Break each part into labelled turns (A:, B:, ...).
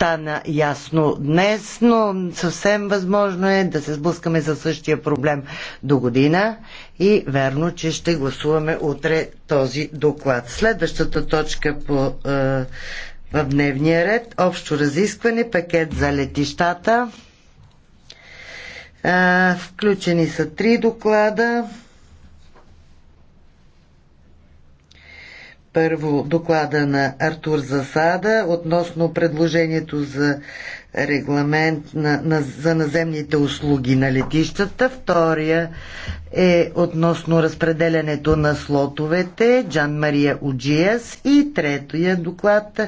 A: стана ясно днес, но съвсем възможно е да се сблъскаме за същия проблем до година и верно, че ще гласуваме утре този доклад. Следващата точка по, е, в дневния ред общо разискване, пакет за летищата. Е, включени са три доклада. първо доклада на Артур Засада относно предложението за регламент на, на, за наземните услуги на летищата. Втория е относно разпределянето на слотовете Джан Мария Уджиас. И третия доклад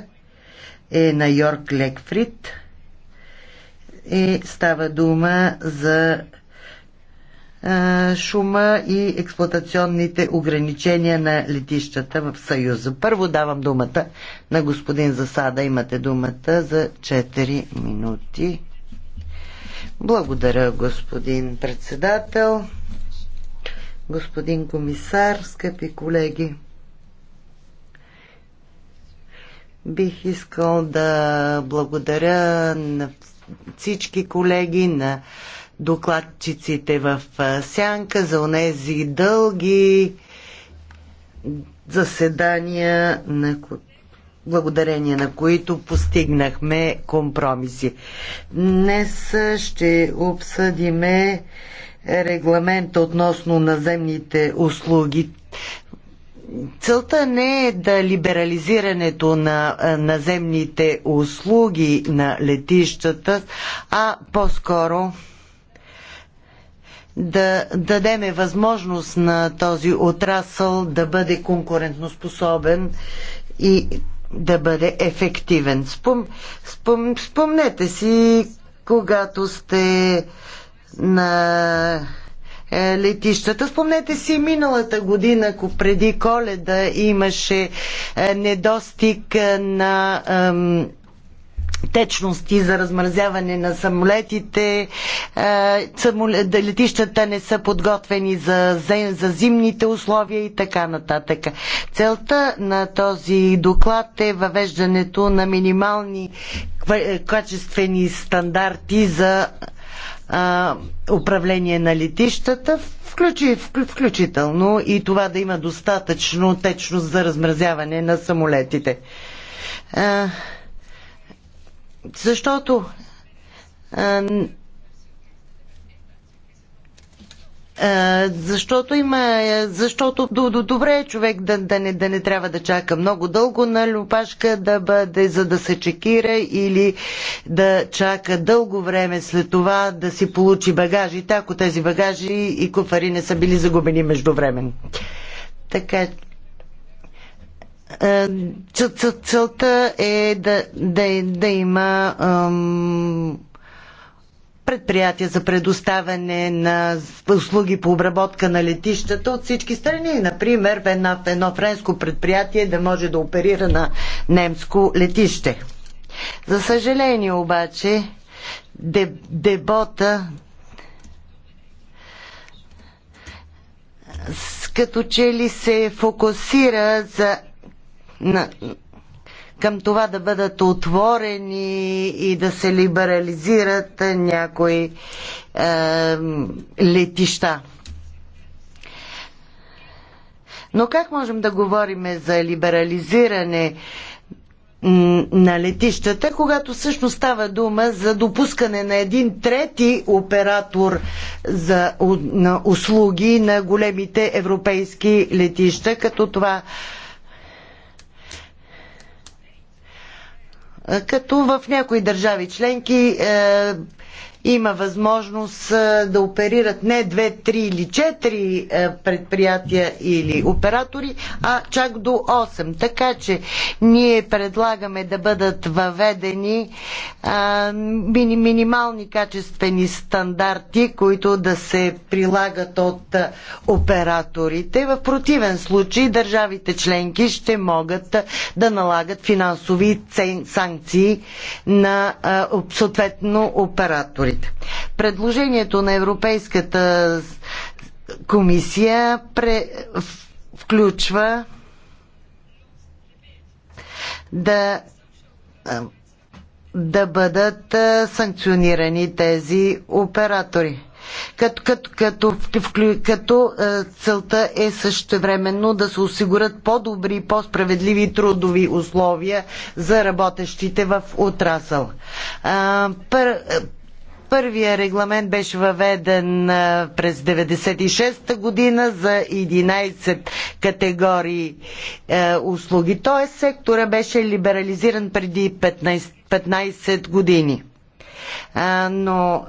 A: е на Йорк Лекфрид. И е, става дума за шума и експлуатационните ограничения на летищата в Съюза. Първо давам думата на господин Засада. Имате думата за 4 минути. Благодаря, господин председател, господин комисар, скъпи колеги. Бих искал да благодаря на всички колеги, на докладчиците в сянка за онези дълги заседания, на благодарение на които постигнахме компромиси. Днес ще обсъдиме регламента относно наземните услуги. Целта не е да либерализирането на наземните услуги на летищата, а по-скоро да дадеме възможност на този отрасъл да бъде конкурентноспособен и да бъде ефективен. Спом, спом, спомнете си, когато сте на е, летищата. Спомнете си миналата година, преди коледа имаше е, недостиг е, на течности за размразяване на самолетите. Е, летищата не са подготвени за, за зимните условия и така нататък. Целта на този доклад е въвеждането на минимални качествени стандарти за управление на летищата, включи, включително и това да има достатъчно течност за размразяване на самолетите. Е, защото защото има. Защото добре е човек да, да, не, да не трябва да чака много дълго на люпашка да бъде, за да се чекира или да чака дълго време след това да си получи багажите, ако тези багажи и куфари не са били загубени междувременно. Така е, целта е да, да, да има ам, предприятия за предоставяне на услуги по обработка на летищата от всички страни. Например, в едно, в едно френско предприятие да може да оперира на немско летище. За съжаление обаче, дебота като че ли се фокусира за на, към това да бъдат отворени и да се либерализират някои е, летища. Но как можем да говорим за либерализиране на летищата, когато също става дума за допускане на един трети оператор за, на услуги на големите европейски летища, като това като в някои държави членки е, има възможност да оперират не две, три или четири предприятия или оператори, а чак до 8. Така че ние предлагаме да бъдат въведени а, мини, минимални качествени стандарти, които да се прилагат от а, операторите. В противен случай държавите членки ще могат а, да налагат финансови цен, санкции на а, съответно оператори договорите. Предложението на Европейската комисия пре... включва да да бъдат санкционирани тези оператори. Като, като, като, като целта е същевременно да се осигурят по-добри, по-справедливи трудови условия за работещите в отрасъл. Първия регламент беше въведен през 96-та година за 11 категории е, услуги. Т.е. сектора беше либерализиран преди 15, 15 години. А, но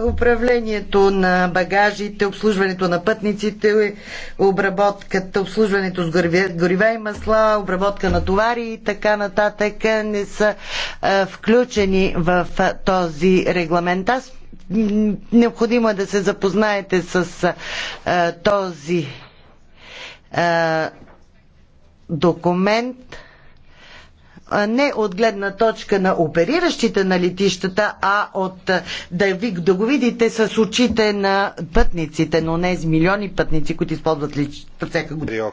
A: управлението на багажите, обслужването на пътниците, обработката, обслужването с горива и масла, обработка на товари и така нататък не са включени в този регламент. Аз необходимо е да се запознаете с този документ не от гледна точка на опериращите на летищата, а от да, ви, да го видите с очите на пътниците, но не с милиони пътници, които използват летищата всяка година.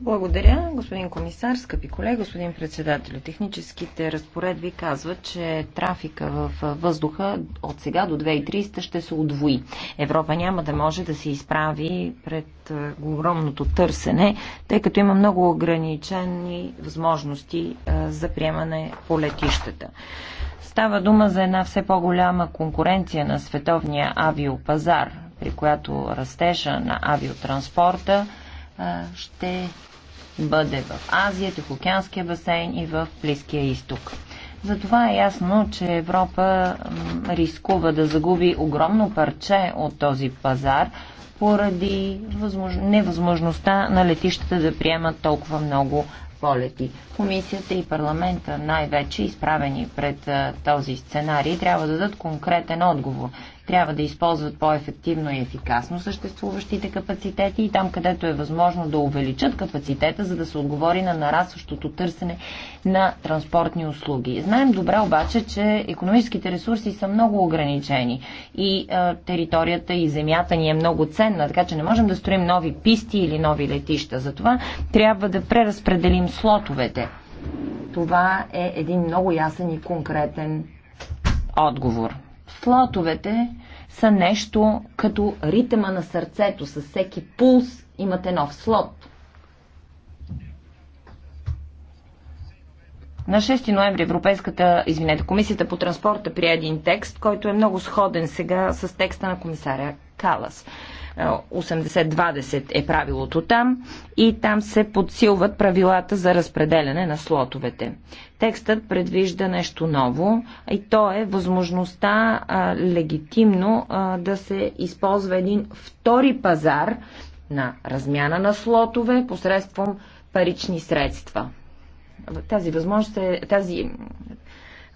B: Благодаря, господин комисар, скъпи колеги, господин председател. Техническите разпоредби казват, че трафика в въздуха от сега до 2030 ще се удвои. Европа няма да може да се изправи пред е, огромното търсене, тъй като има много ограничени възможности е, за приемане по летищата. Става дума за една все по-голяма конкуренция на световния авиопазар, при която растежа на авиотранспорта е, ще бъде в Азия, Тихоокеанския басейн и в Близкия изток. Затова е ясно, че Европа рискува да загуби огромно парче от този пазар поради невъзможността на летищата да приемат толкова много полети. Комисията и парламента най-вече изправени пред този сценарий трябва да дадат конкретен отговор. Трябва да използват по-ефективно и ефикасно съществуващите капацитети и там, където е възможно да увеличат капацитета, за да се отговори на нарастващото търсене на транспортни услуги. Знаем добре обаче, че економическите ресурси са много ограничени и а, територията и земята ни е много ценна, така че не можем да строим нови писти или нови летища. Затова трябва да преразпределим слотовете. Това е един много ясен и конкретен отговор. Плотовете са нещо като ритъма на сърцето. С всеки пулс имате нов слот. На 6 ноември Европейската, извинете, Комисията по транспорта прие един текст, който е много сходен сега с текста на комисаря Калас. 80-20 е правилото там и там се подсилват правилата за разпределяне на слотовете. Текстът предвижда нещо ново и то е възможността а, легитимно а, да се използва един втори пазар на размяна на слотове посредством парични средства. Тази възможност е, тази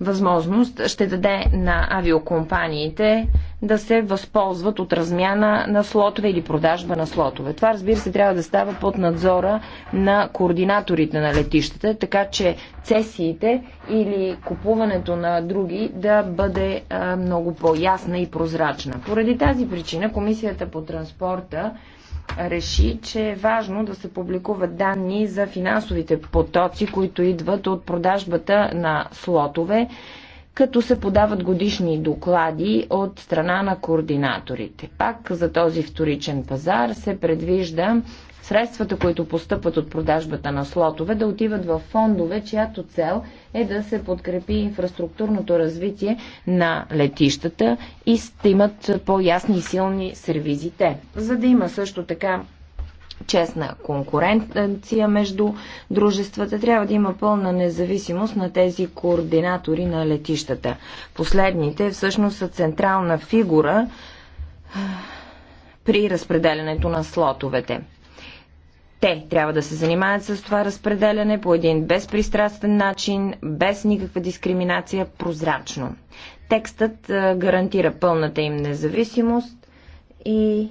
B: възможност ще даде на авиокомпаниите да се възползват от размяна на слотове или продажба на слотове. Това, разбира се, трябва да става под надзора на координаторите на летищата, така че цесиите или купуването на други да бъде а, много по-ясна и прозрачна. Поради тази причина Комисията по транспорта реши, че е важно да се публикуват данни за финансовите потоци, които идват от продажбата на слотове, като се подават годишни доклади от страна на координаторите. Пак за този вторичен пазар се предвижда средствата, които постъпват от продажбата на слотове, да отиват в фондове, чиято цел е да се подкрепи инфраструктурното развитие на летищата и да имат по-ясни и силни сервизите. За да има също така честна конкуренция между дружествата. Трябва да има пълна независимост на тези координатори на летищата. Последните всъщност са централна фигура при разпределянето на слотовете те трябва да се занимаят с това разпределяне по един безпристрастен начин, без никаква дискриминация, прозрачно. Текстът гарантира пълната им независимост и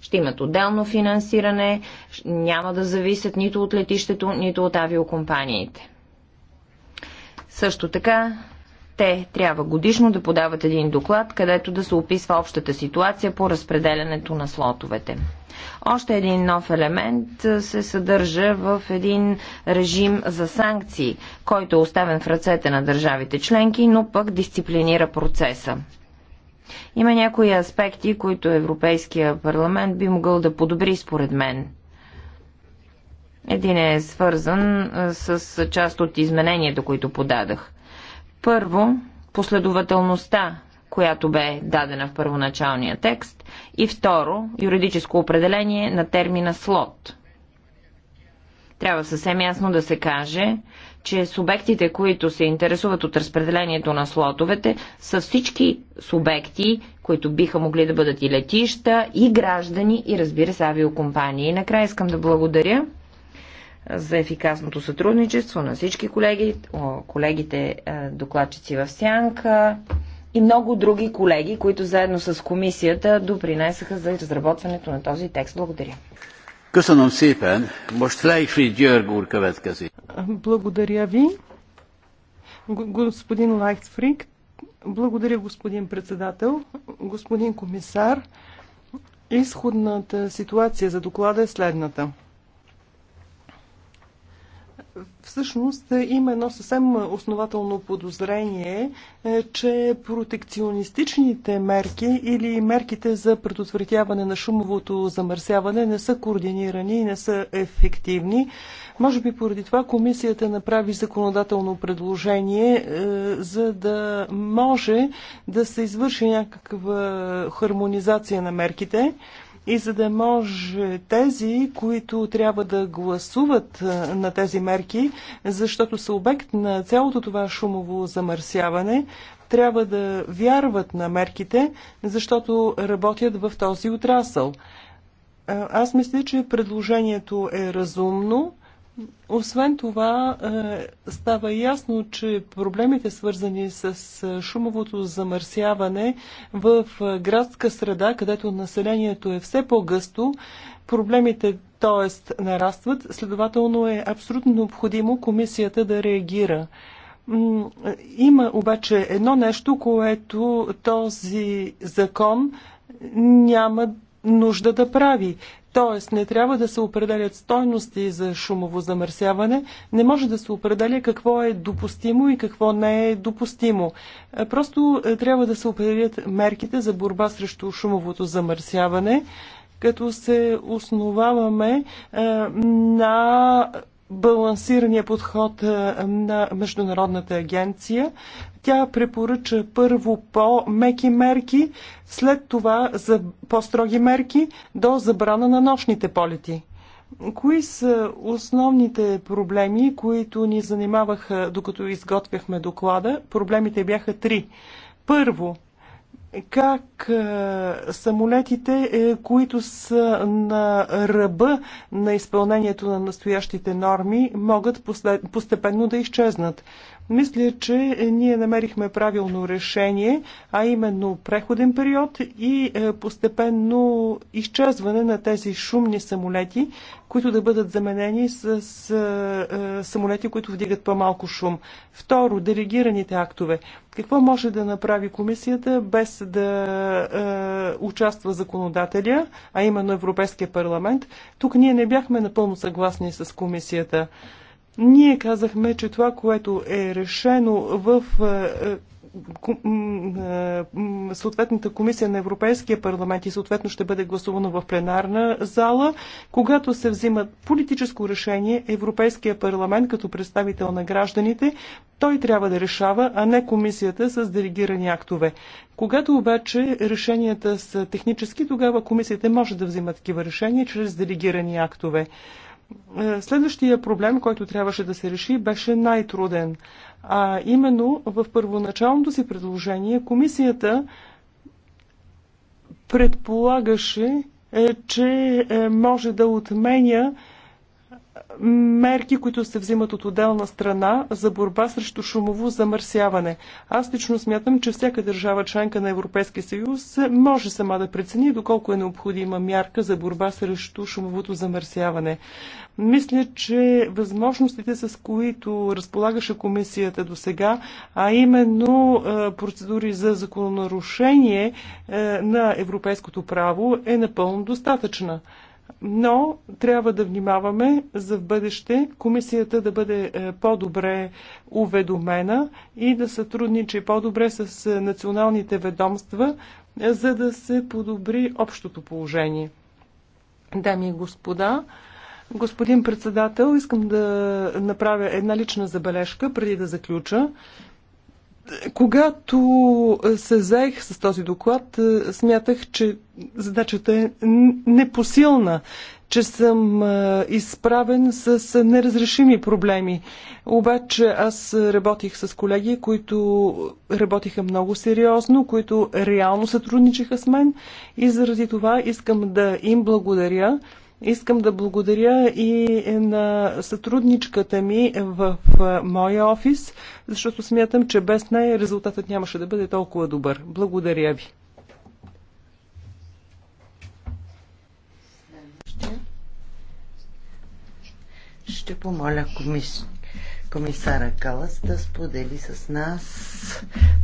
B: ще имат отделно финансиране, няма да зависят нито от летището, нито от авиокомпаниите. Също така, те трябва годишно да подават един доклад, където да се описва общата ситуация по разпределянето на слотовете. Още един нов елемент се съдържа в един режим за санкции, който е оставен в ръцете на държавите членки, но пък дисциплинира процеса. Има някои аспекти, които Европейския парламент би могъл да подобри според мен. Един е свързан с част от измененията, които подадах. Първо, последователността която бе дадена в първоначалния текст, и второ, юридическо определение на термина слот. Трябва съвсем ясно да се каже, че субектите, които се интересуват от разпределението на слотовете, са всички субекти, които биха могли да бъдат и летища, и граждани, и разбира се авиокомпании. И накрая искам да благодаря за ефикасното сътрудничество на всички колеги, колегите е, докладчици в Сянка, и много други колеги, които заедно с комисията допринесаха за разработването на този текст. Благодаря.
C: Благодаря ви. Господин Лайхтфрик, благодаря господин председател, господин комисар. Изходната ситуация за доклада е следната. Всъщност има едно съвсем основателно подозрение, е, че протекционистичните мерки или мерките за предотвратяване на шумовото замърсяване не са координирани и не са ефективни. Може би поради това комисията направи законодателно предложение, е, за да може да се извърши някаква хармонизация на мерките и за да може тези, които трябва да гласуват на тези мерки, защото са обект на цялото това шумово замърсяване, трябва да вярват на мерките, защото работят в този отрасъл. Аз мисля, че предложението е разумно освен това, е, става ясно, че проблемите свързани с е, шумовото замърсяване в е, градска среда, където населението е все по-гъсто, проблемите, т.е. нарастват, следователно е абсолютно необходимо комисията да реагира. Има обаче едно нещо, което този закон няма нужда да прави. Тоест, не трябва да се определят стойности за шумово замърсяване, не може да се определя какво е допустимо и какво не е допустимо. Е, просто е, трябва да се определят мерките за борба срещу шумовото замърсяване, като се основаваме е, на балансирания подход на Международната агенция. Тя препоръча първо по-меки мерки, след това за по-строги мерки до забрана на нощните полети. Кои са основните проблеми, които ни занимаваха, докато изготвяхме доклада? Проблемите бяха три. Първо, как е, самолетите, е, които са на ръба на изпълнението на настоящите норми, могат постепенно да изчезнат. Мисля, че ние намерихме правилно решение, а именно преходен период и е, постепенно изчезване на тези шумни самолети, които да бъдат заменени с е, е, самолети, които вдигат по-малко шум. Второ, делегираните актове. Какво може да направи комисията без да е, участва законодателя, а именно Европейския парламент? Тук ние не бяхме напълно съгласни с комисията. Ние казахме, че това, което е решено в е, е, е, съответната комисия на Европейския парламент и съответно ще бъде гласувано в пленарна зала. Когато се взима политическо решение, Европейския парламент като представител на гражданите, той трябва да решава, а не комисията с делегирани актове. Когато обаче решенията са технически, тогава комисията може да взима такива решения чрез делегирани актове. Е, следващия проблем, който трябваше да се реши, беше най-труден. А именно в първоначалното си предложение комисията предполагаше, е, че е, може да отменя мерки, които се взимат от отделна страна за борба срещу шумово замърсяване. Аз лично смятам, че всяка държава членка на Европейския съюз може сама да прецени доколко е необходима мярка за борба срещу шумовото замърсяване. Мисля, че възможностите, с които разполагаше комисията до сега, а именно е, процедури за закононарушение е, на европейското право, е напълно достатъчна но трябва да внимаваме за в бъдеще комисията да бъде е, по-добре уведомена и да сътрудничи по-добре с е, националните ведомства, е, за да се подобри общото положение. Дами и господа, господин председател, искам да направя една лична забележка преди да заключа. Когато е, се заех с този доклад, е, смятах, че задачата е непосилна, че съм е, изправен с неразрешими проблеми. Обаче аз работих с колеги, които работиха много сериозно, които реално сътрудничаха с мен и заради това искам да им благодаря Искам да благодаря и на сътрудничката ми в моя офис, защото смятам, че без нея резултатът нямаше да бъде толкова добър. Благодаря ви.
A: Ще помоля комисията комисара Калас да сподели с нас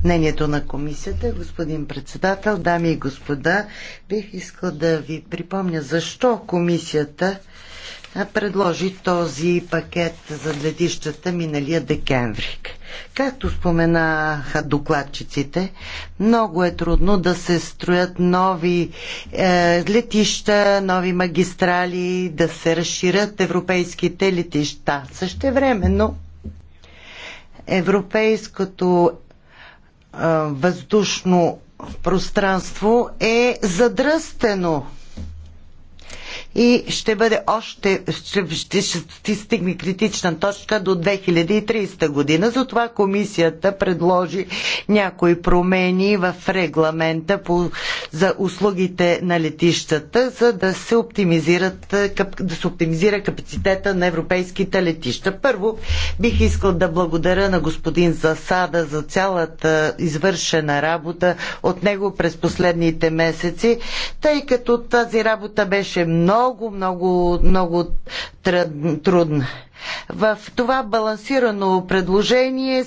A: мнението на комисията. Господин председател, дами и господа, бих искал да ви припомня защо комисията предложи този пакет за летищата миналия декември. Както споменаха докладчиците, много е трудно да се строят нови е, летища, нови магистрали, да се разширят европейските летища. също времено европейското въздушно пространство е задръстено и ще бъде още, ще, ще, ще стигне критична точка до 2030 година. Затова комисията предложи някои промени в регламента по, за услугите на летищата, за да се, оптимизират, да се оптимизира капацитета на европейските летища. Първо, бих искал да благодаря на господин Засада за цялата извършена работа от него през последните месеци, тъй като тази работа беше много много, много, много трудна. В това балансирано предложение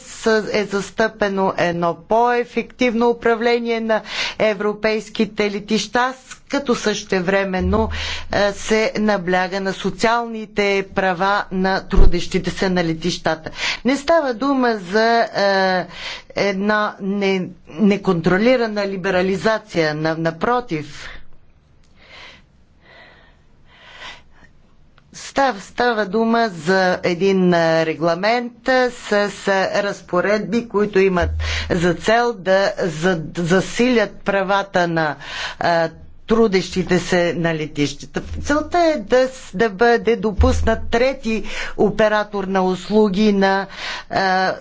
A: е застъпено едно по-ефективно управление на европейските летища, като същевременно е, се набляга на социалните права на трудещите се на летищата. Не става дума за е, една неконтролирана либерализация, напротив Став, става дума за един регламент с, разпоредби, които имат за цел да засилят правата на трудещите се на летищата. Целта е да, да бъде допуснат трети оператор на услуги на а,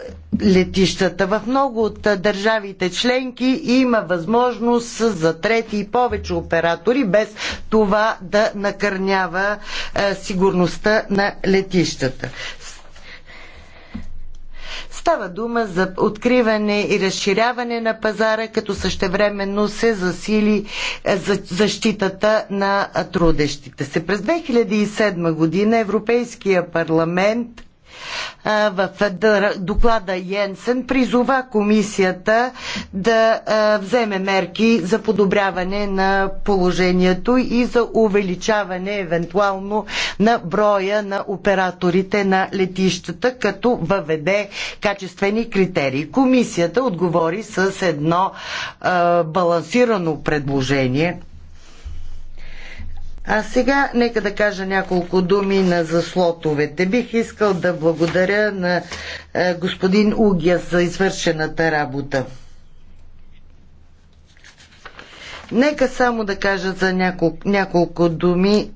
A: летищата. В много от държавите членки има възможност за трети и повече оператори, без това да накърнява а, сигурността на летищата. Става дума за откриване и разширяване на пазара, като същевременно се засили е, защитата на трудещите се. През 2007 година Европейския парламент в доклада Йенсен призова комисията да вземе мерки за подобряване на положението и за увеличаване евентуално на броя на операторите на летищата, като въведе качествени критерии. Комисията отговори с едно балансирано предложение а сега нека да кажа няколко думи на заслотовете. Бих искал да благодаря на е, господин Угия за извършената работа. Нека само да кажа за няколко, няколко думи,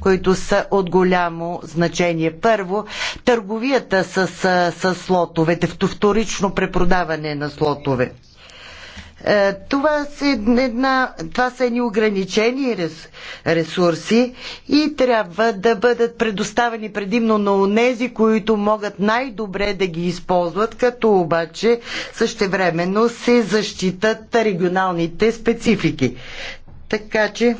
A: които са от голямо значение. Първо, търговията с, с, е, с слотовете, вторично препродаване на слотове. Е, това са, една, това са едни ограничени ресурси и трябва да бъдат предоставени предимно на онези, които могат най-добре да ги използват, като обаче същевременно се защитат регионалните специфики. Така че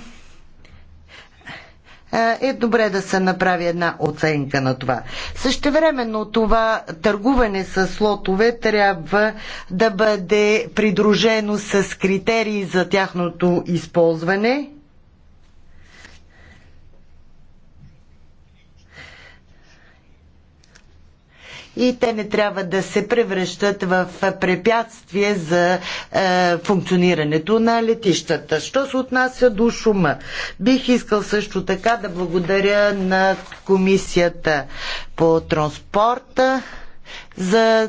A: е, е добре да се направи една оценка на това. Същевременно това търгуване с лотове трябва да бъде придружено с критерии за тяхното използване и те не трябва да се превръщат в препятствие за е, функционирането на летищата. Що се отнася до шума? Бих искал също така да благодаря на комисията по транспорта за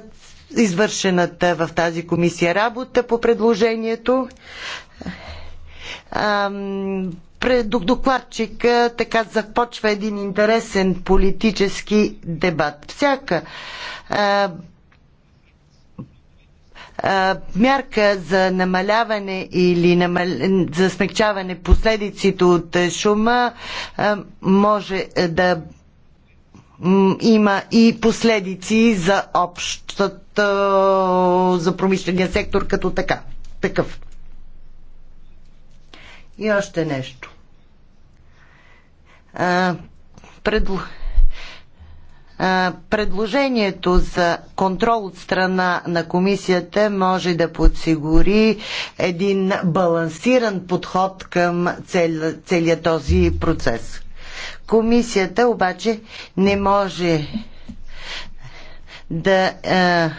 A: извършената в тази комисия работа по предложението докладчик така започва един интересен политически дебат. Всяка а, а, мярка за намаляване или намал... за смягчаване последиците от шума а, може да има и последици за общата, за промишления сектор като така, такъв. И още нещо. А, предл... а, предложението за контрол от страна на комисията може да подсигури един балансиран подход към цел... целият този процес. Комисията обаче не може да а,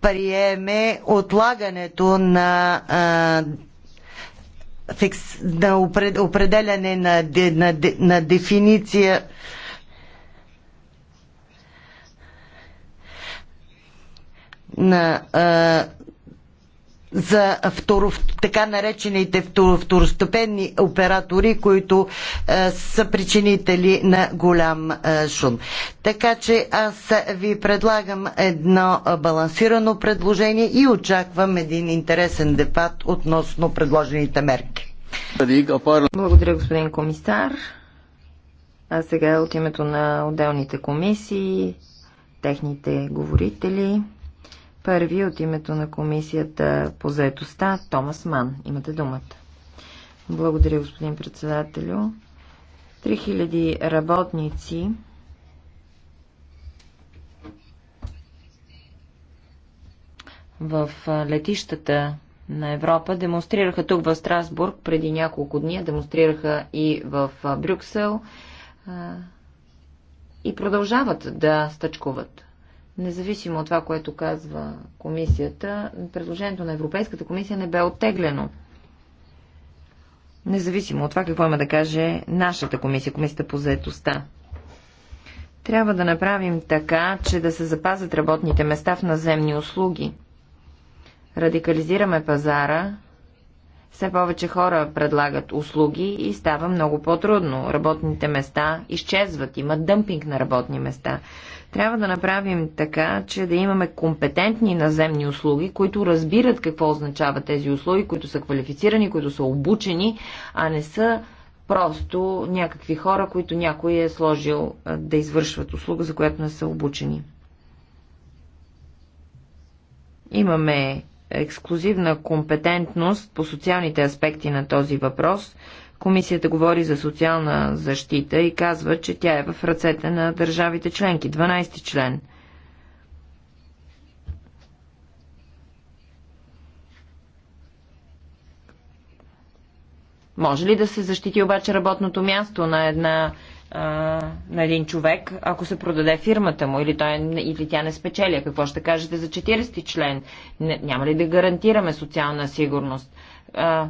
A: приеме отлагането на а, на определяне на, на, на дефиниция на за второ, така наречените второстепенни оператори, които е, са причинители на голям е, шум. Така че аз ви предлагам едно е, балансирано предложение и очаквам един
B: интересен дебат относно предложените мерки. Благодаря, господин комисар. А сега от името на отделните комисии, техните говорители. Първи от името на комисията по заедостта Томас Ман. Имате думата. Благодаря, господин председателю. 3000 работници в летищата на Европа демонстрираха тук в Страсбург преди няколко дни, демонстрираха и в Брюксел и продължават да стъчкуват. Независимо от това, което казва комисията, предложението на Европейската комисия не бе оттеглено. Независимо от това, какво има да каже нашата комисия, комисията по заетостта. Трябва да направим така, че да се запазят работните места в наземни услуги. Радикализираме пазара, все повече хора предлагат услуги и става много по-трудно. Работните места изчезват, има дъмпинг на работни места. Трябва да направим така, че да имаме компетентни наземни услуги, които разбират какво означават тези услуги, които са квалифицирани, които са обучени, а не са просто някакви хора, които някой е сложил да извършват услуга, за която не са обучени. Имаме ексклюзивна компетентност по социалните аспекти на този въпрос, Комисията говори за социална защита и казва, че тя е в ръцете на държавите членки. 12 ти член. Може ли да се защити обаче работното място на една а, на един човек, ако се продаде фирмата му или, той, или тя не спечели. Какво ще кажете за 40 член? Не, няма ли да гарантираме социална сигурност?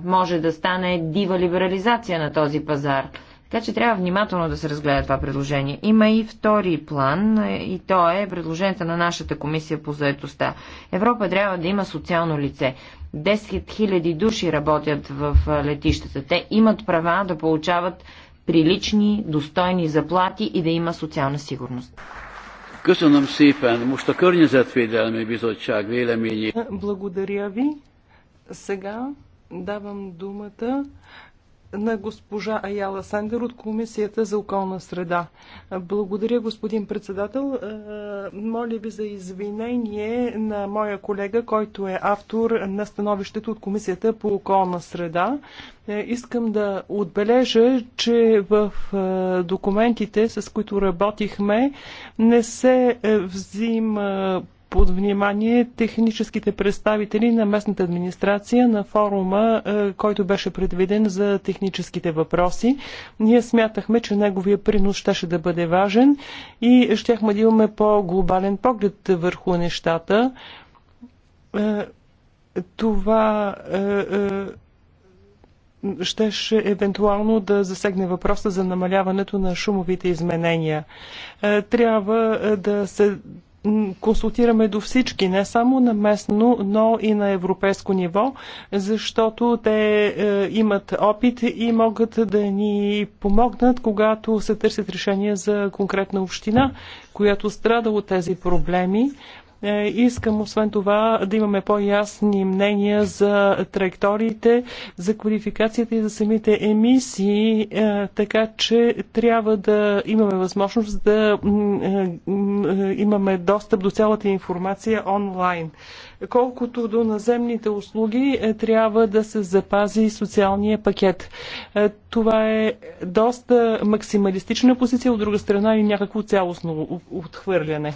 B: може да стане дива либерализация на този пазар. Така че трябва внимателно да се разгледа това предложение. Има и втори план и то е предложението на нашата комисия по заедостта. Европа трябва да има социално лице. 10 000 души работят в летищата. Те имат права да получават прилични, достойни заплати и да има социална сигурност.
C: Благодаря ви. Сега Давам думата на госпожа Аяла Сандер от Комисията за околна среда. Благодаря, господин председател. Е, моля ви за извинение на моя колега, който е автор на становището от Комисията по околна среда. Е, искам да отбележа, че в е, документите, с които работихме, не се взима под внимание техническите представители на местната администрация на форума, е, който беше предвиден за техническите въпроси. Ние смятахме, че неговия принос щеше да бъде важен и щяхме да имаме по-глобален поглед върху нещата. Е, това е, щеше евентуално да засегне въпроса за намаляването на шумовите изменения. Трябва да се консултираме до всички, не само на местно, но и на европейско ниво, защото те е, имат опит и могат да ни помогнат, когато се търсят решения за конкретна община, която страда от тези проблеми. Е, искам освен това да имаме по-ясни мнения за траекториите, за квалификацията и за самите емисии, е, така че трябва да имаме възможност да е, имаме достъп до цялата информация онлайн. Колкото до наземните услуги, трябва да се запази социалния пакет. Това е доста максималистична позиция, от друга страна и някакво цялостно отхвърляне.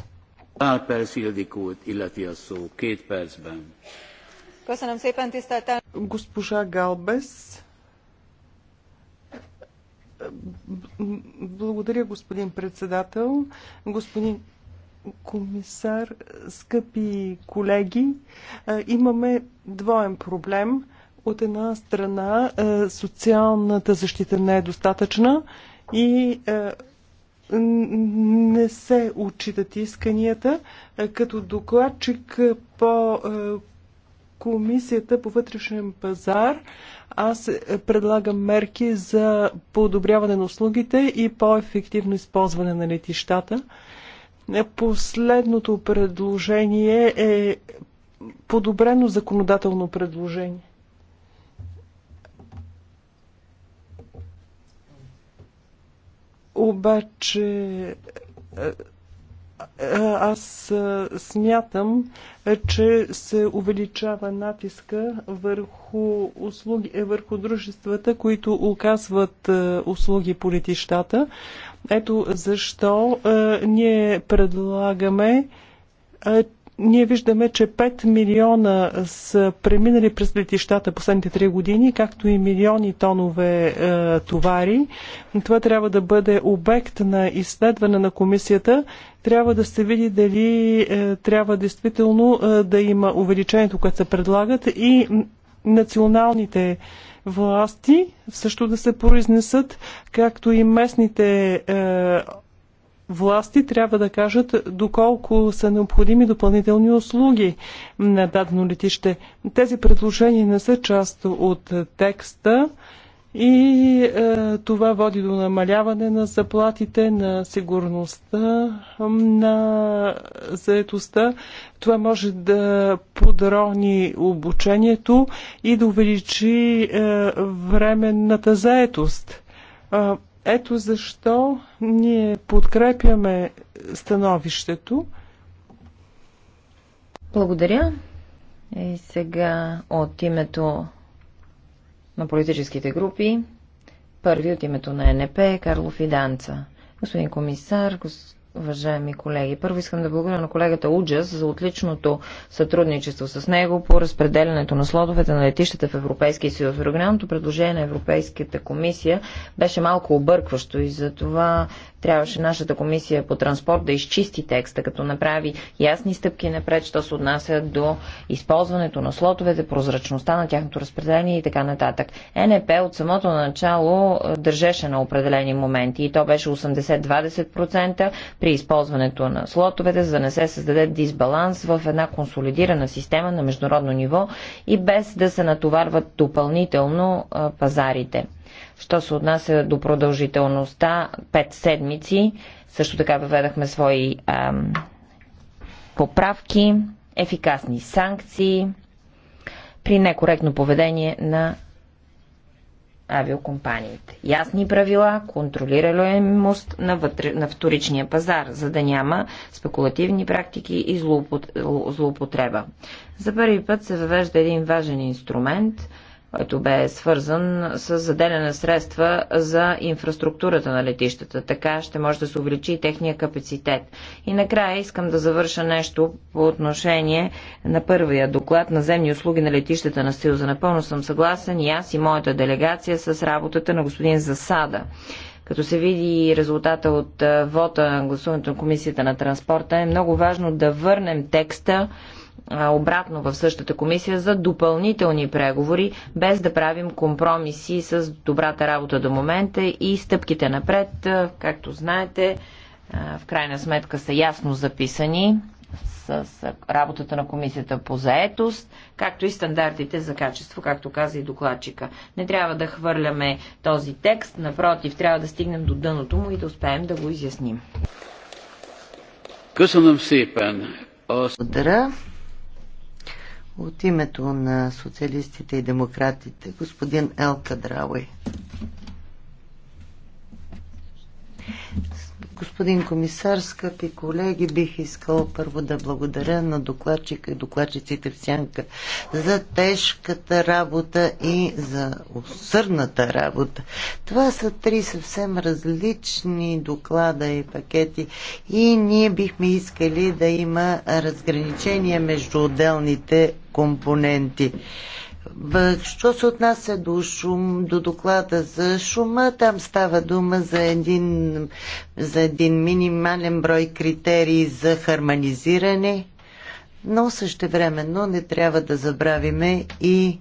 C: Госпожа Галбес. Благодаря, господин председател. Господин комисар, скъпи колеги, имаме двоен проблем. От една страна социалната защита не е достатъчна и не се отчитат исканията. Като докладчик по Комисията по вътрешен пазар аз е, предлагам мерки за подобряване на услугите и по-ефективно използване на летищата. Е, последното предложение е подобрено законодателно предложение. Обаче е, е, аз е, смятам, че се увеличава натиска върху, услуги, върху дружествата, които оказват услуги по летищата. Ето защо ние предлагаме ние виждаме, че 5 милиона са преминали през летищата последните 3 години, както и милиони тонове е, товари. Това трябва да бъде обект на изследване на комисията. Трябва да се види дали е, трябва действително е, да има увеличението, което се предлагат и националните власти също да се произнесат, както и местните е, власти трябва да кажат доколко са необходими допълнителни услуги на дадено летище. Тези предложения не са част от текста и е, това води до намаляване на заплатите, на сигурността, на заетостта. Това може да подрони обучението и да увеличи е, временната заетост. Е, ето защо ние подкрепяме становището.
B: Благодаря. И сега от името на политическите групи, първи от името на НП е Карлов и Данца. Господин комисар, господин уважаеми колеги. Първо искам да благодаря на колегата Уджас за отличното сътрудничество с него по разпределянето на слотовете на летищата в Европейския съюз. Оригиналното предложение на Европейската комисия беше малко объркващо и за това трябваше нашата комисия по транспорт да изчисти текста, като направи ясни стъпки напред, що се отнася до използването на слотовете, прозрачността на тяхното разпределение и така нататък. НП от самото начало държеше на определени моменти и то беше 80-20%, при използването на слотовете, за да не се създаде дисбаланс в една консолидирана система на международно ниво и без да се натоварват допълнително пазарите. Що се отнася до продължителността 5 седмици, също така въведахме свои ам, поправки, ефикасни санкции при некоректно поведение на авиокомпаниите. Ясни правила, контролируемост на, вътре, на вторичния пазар, за да няма спекулативни практики и злоупотреба. За първи път се въвежда един важен инструмент – който бе свързан с заделяне средства за инфраструктурата на летищата. Така ще може да се увеличи и техния капацитет. И накрая искам да завърша нещо по отношение на първия доклад на земни услуги на летищата на Съюза. Напълно съм съгласен и аз и моята делегация с работата на господин Засада. Като се види резултата от вота на гласуването на Комисията на транспорта, е много важно да върнем текста обратно в същата комисия за допълнителни преговори, без да правим компромиси с добрата работа до момента и стъпките напред, както знаете, в крайна сметка са ясно записани с работата на комисията по заетост, както и стандартите за качество, както каза и докладчика. Не трябва да хвърляме този текст, напротив, трябва да стигнем до дъното му и да успеем да го изясним. Благодаря.
A: От името на социалистите и демократите, господин Ел Кадрауи. Господин комисар, скъпи колеги, бих искал първо да благодаря на докладчика и докладчиците в Сянка за тежката работа и за усърдната работа. Това са три съвсем различни доклада и пакети и ние бихме искали да има разграничения между отделните компоненти що се отнася до, шум, до доклада за шума, там става дума за един, за един минимален брой критерии за хармонизиране, но също същевременно не трябва да забравиме и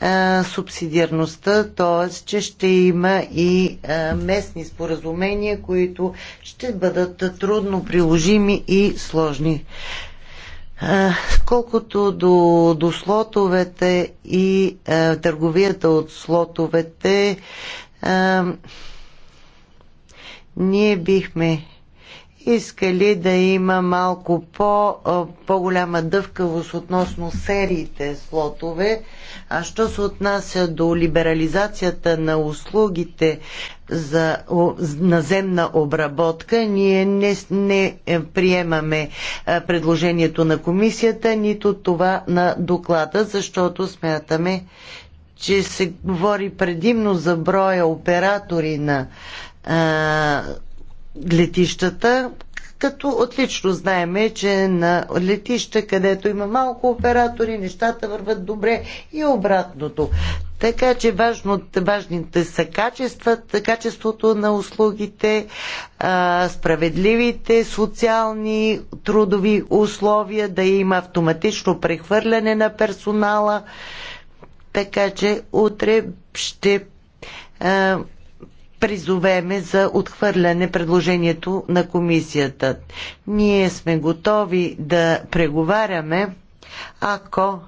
A: а, субсидиарността, т.е. че ще има и а, местни споразумения, които ще бъдат трудно приложими и сложни. Колкото до, до слотовете и а, търговията от слотовете, а, ние бихме искали да има малко по, по-голяма дъвкавост относно сериите слотове. А що се отнася до либерализацията на услугите за наземна обработка, ние не, не е, приемаме предложението на комисията, нито това на доклада, защото смятаме, че се говори предимно за броя оператори на летищата, като отлично знаеме, че на летища, където има малко оператори, нещата върват добре и обратното. Така че важно, важните са качествата, качеството на услугите, а, справедливите социални трудови условия, да има автоматично прехвърляне на персонала. Така че утре ще а, призовеме за отхвърляне предложението на комисията. Ние сме готови да преговаряме, ако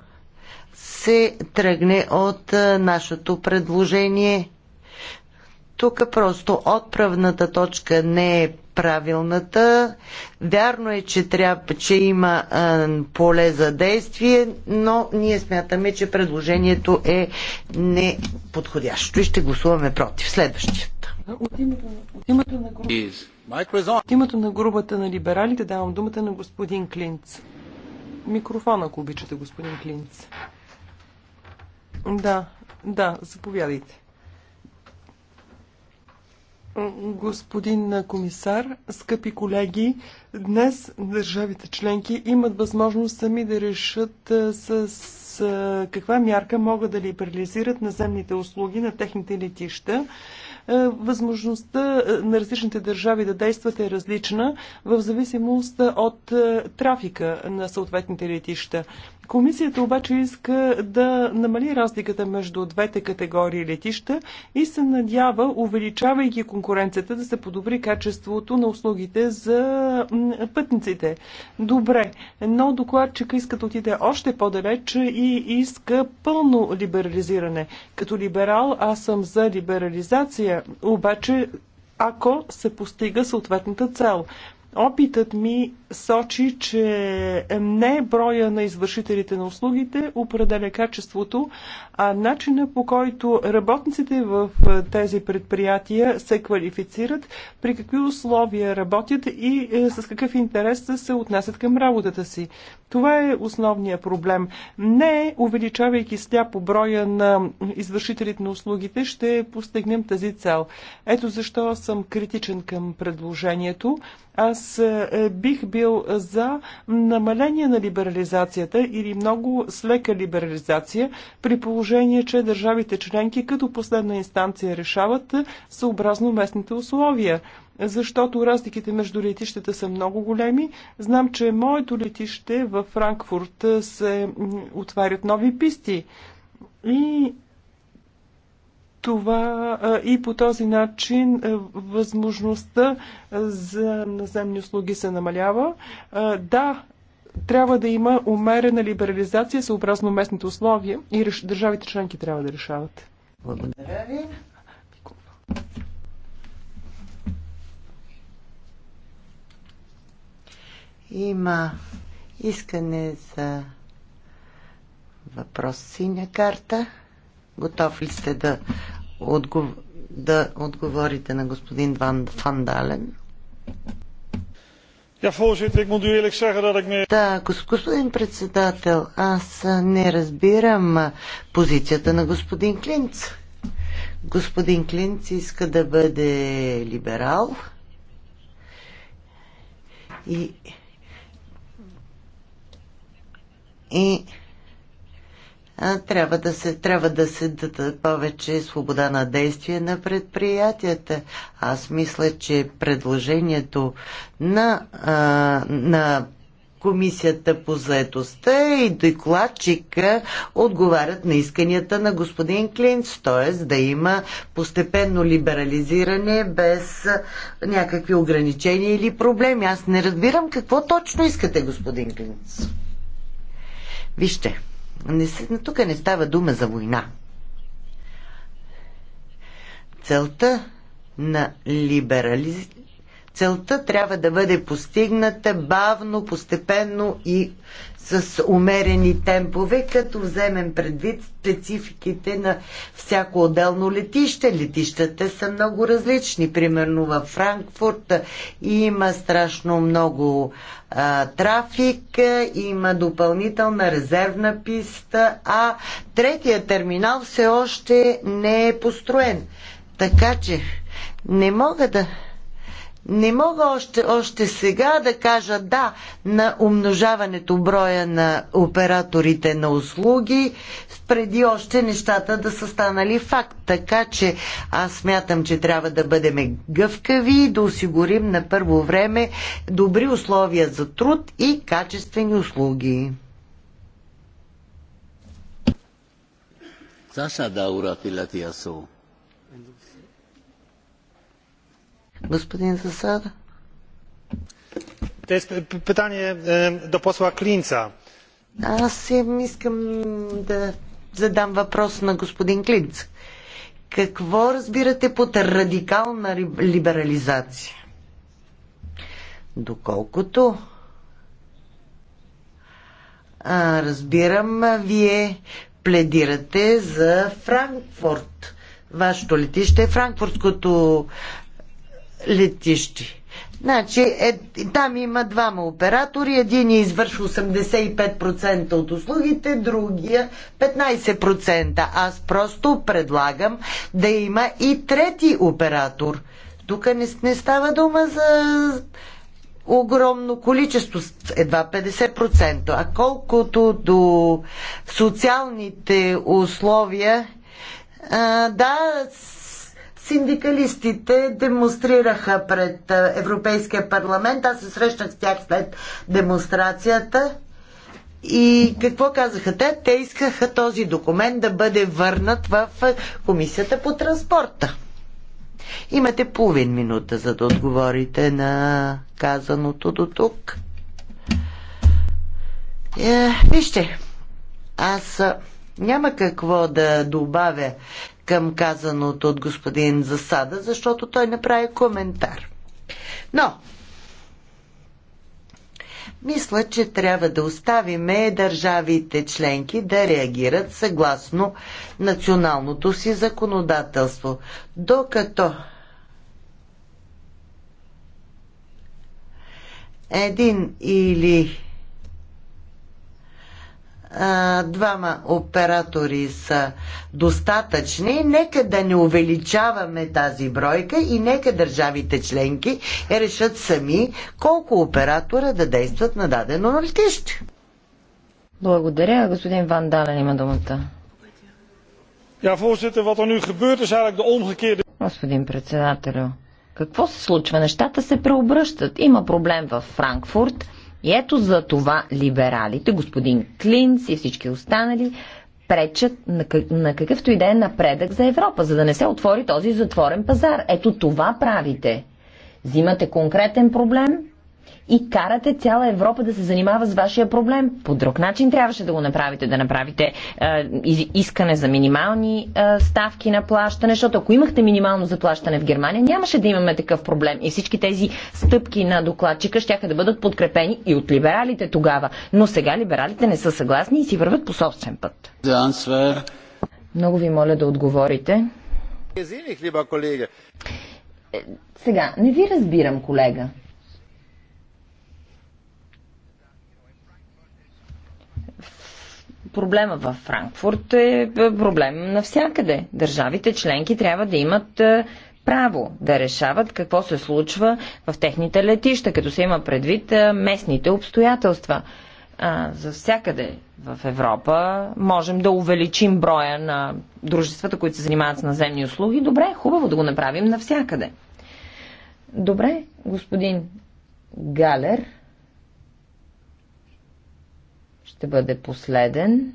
A: се тръгне от нашето предложение. Тук просто отправната точка не е правилната. Вярно е, че, трябва, че има а, поле за действие, но ние смятаме, че предложението е неподходящо и ще гласуваме против. Следващия.
C: От името, на, групата, от името на групата на либералите давам думата на господин Клинц. Микрофон, ако обичате, господин Клинц. Да, да, заповядайте. Господин комисар, скъпи колеги, днес държавите членки имат възможност сами да решат с каква мярка могат да либерализират наземните услуги на техните летища е, възможността е, на различните държави да действат е различна в зависимост от е, трафика на съответните летища. Комисията обаче иска да намали разликата между двете категории летища и се надява, увеличавайки конкуренцията, да се подобри качеството на услугите за пътниците. Добре, но докладчика иска да отиде още по-далеч и иска пълно либерализиране. Като либерал аз съм за либерализация, обаче ако се постига съответната цел. Опитът ми сочи, че не броя на извършителите на услугите определя качеството, а начина по който работниците в тези предприятия се квалифицират, при какви условия работят и е, с какъв интерес се отнасят към работата си. Това е основният проблем. Не увеличавайки сляпо броя на извършителите на услугите, ще постигнем тази цел. Ето защо съм критичен към предложението. Аз е, бих бил бил за намаление на либерализацията или много слека либерализация, при положение, че държавите членки като последна инстанция решават съобразно местните условия защото разликите между летищата са много големи. Знам, че моето летище в Франкфурт се отварят нови писти. И това и по този начин възможността за наземни услуги се намалява. Да, трябва да има умерена либерализация съобразно местните условия и държавите членки трябва да решават. Благодаря ви. Има
A: искане за въпрос синя карта. Готов ли сте да, отгов... да отговорите на господин Ван Фандален?
B: Ja, voorzitter, ik moet u eerlijk zeggen dat
A: ik Да, господин председател, аз не разбирам позицията на господин Клинц. Господин Клинц иска да бъде либерал и и трябва да се, трябва да се даде повече свобода на действие на предприятията. Аз мисля, че предложението на, а, на Комисията по заедостта и докладчика отговарят на исканията на господин Клинц, т.е. да има постепенно либерализиране без някакви ограничения или проблеми. Аз не разбирам какво точно искате, господин Клинц. Вижте. Не, тук не става дума за война. Целта на либерализ... Целта трябва да бъде постигната бавно, постепенно и с умерени темпове, като вземем предвид спецификите на всяко отделно летище. Летищата са много различни. Примерно във Франкфурт има страшно много а, трафик, има допълнителна резервна писта, а третия терминал все още не е построен. Така че не мога да не мога още, още сега да кажа да на умножаването броя на операторите на услуги, преди още нещата да са станали факт. Така че аз смятам, че трябва да бъдем гъвкави и да осигурим на първо време добри условия за труд и качествени услуги.
D: Саша да уратила Сол.
C: Господин Засада. To jest pytanie do posła Klinca.
A: Аз искам да задам въпрос на господин Клинц. Какво разбирате под радикална либерализация? Доколкото а, разбирам, вие пледирате за Франкфурт. Вашето летище е франкфуртското летищи. Значи, е, там има двама оператори. Един е извършва 85% от услугите, другия 15%. Аз просто предлагам да има и трети оператор. Тук не, не става дума за огромно количество, едва 50%. А колкото до социалните условия, а, да, Синдикалистите демонстрираха пред Европейския парламент. Аз се срещнах с тях след демонстрацията. И какво казаха те? Те искаха този документ да бъде върнат в Комисията по транспорта. Имате половин минута, за да отговорите на казаното до тук. Е, вижте, аз няма какво да добавя към казаното от господин Засада, защото той направи коментар. Но, мисля, че трябва да оставиме държавите членки да реагират съгласно националното си законодателство, докато един или двама оператори са достатъчни, нека да не увеличаваме тази бройка и нека държавите членки решат сами колко оператора да действат на дадено
B: летище. Благодаря. Господин Ван Дален има думата. Ja, voorzitter, wat er nu gebeurt is eigenlijk de omgekeerde. Господин председател, какво се случва? Нещата се преобръщат. Има проблем в Франкфурт и ето за това либералите, господин Клинц и всички останали, пречат на, на какъвто и да е напредък за Европа, за да не се отвори този затворен пазар. Ето това правите. Взимате конкретен проблем и карате цяла Европа да се занимава с вашия проблем. По друг начин трябваше да го направите, да направите е, искане за минимални е, ставки на плащане, защото ако имахте минимално заплащане в Германия, нямаше да имаме такъв проблем. И всички тези стъпки на докладчика ще да бъдат подкрепени и от либералите тогава. Но сега либералите не са съгласни и си върват по собствен път. Много ви моля да отговорите. Е, сега, не ви разбирам, колега. проблема в Франкфурт е, е проблем навсякъде. Държавите членки трябва да имат е, право да решават какво се случва в техните летища, като се има предвид е, местните обстоятелства. А, за всякъде в Европа можем да увеличим броя на дружествата, които се занимават с наземни услуги. Добре, хубаво да го направим навсякъде. Добре, господин Галер ще бъде последен.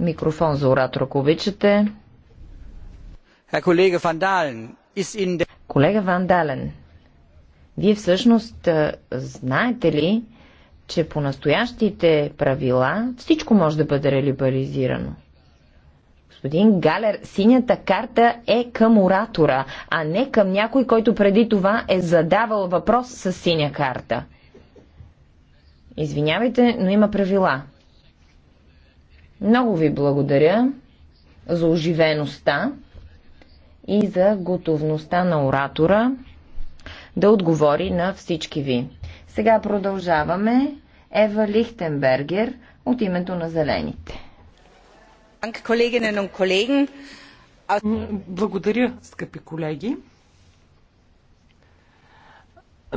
B: Микрофон за оратор, ако обичате.
D: Колега Дален,
B: Колега Дален, вие всъщност знаете ли, че по настоящите правила всичко може да бъде релибаризирано? Господин Галер, синята карта е към оратора, а не към някой, който преди това е задавал въпрос с синя карта. Извинявайте, но има правила. Много ви благодаря за оживеността и за готовността на оратора да отговори на всички ви. Сега продължаваме. Ева Лихтенбергер от името на Зелените. Благодаря, скъпи колеги.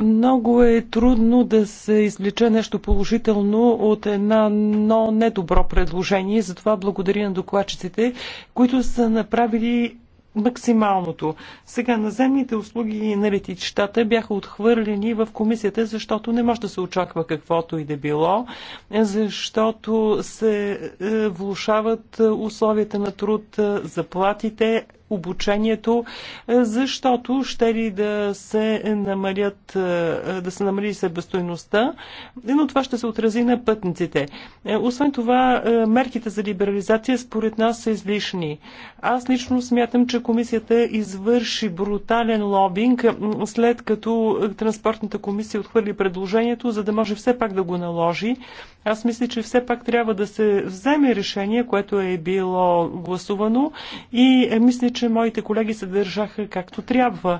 C: Много е трудно да се извлече нещо положително от една но недобро предложение. Затова благодаря на докладчиците, които са направили максималното. Сега наземните услуги на летищата бяха отхвърлени в комисията, защото не може да се очаква каквото и да било, защото се е, влушават е, условията на труд, е, заплатите, обучението, е, защото ще ли да се намалят, е, да се намали себестойността, но това ще се отрази на пътниците. Е, освен това, мерките за либерализация според нас са излишни. Аз лично смятам, че комисията извърши брутален лобинг след като транспортната комисия отхвърли предложението, за да може все пак да го наложи. Аз мисля, че все пак трябва да се вземе решение, което е било гласувано и мисля, че моите колеги се държаха както трябва.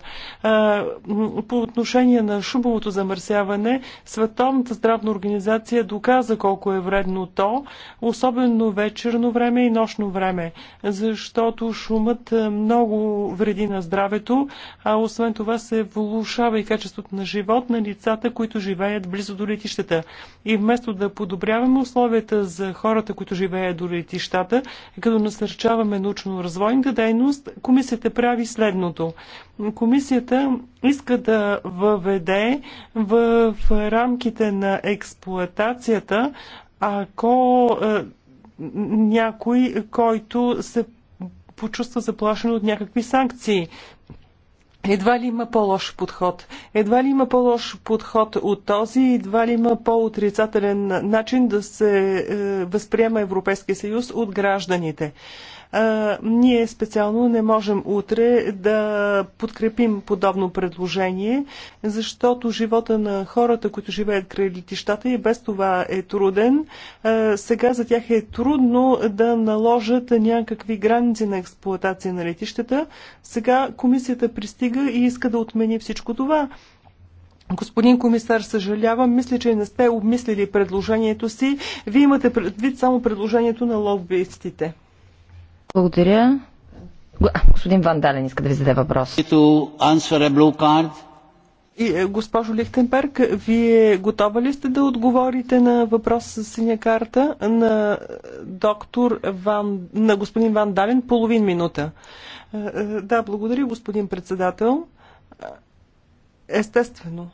C: По отношение на шумовото замърсяване, Световната здравна организация доказа колко е вредно то, особено вечерно време и нощно време, защото шумът много вреди на здравето, а освен това се влушава и качеството на живот на лицата, които живеят близо до летищата. И вместо да подобряваме условията за хората, които живеят до летищата, като насърчаваме научно-развойната дейност, комисията прави следното. Комисията иска да въведе в рамките на експлоатацията, ако е, някой, който се почувства заплашен от някакви санкции. Едва ли има по-лош подход? Едва ли има по-лош подход от този? Едва ли има по-отрицателен начин да се е, възприема Европейския съюз от гражданите? Ние специално не можем утре да подкрепим подобно предложение, защото живота на хората, които живеят край летищата и без това е труден. Сега за тях е трудно да наложат някакви граници на експлуатация на летищата. Сега комисията пристига и иска да отмени всичко това. Господин комисар, съжалявам, мисля, че не сте обмислили предложението си. Вие имате предвид само предложението на лоббистите.
B: Благодаря. Господин Ван Дален иска да ви зададе въпрос.
C: Е, госпожо Лихтенберг, вие готова ли сте да отговорите на въпрос с синя карта на доктор Ван, на господин Ван Дален половин минута? Е, е, да, благодаря, господин председател. Естествено.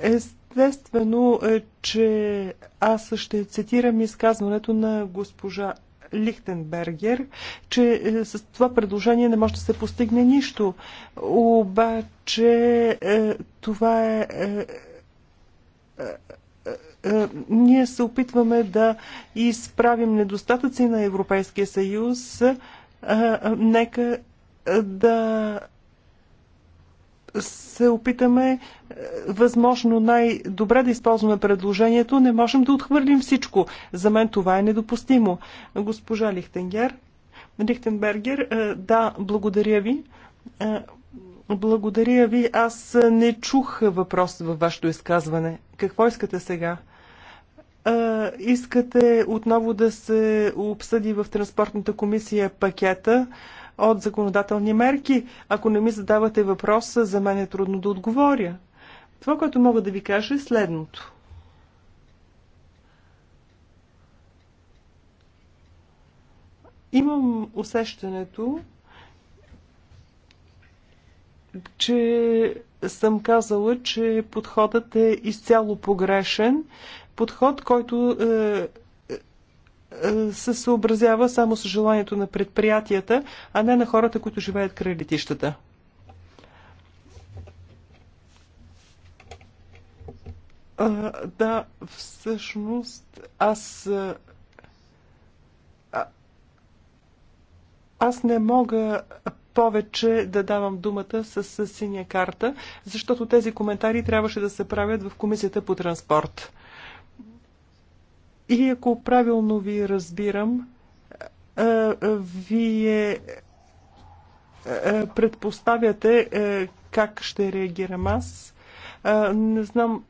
C: Естествено, че аз ще цитирам изказването на госпожа Лихтенбергер, че е, с това предложение не може да се постигне нищо. Обаче е, това е, е ние се опитваме да изправим недостатъци на Европейския съюз. Нека да се опитаме е, възможно най-добре да използваме предложението. Не можем да отхвърлим всичко. За мен това е недопустимо. Госпожа Лихтенгер, Лихтенбергер, е, да, благодаря ви. Е, благодаря ви. Аз не чух въпрос във вашето изказване. Какво искате сега? искате отново да се обсъди в Транспортната комисия пакета? от законодателни мерки. Ако не ми задавате въпроса, за мен е трудно да отговоря. Това, което мога да ви кажа е следното. Имам усещането, че съм казала, че подходът е изцяло погрешен. Подход, който е, се съобразява само с желанието на предприятията, а не на хората, които живеят край летищата. А, да, всъщност аз. аз не мога повече да давам думата с, с синя карта, защото тези коментари трябваше да се правят в Комисията по транспорт. И ако правилно ви разбирам, вие предпоставяте как ще реагирам аз. Не знам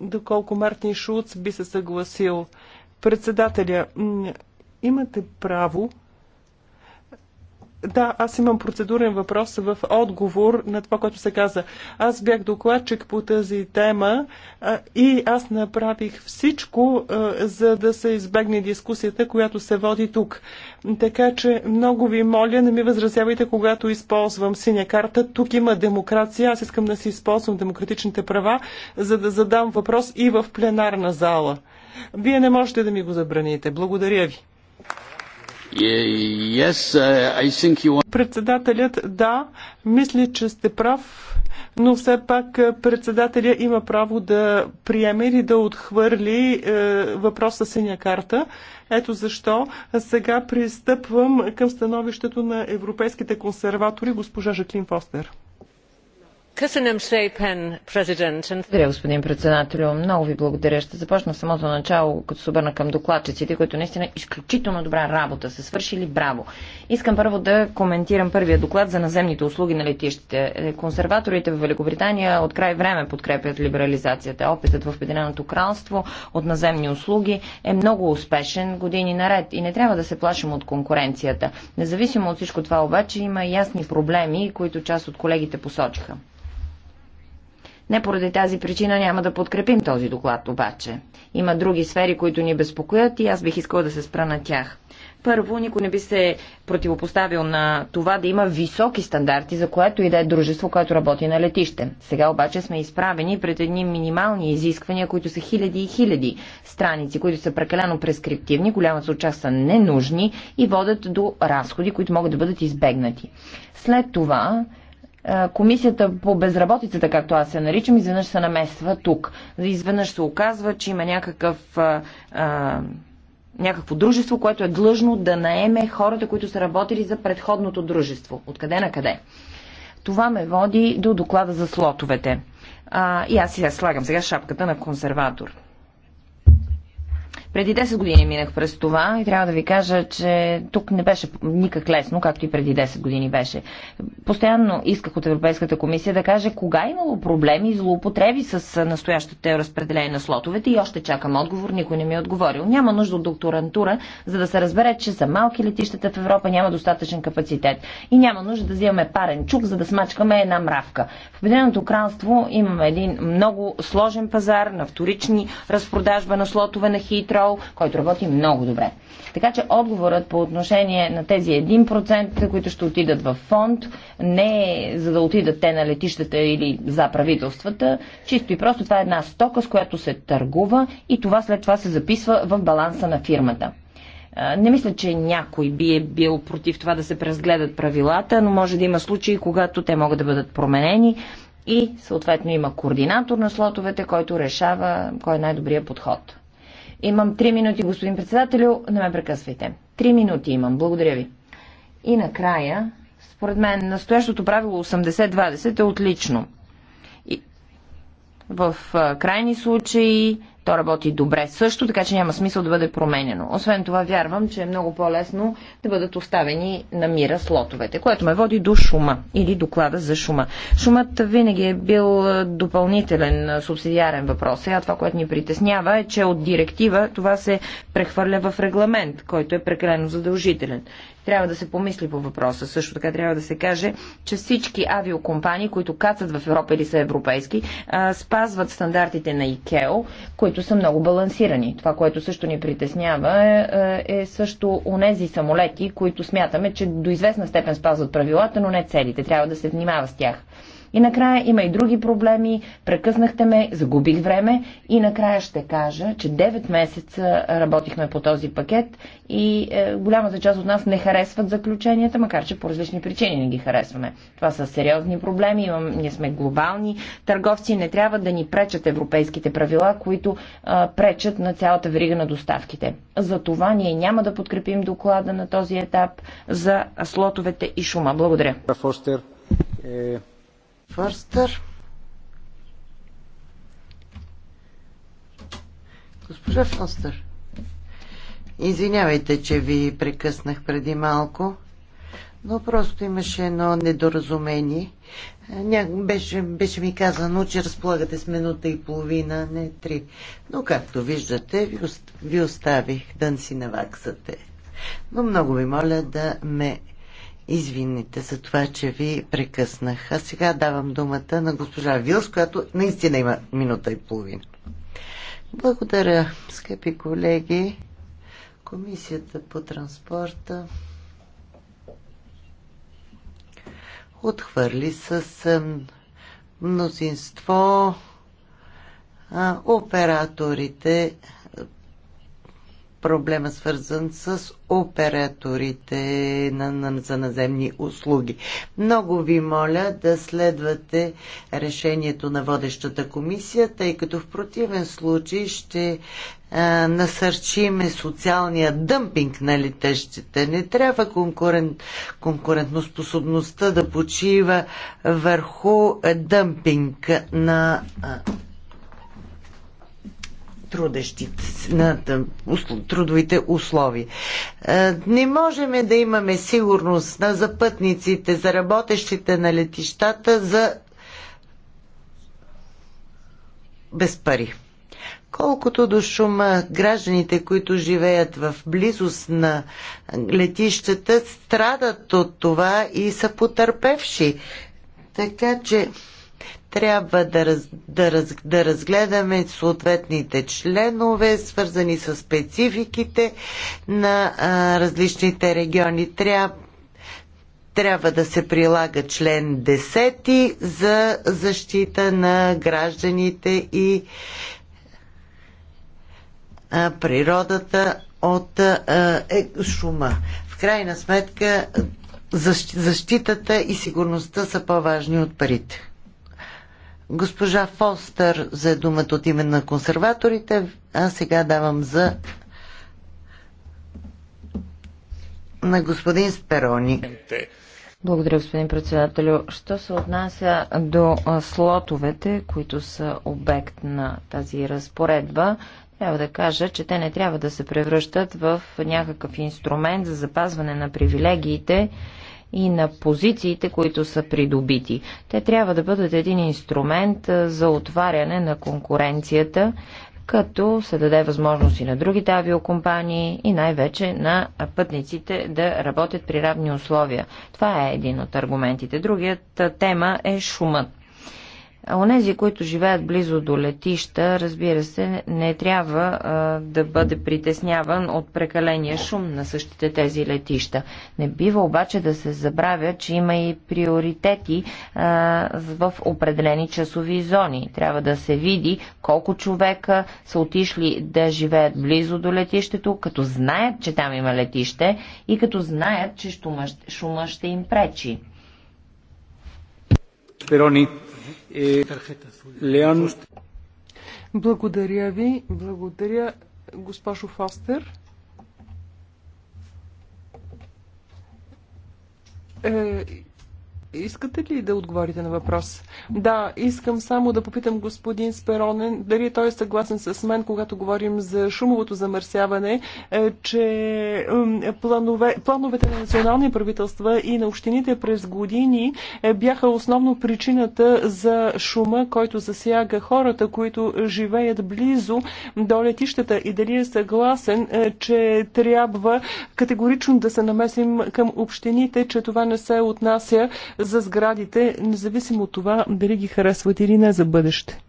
C: доколко Мартин Шулц би се съгласил. Председателя, имате право да, аз имам процедурен въпрос в отговор на това, което се каза. Аз бях докладчик по тази тема а, и аз направих всичко, а, за да се избегне дискусията, която се води тук. Така че много ви моля, не ми възразявайте, когато използвам синя карта. Тук има демокрация. Аз искам да си използвам демократичните права, за да задам въпрос и в пленарна зала. Вие не можете да ми го забраните. Благодаря ви. Е, yes, uh, you... Председателят, да, мисля, че сте прав, но все пак е, председателя има право да приеме или да отхвърли е, въпроса синя карта. Ето защо сега пристъпвам към становището на европейските консерватори госпожа
B: Жаклин Фостер. Благодаря, господин председател. Много ви благодаря. Ще започна в самото начало, като се обърна към докладчиците, които наистина изключително добра работа са свършили. Браво! Искам първо да коментирам първия доклад за наземните услуги на летищите. Консерваторите в Великобритания от край време подкрепят либерализацията. Опитът в Обединеното кралство от наземни услуги е много успешен години наред и не трябва да се плашим от конкуренцията. Независимо от всичко това обаче има ясни проблеми, които част от колегите посочиха. Не поради тази причина няма да подкрепим този доклад обаче. Има други сфери, които ни безпокоят и аз бих искала да се спра на тях. Първо, никой не би се противопоставил на това да има високи стандарти, за което и да е дружество, което работи на летище. Сега обаче сме изправени пред едни минимални изисквания, които са хиляди и хиляди страници, които са прекалено прескриптивни, голяма от част са ненужни и водят до разходи, които могат да бъдат избегнати. След това Комисията по безработицата, както аз се наричам, изведнъж се намества тук. Изведнъж се оказва, че има някакъв, а, някакво дружество, което е длъжно да наеме хората, които са работили за предходното дружество. Откъде на къде? Това ме води до доклада за слотовете. А, и аз сега слагам сега шапката на консерватор. Преди 10 години минах през това и трябва да ви кажа, че тук не беше никак лесно, както и преди 10 години беше. Постоянно исках от Европейската комисия да каже кога е имало проблеми и злоупотреби с настоящото разпределение на слотовете и още чакам отговор, никой не ми е отговорил. Няма нужда от докторантура, за да се разбере, че за малки летищата в Европа няма достатъчен капацитет и няма нужда да взимаме парен чук, за да смачкаме една мравка. В Обединеното кралство имаме един много сложен пазар на вторични разпродажба на слотове на хитро, контрол, който работи много добре. Така че отговорът по отношение на тези 1%, които ще отидат в фонд, не е за да отидат те на летищата или за правителствата, чисто и просто това е една стока, с която се търгува и това след това се записва в баланса на фирмата. Не мисля, че някой би е бил против това да се преразгледат правилата, но може да има случаи, когато те могат да бъдат променени и съответно има координатор на слотовете, който решава кой е най-добрият подход. Имам три минути, господин председателю. Не ме прекъсвайте. Три минути имам. Благодаря ви. И накрая, според мен, настоящото правило 80-20 е отлично. И в крайни случаи то работи добре също, така че няма смисъл да бъде променено. Освен това, вярвам, че е много по-лесно да бъдат оставени на мира слотовете, което ме води до шума или доклада за шума. Шумът винаги е бил допълнителен субсидиарен въпрос. Сега това, което ни притеснява е, че от директива това се прехвърля в регламент, който е прекалено задължителен. Трябва да се помисли по въпроса. Също така трябва да се каже, че всички авиокомпании, които кацат в Европа или са европейски, спазват стандартите на ИКЕО, които са много балансирани. Това, което също ни притеснява е, е, е също онези самолети, които смятаме, че до известна степен спазват правилата, но не целите. Трябва да се внимава с тях. И накрая има и други проблеми, прекъснахте ме, загубих време и накрая ще кажа, че 9 месеца работихме по този пакет и е, голямата част от нас не харесват заключенията, макар че по различни причини не ги харесваме. Това са сериозни проблеми, имам, ние сме глобални търговци, не трябва да ни пречат европейските правила, които е, пречат на цялата верига на доставките. За това ние няма да подкрепим доклада на този етап за слотовете и шума. Благодаря. Фостер, е... Фърстър.
A: Госпожа Фърстър, извинявайте, че ви прекъснах преди малко, но просто имаше едно недоразумение. Ня... Беше, беше ми казано, че разполагате с минута и половина, не три. Но както виждате, ви, ви оставих да си наваксате. Но много ви моля да ме Извините за това, че ви прекъснах. А сега давам думата на госпожа Вилс, която наистина има минута и половина. Благодаря, скъпи колеги. Комисията по транспорта отхвърли с мнозинство операторите проблема свързан с операторите на, на, за наземни услуги. Много ви моля да следвате решението на водещата комисия, тъй като в противен случай ще а, насърчиме социалния дъмпинг на летещите. Не трябва конкурент, конкурентоспособността да почива върху дъмпинг на а, трудещите, на трудовите условия. Е, не можем да имаме сигурност на запътниците, за работещите на летищата, за без пари. Колкото до шума, гражданите, които живеят в близост на летищата, страдат от това и са потърпевши. Така че трябва да, раз, да, раз, да разгледаме съответните членове, свързани с спецификите на а, различните региони. Трябва трябва да се прилага член 10 за защита на гражданите и а, природата от а, е, шума. В крайна сметка защитата и сигурността са по-важни от парите. Госпожа Фостер взе думата от име на консерваторите, а сега давам за
B: на господин Сперони. Благодаря, господин председателю. Що се отнася до слотовете, които са обект на тази разпоредба, трябва да кажа, че те не трябва да се превръщат в някакъв инструмент за запазване на привилегиите и на позициите, които са придобити. Те трябва да бъдат един инструмент за отваряне на конкуренцията, като се даде възможност и на другите авиокомпании и най-вече на пътниците да работят при равни условия. Това е един от аргументите. Другият тема е шумът. Онези, които живеят близо до летища, разбира се, не трябва а, да бъде притесняван от прекаления шум на същите тези летища. Не бива обаче да се забравя, че има и приоритети а, в определени часови зони. Трябва да се види колко човека са отишли да живеят близо до летището, като знаят, че там има летище и като знаят, че шума, шума ще им пречи.
D: Перони. Леон.
C: Благодаря ви. Благодаря, госпожо Фостер. Е, Искате ли да отговорите на въпрос? Да, искам само да попитам господин Сперонен, дали той е съгласен с мен, когато говорим за шумовото замърсяване, е, че планове, плановете на национални правителства и на общините през години е, бяха основно причината за шума, който засяга хората, които живеят близо до летищата и дали е съгласен, е, че трябва категорично да се намесим към общините, че това не се отнася за сградите,
B: независимо от това дали ги харесват или не за бъдеще.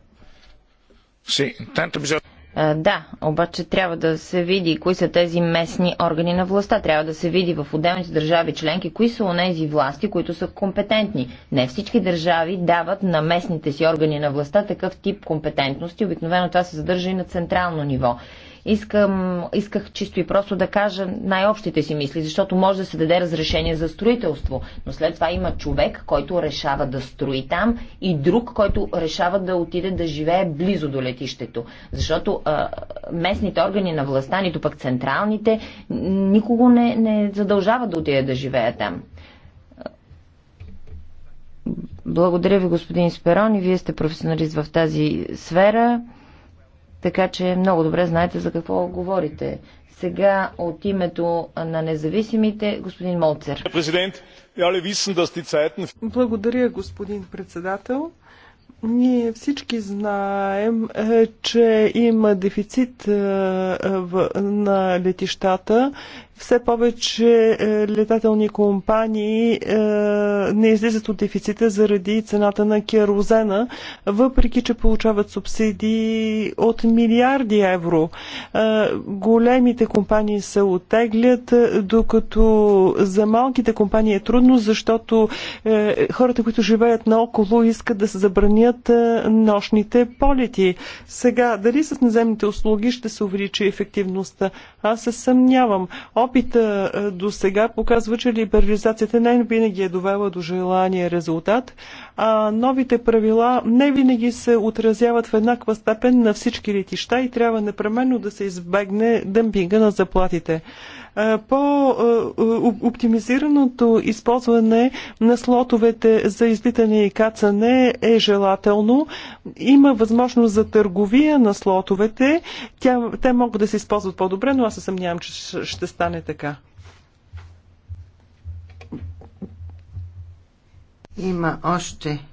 B: Да, обаче трябва да се види кои са тези местни органи на властта. Трябва да се види в отделните държави членки кои са онези власти, които са компетентни. Не всички държави дават на местните си органи на властта такъв тип компетентности. Обикновено това се задържа и на централно ниво. Искам, исках чисто и просто да кажа най-общите си мисли, защото може да се даде разрешение за строителство, но след това има човек, който решава да строи там и друг, който решава да отиде да живее близо до летището. Защото а, местните органи на властта, нито пък централните, никого не, не задължава да отиде да живее там. Благодаря ви, господин Сперон, и вие сте професионалист в тази сфера. Така че много добре знаете за какво говорите. Сега от името на независимите господин Молцер.
C: Благодаря, господин председател.
B: Ние всички знаем, е,
C: че има дефицит е, на летищата все повече е, летателни компании е, не излизат от дефицита заради цената на керозена, въпреки че получават субсидии от милиарди евро. Е, големите компании се оттеглят, докато за малките компании е трудно, защото хората, които живеят наоколо, искат да се забранят нощните полети. Сега, дали с наземните услуги ще се увеличи ефективността? Аз се съмнявам. Опита до сега показва, че либерализацията не винаги е довела до желания резултат, а новите правила не винаги се отразяват в еднаква степен на всички летища и трябва непременно да се избегне дъмпинга на заплатите. Е, по оптимизираното използване на слотовете за излитане и кацане е желателно. Има възможност за търговия на слотовете. Тя, те могат да се използват по-добре, но аз се съмнявам, че ще стане така.
A: Има още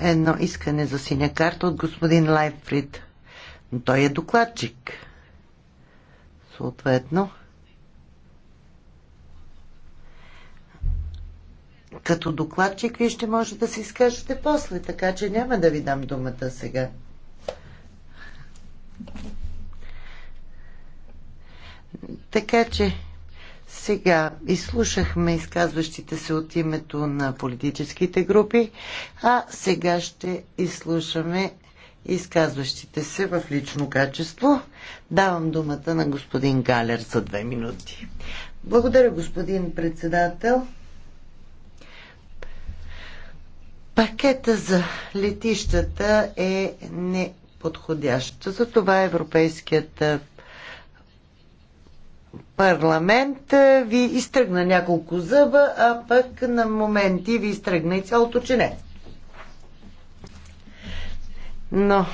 A: едно искане за синя карта от господин Лайфрид. Но той е докладчик съответно. Като докладчик вие ще може да се изкажете после, така че няма да ви дам думата сега. Така че сега изслушахме изказващите се от името на политическите групи, а сега ще изслушаме изказващите се в лично качество. Давам думата на господин Галер за две минути. Благодаря, господин председател. Пакета за летищата е неподходящ. това Европейският е, парламент е, ви изтръгна няколко зъба, а пък на моменти ви изтръгна и цялото чинец. Но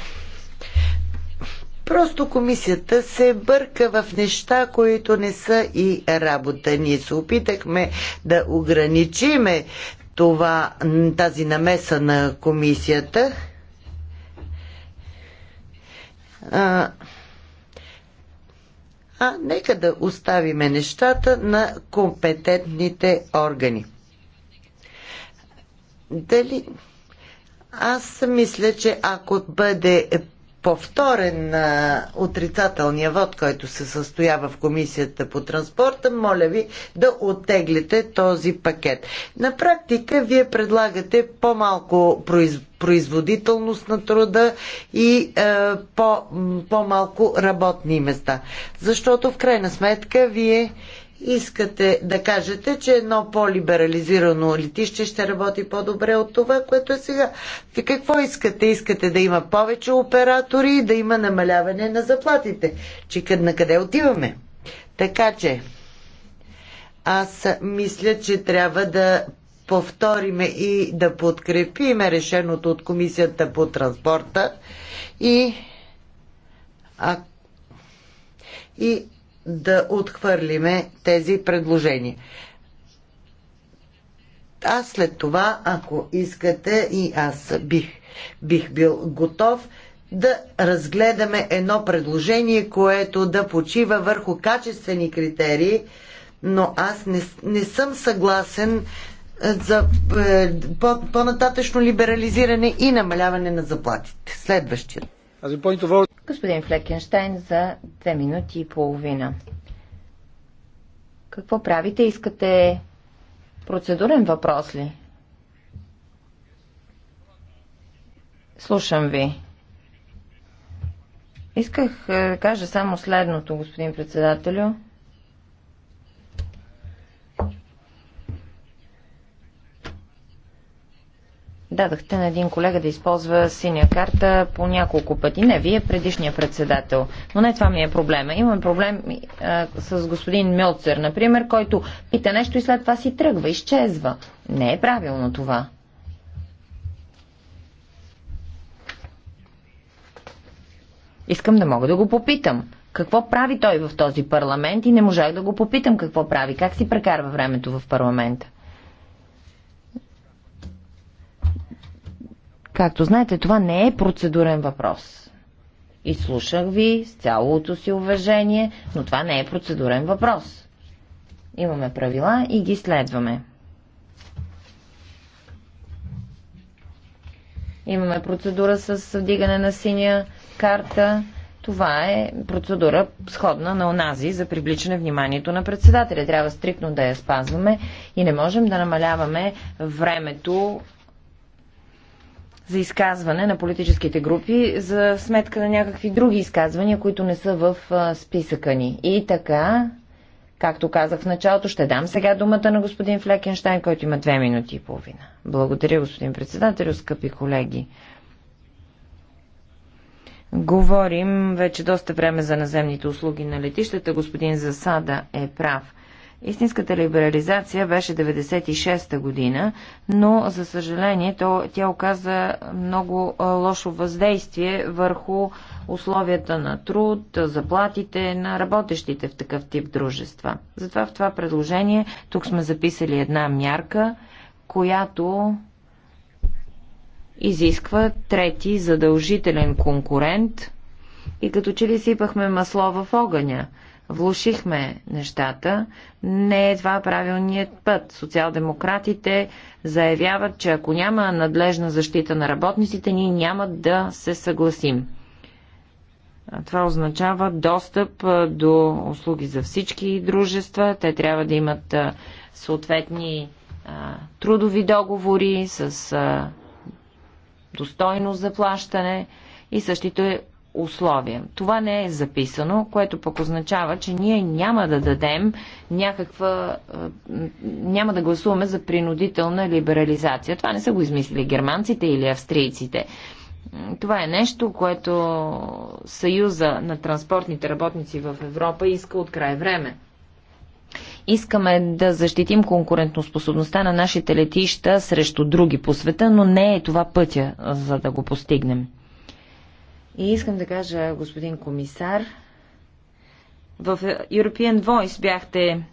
A: Просто комисията се бърка в неща, които не са и работа. Ние се опитахме да ограничиме това, тази намеса на комисията. А, а нека да оставиме нещата на компетентните органи. Дали аз мисля, че ако бъде повторен а, отрицателния вод, който се състоява в комисията по транспорта, моля ви да оттеглите този пакет. На практика вие предлагате по-малко произ... производителност на труда и а, по... по-малко работни места. Защото в крайна сметка вие искате да кажете, че едно по-либерализирано летище ще работи по-добре от това, което е сега. Ти какво искате? Искате да има повече оператори и да има намаляване на заплатите. Че на къде отиваме? Така че, аз мисля, че трябва да повториме и да подкрепиме решеното от Комисията по транспорта и, а, и да отхвърлиме тези предложения. Аз след това, ако искате, и аз бих, бих бил готов да разгледаме едно предложение, което да почива върху качествени критерии, но аз не, не съм съгласен е, за е, по, по-нататъчно либерализиране и намаляване на заплатите. Следващия.
B: Господин Флекенштайн за две минути и половина. Какво правите? Искате процедурен въпрос ли? Слушам ви. Исках да е, кажа само следното, господин председателю. Дадахте на един колега да използва синя карта по няколко пъти. Не, вие предишния председател. Но не това ми е проблема. Имам проблем а, с господин Мьоцер, например, който пита нещо и след това си тръгва, изчезва. Не е правилно това. Искам да мога да го попитам. Какво прави той в този парламент и не можах да го попитам какво прави, как си прекарва времето в парламента. Както знаете, това не е процедурен въпрос. И слушах ви с цялото си уважение, но това не е процедурен въпрос. Имаме правила и ги следваме. Имаме процедура с вдигане на синя карта. Това е процедура сходна на онази за привличане вниманието на председателя. Трябва стрикно да я спазваме и не можем да намаляваме времето за изказване на политическите групи за сметка на някакви други изказвания, които не са в списъка ни. И така, както казах в началото, ще дам сега думата на господин Флекенштайн, който има две минути и половина. Благодаря, господин председател, скъпи колеги. Говорим вече доста време за наземните услуги на летищата. Господин Засада е прав. Истинската либерализация беше 96-та година, но за съжаление то, тя оказа много лошо въздействие върху условията на труд, заплатите на работещите в такъв тип дружества. Затова в това предложение тук сме записали една мярка, която изисква трети задължителен конкурент и като че ли сипахме масло в огъня – влушихме нещата. Не е това правилният път. Социал-демократите заявяват, че ако няма надлежна защита на работниците, ние няма да се съгласим. Това означава достъп до услуги за всички дружества. Те трябва да имат съответни трудови договори с достойно заплащане и същите условия. Това не е записано, което пък означава, че ние няма да дадем някаква... няма да гласуваме за принудителна либерализация. Това не са го измислили германците или австрийците. Това е нещо, което Съюза на транспортните работници в Европа иска от край време. Искаме да защитим конкурентоспособността на нашите летища срещу други по света, но не е това пътя, за да го постигнем. И искам да кажа, господин комисар, в European Voice бяхте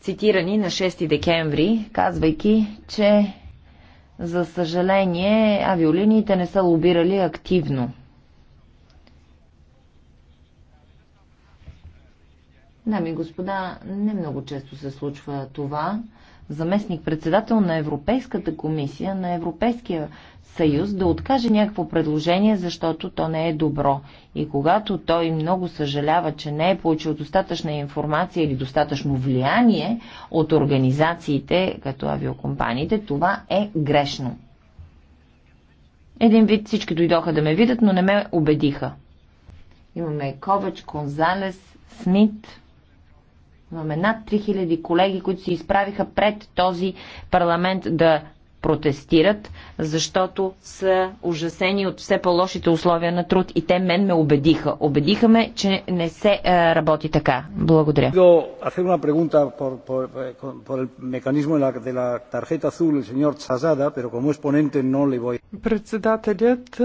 B: цитирани на 6 декември, казвайки, че за съжаление авиолиниите не са лобирали активно. Дами и господа, не много често се случва това. Заместник-председател на Европейската комисия, на Европейския съюз да откаже някакво предложение, защото то не е добро. И когато той много съжалява, че не е получил достатъчна информация или достатъчно влияние от организациите, като авиокомпаниите, това е грешно. Един вид всички дойдоха да ме видят, но не ме убедиха. Имаме Ковач, Конзалес, Смит, Имаме над 3000 колеги, които се изправиха пред този парламент да протестират, защото са ужасени от все по-лошите условия на труд и те мен ме убедиха. Убедиха ме, че не се а, е, работи така. Благодаря.
D: Председателят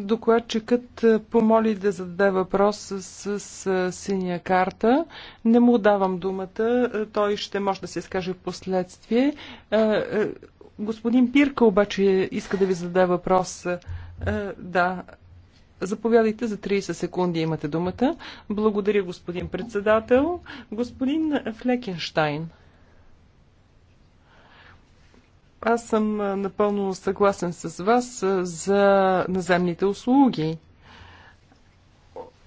D: Докладчикът
C: помоли да зададе въпрос с, с, синя карта. Не му давам думата. Той ще може да се изкаже в последствие. Господин Пирка обаче иска да ви зададе въпрос. Да. Заповядайте за 30 секунди имате думата. Благодаря, господин председател. Господин Флекенштайн. Аз съм напълно съгласен с вас за наземните услуги.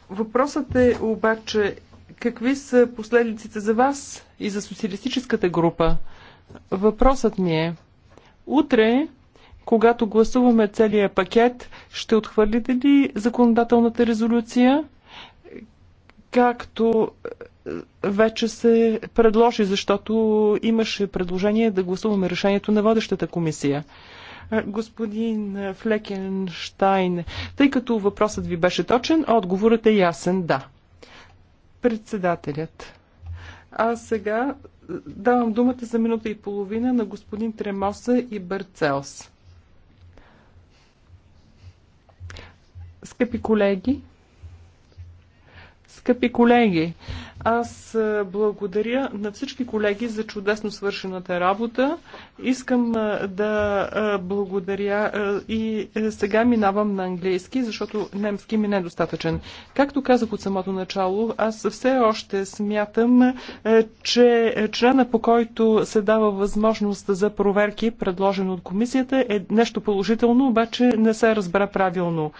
C: Въпросът е обаче какви са последиците за вас и за социалистическата група? Въпросът ми е, утре, когато гласуваме целия пакет, ще отхвърлите ли законодателната резолюция? Както вече се предложи, защото имаше предложение да гласуваме решението на водещата комисия. Господин Флекенштайн, тъй като въпросът ви беше точен, отговорът е ясен да. Председателят. А сега давам думата за минута и половина на господин Тремоса и Бърцелс. Скъпи колеги, скъпи колеги, аз е, благодаря на всички колеги за чудесно свършената работа. Искам е, да е, благодаря и сега минавам на английски, защото немски ми не е достатъчен. Както казах от самото начало, аз все още смятам, че члена по който се дава възможност за проверки, предложен от комисията, е нещо положително, обаче не се разбра правилно.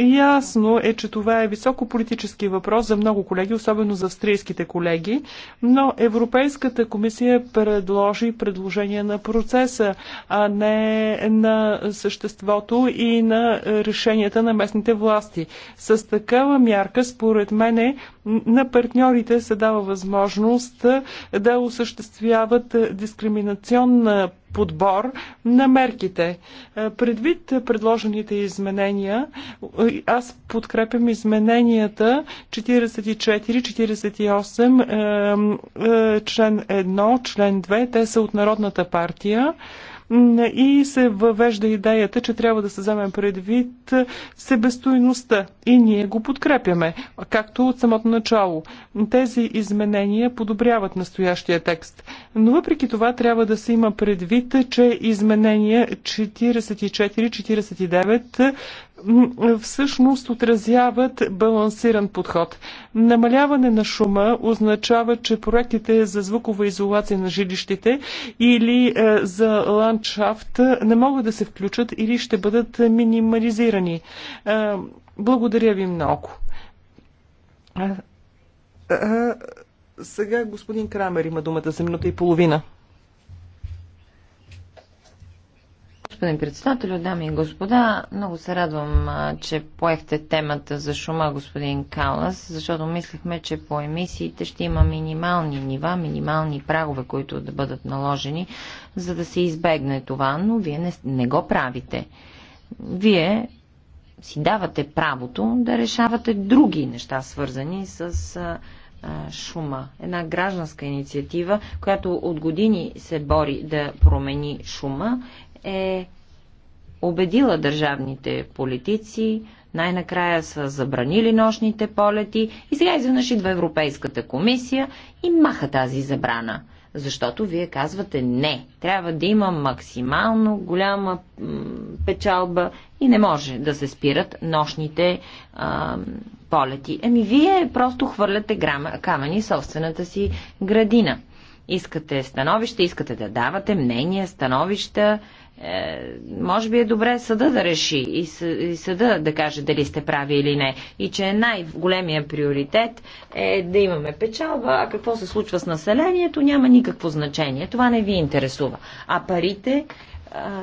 C: Ясно е, че това е високо политически въпрос за много колеги, особено за австрийски европейските колеги, но Европейската комисия предложи предложение на процеса, а не на съществото и на решенията на местните власти. С такава мярка, според мене, на партньорите се дава възможност да осъществяват дискриминационна подбор на мерките. Е, предвид предложените изменения, е, аз подкрепям измененията 44-48, е, член 1, член 2, те са от Народната партия и се въвежда идеята, че трябва да се вземем предвид себестойността и ние го подкрепяме, както от самото начало. Тези изменения подобряват настоящия текст. Но въпреки това трябва да се има предвид, че изменения 44-49 всъщност отразяват балансиран подход. Намаляване на шума означава, че проектите за звукова изолация на жилищите или е, за ландшафт не могат да се включат или ще бъдат минимализирани. Е, благодаря ви много. Е, сега господин Крамер има думата за минута и половина.
B: Господин председател, дами и господа, много се радвам, че поехте темата за шума, господин Калас, защото мислехме, че по емисиите ще има минимални нива, минимални прагове, които да бъдат наложени, за да се избегне това, но вие не, не го правите. Вие си давате правото да решавате други неща, свързани с шума. Една гражданска инициатива, която от години се бори да промени шума е убедила държавните политици, най-накрая са забранили нощните полети и сега изведнъж идва Европейската комисия и маха тази забрана. Защото вие казвате не. Трябва да има максимално голяма печалба и не може да се спират нощните а, полети. Еми вие просто хвърляте камъни камъни собствената си градина. Искате становище, искате да давате мнения, становища е, може би е добре съда да реши и, съ, и съда да каже дали сте прави или не. И че най-големия приоритет е да имаме печалба, а какво се случва с населението няма никакво значение. Това не ви интересува. А парите, е,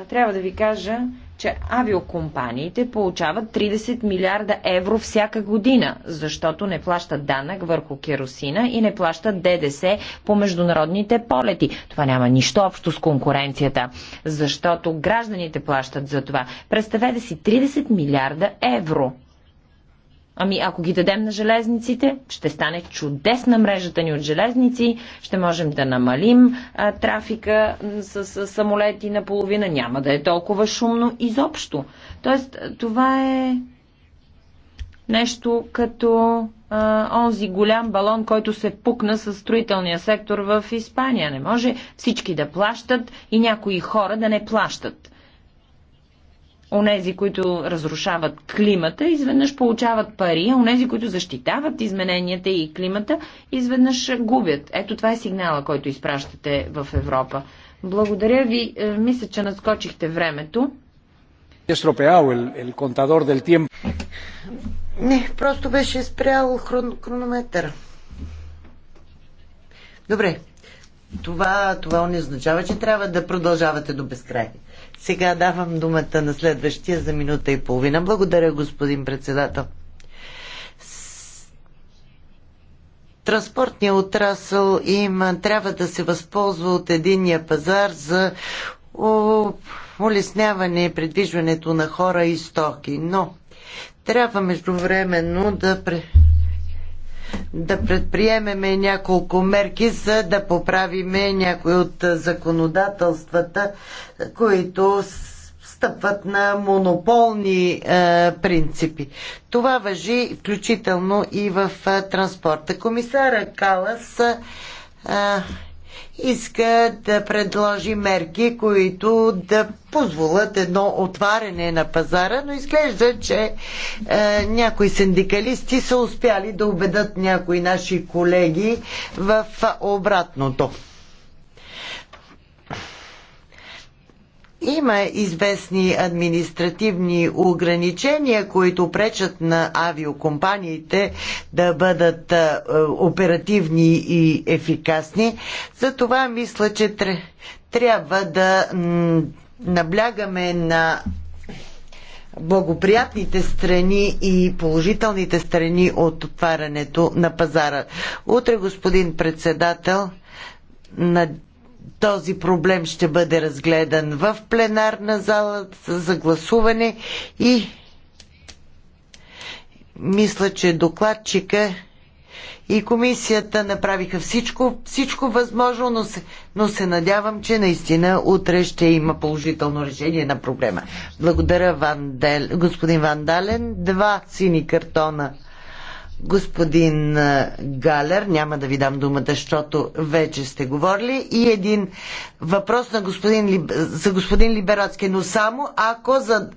B: трябва да ви кажа, че авиокомпаниите получават 30 милиарда евро всяка година, защото не плащат данък върху керосина и не плащат ДДС по международните полети. Това няма нищо общо с конкуренцията, защото гражданите плащат за това. Представете си 30 милиарда евро. Ами ако ги дадем на железниците, ще стане чудесна мрежата ни от железници, ще можем да намалим а, трафика с, с самолети наполовина, няма да е толкова шумно изобщо. Тоест, това е нещо като а, онзи голям балон, който се пукна с строителния сектор в Испания. Не може всички да плащат и някои хора да не плащат онези, които разрушават климата, изведнъж получават пари, а онези, които защитават измененията и климата, изведнъж губят. Ето това е сигнала, който изпращате в Европа. Благодаря ви. Е, мисля, че надскочихте времето.
D: Е
A: не, просто беше спрял хрон, хронометър. Добре. Това, това не означава, че трябва да продължавате до безкрай. Сега давам думата на следващия за минута и половина. Благодаря, господин председател. Транспортния отрасъл им трябва да се възползва от единния пазар за улесняване придвижването на хора и стоки, но трябва междувременно да да предприемеме няколко мерки, за да поправиме някои от законодателствата, които стъпват на монополни е, принципи. Това въжи включително и в е, транспорта. Комисара Калас е, иска да предложи мерки, които да позволят едно отваряне на пазара, но изглежда, че е, някои синдикалисти са успяли да убедат някои наши колеги в обратното. Има известни административни ограничения, които пречат на авиокомпаниите да бъдат оперативни и ефикасни. Затова мисля, че трябва да наблягаме на благоприятните страни и положителните страни от отварянето на пазара. Утре, господин председател, на този проблем ще бъде разгледан в пленарна зала за гласуване и мисля, че докладчика и комисията направиха всичко, всичко възможно, но се, но се надявам, че наистина утре ще има положително решение на проблема. Благодаря, Ван Дел, господин Вандален. Два сини картона господин Галер. Няма да ви дам думата, защото вече сте говорили. И един въпрос на господин, за господин Либерацки, но само ако, зад,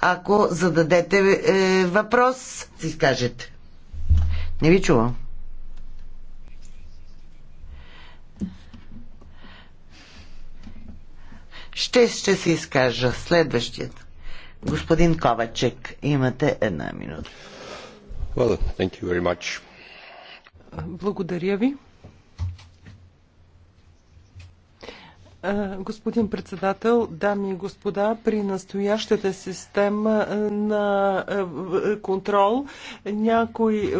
A: ако зададете е, въпрос, си скажете. Не ви чувам. Ще, ще се изкажа следващият. Господин Ковачек, имате една минута.
C: Well, Благодаря ви. Е, господин председател, дами и господа, при настоящата система е, на е, контрол някои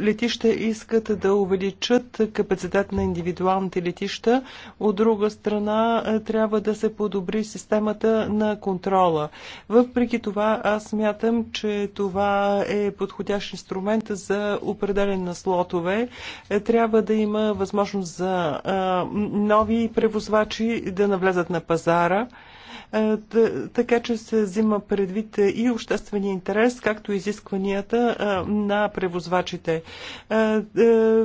C: летища искат да увеличат капацитет на индивидуалните летища. От друга страна трябва да се подобри системата на контрола. Въпреки това аз смятам, че това е подходящ инструмент за определене на слотове. Трябва да има възможност за нови превозвачи да навлезат на пазара, е, така че се взима предвид и обществения интерес, както и изискванията е, на превозвачите. Е,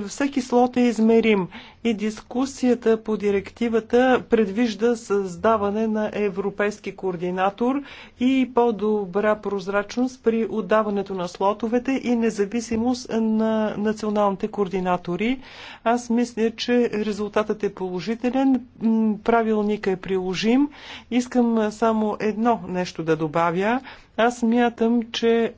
C: всеки слот е измерим и дискусията по директивата предвижда създаване на европейски координатор и по-добра прозрачност при отдаването на слотовете и независимост на националните координатори. Аз мисля, че резултатът е положителен, правилника е приложим. Искам само едно нещо да добавя. Аз мятам, че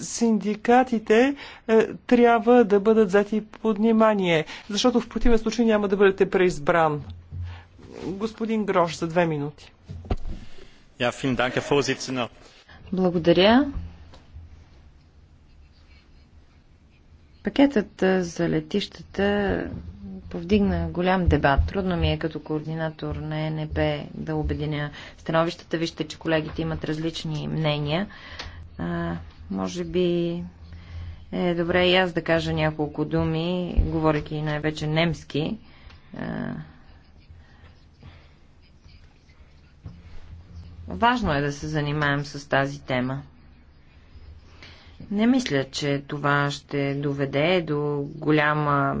C: синдикатите е, трябва да бъдат взети под внимание, защото в противен случай няма да бъдете преизбран. Господин Грош, за две минути.
B: Благодаря. Пакетът е, за летищата повдигна голям дебат. Трудно ми е като координатор на ЕНП да обединя становищата. Вижте, че колегите имат различни мнения. Може би е добре и аз да кажа няколко думи, говоряки най-вече немски. Важно е да се занимаем с тази тема. Не мисля, че това ще доведе до голяма,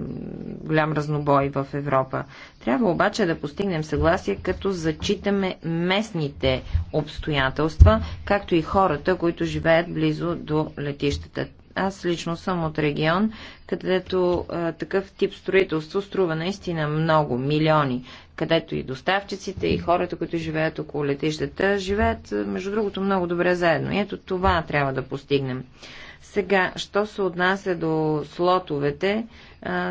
B: голям разнобой в Европа. Трябва обаче да постигнем съгласие, като зачитаме местните обстоятелства, както и хората, които живеят близо до летищата. Аз лично съм от регион, където а, такъв тип строителство струва наистина много милиони където и доставчиците, и хората, които живеят около летищата, живеят, е, между другото, много добре заедно. И ето това трябва да постигнем. Сега, що се отнася до слотовете, е,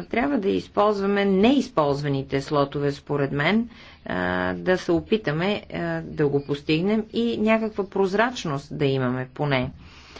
B: трябва да използваме неизползваните слотове, според мен, е, да се опитаме да го постигнем и някаква прозрачност да имаме поне.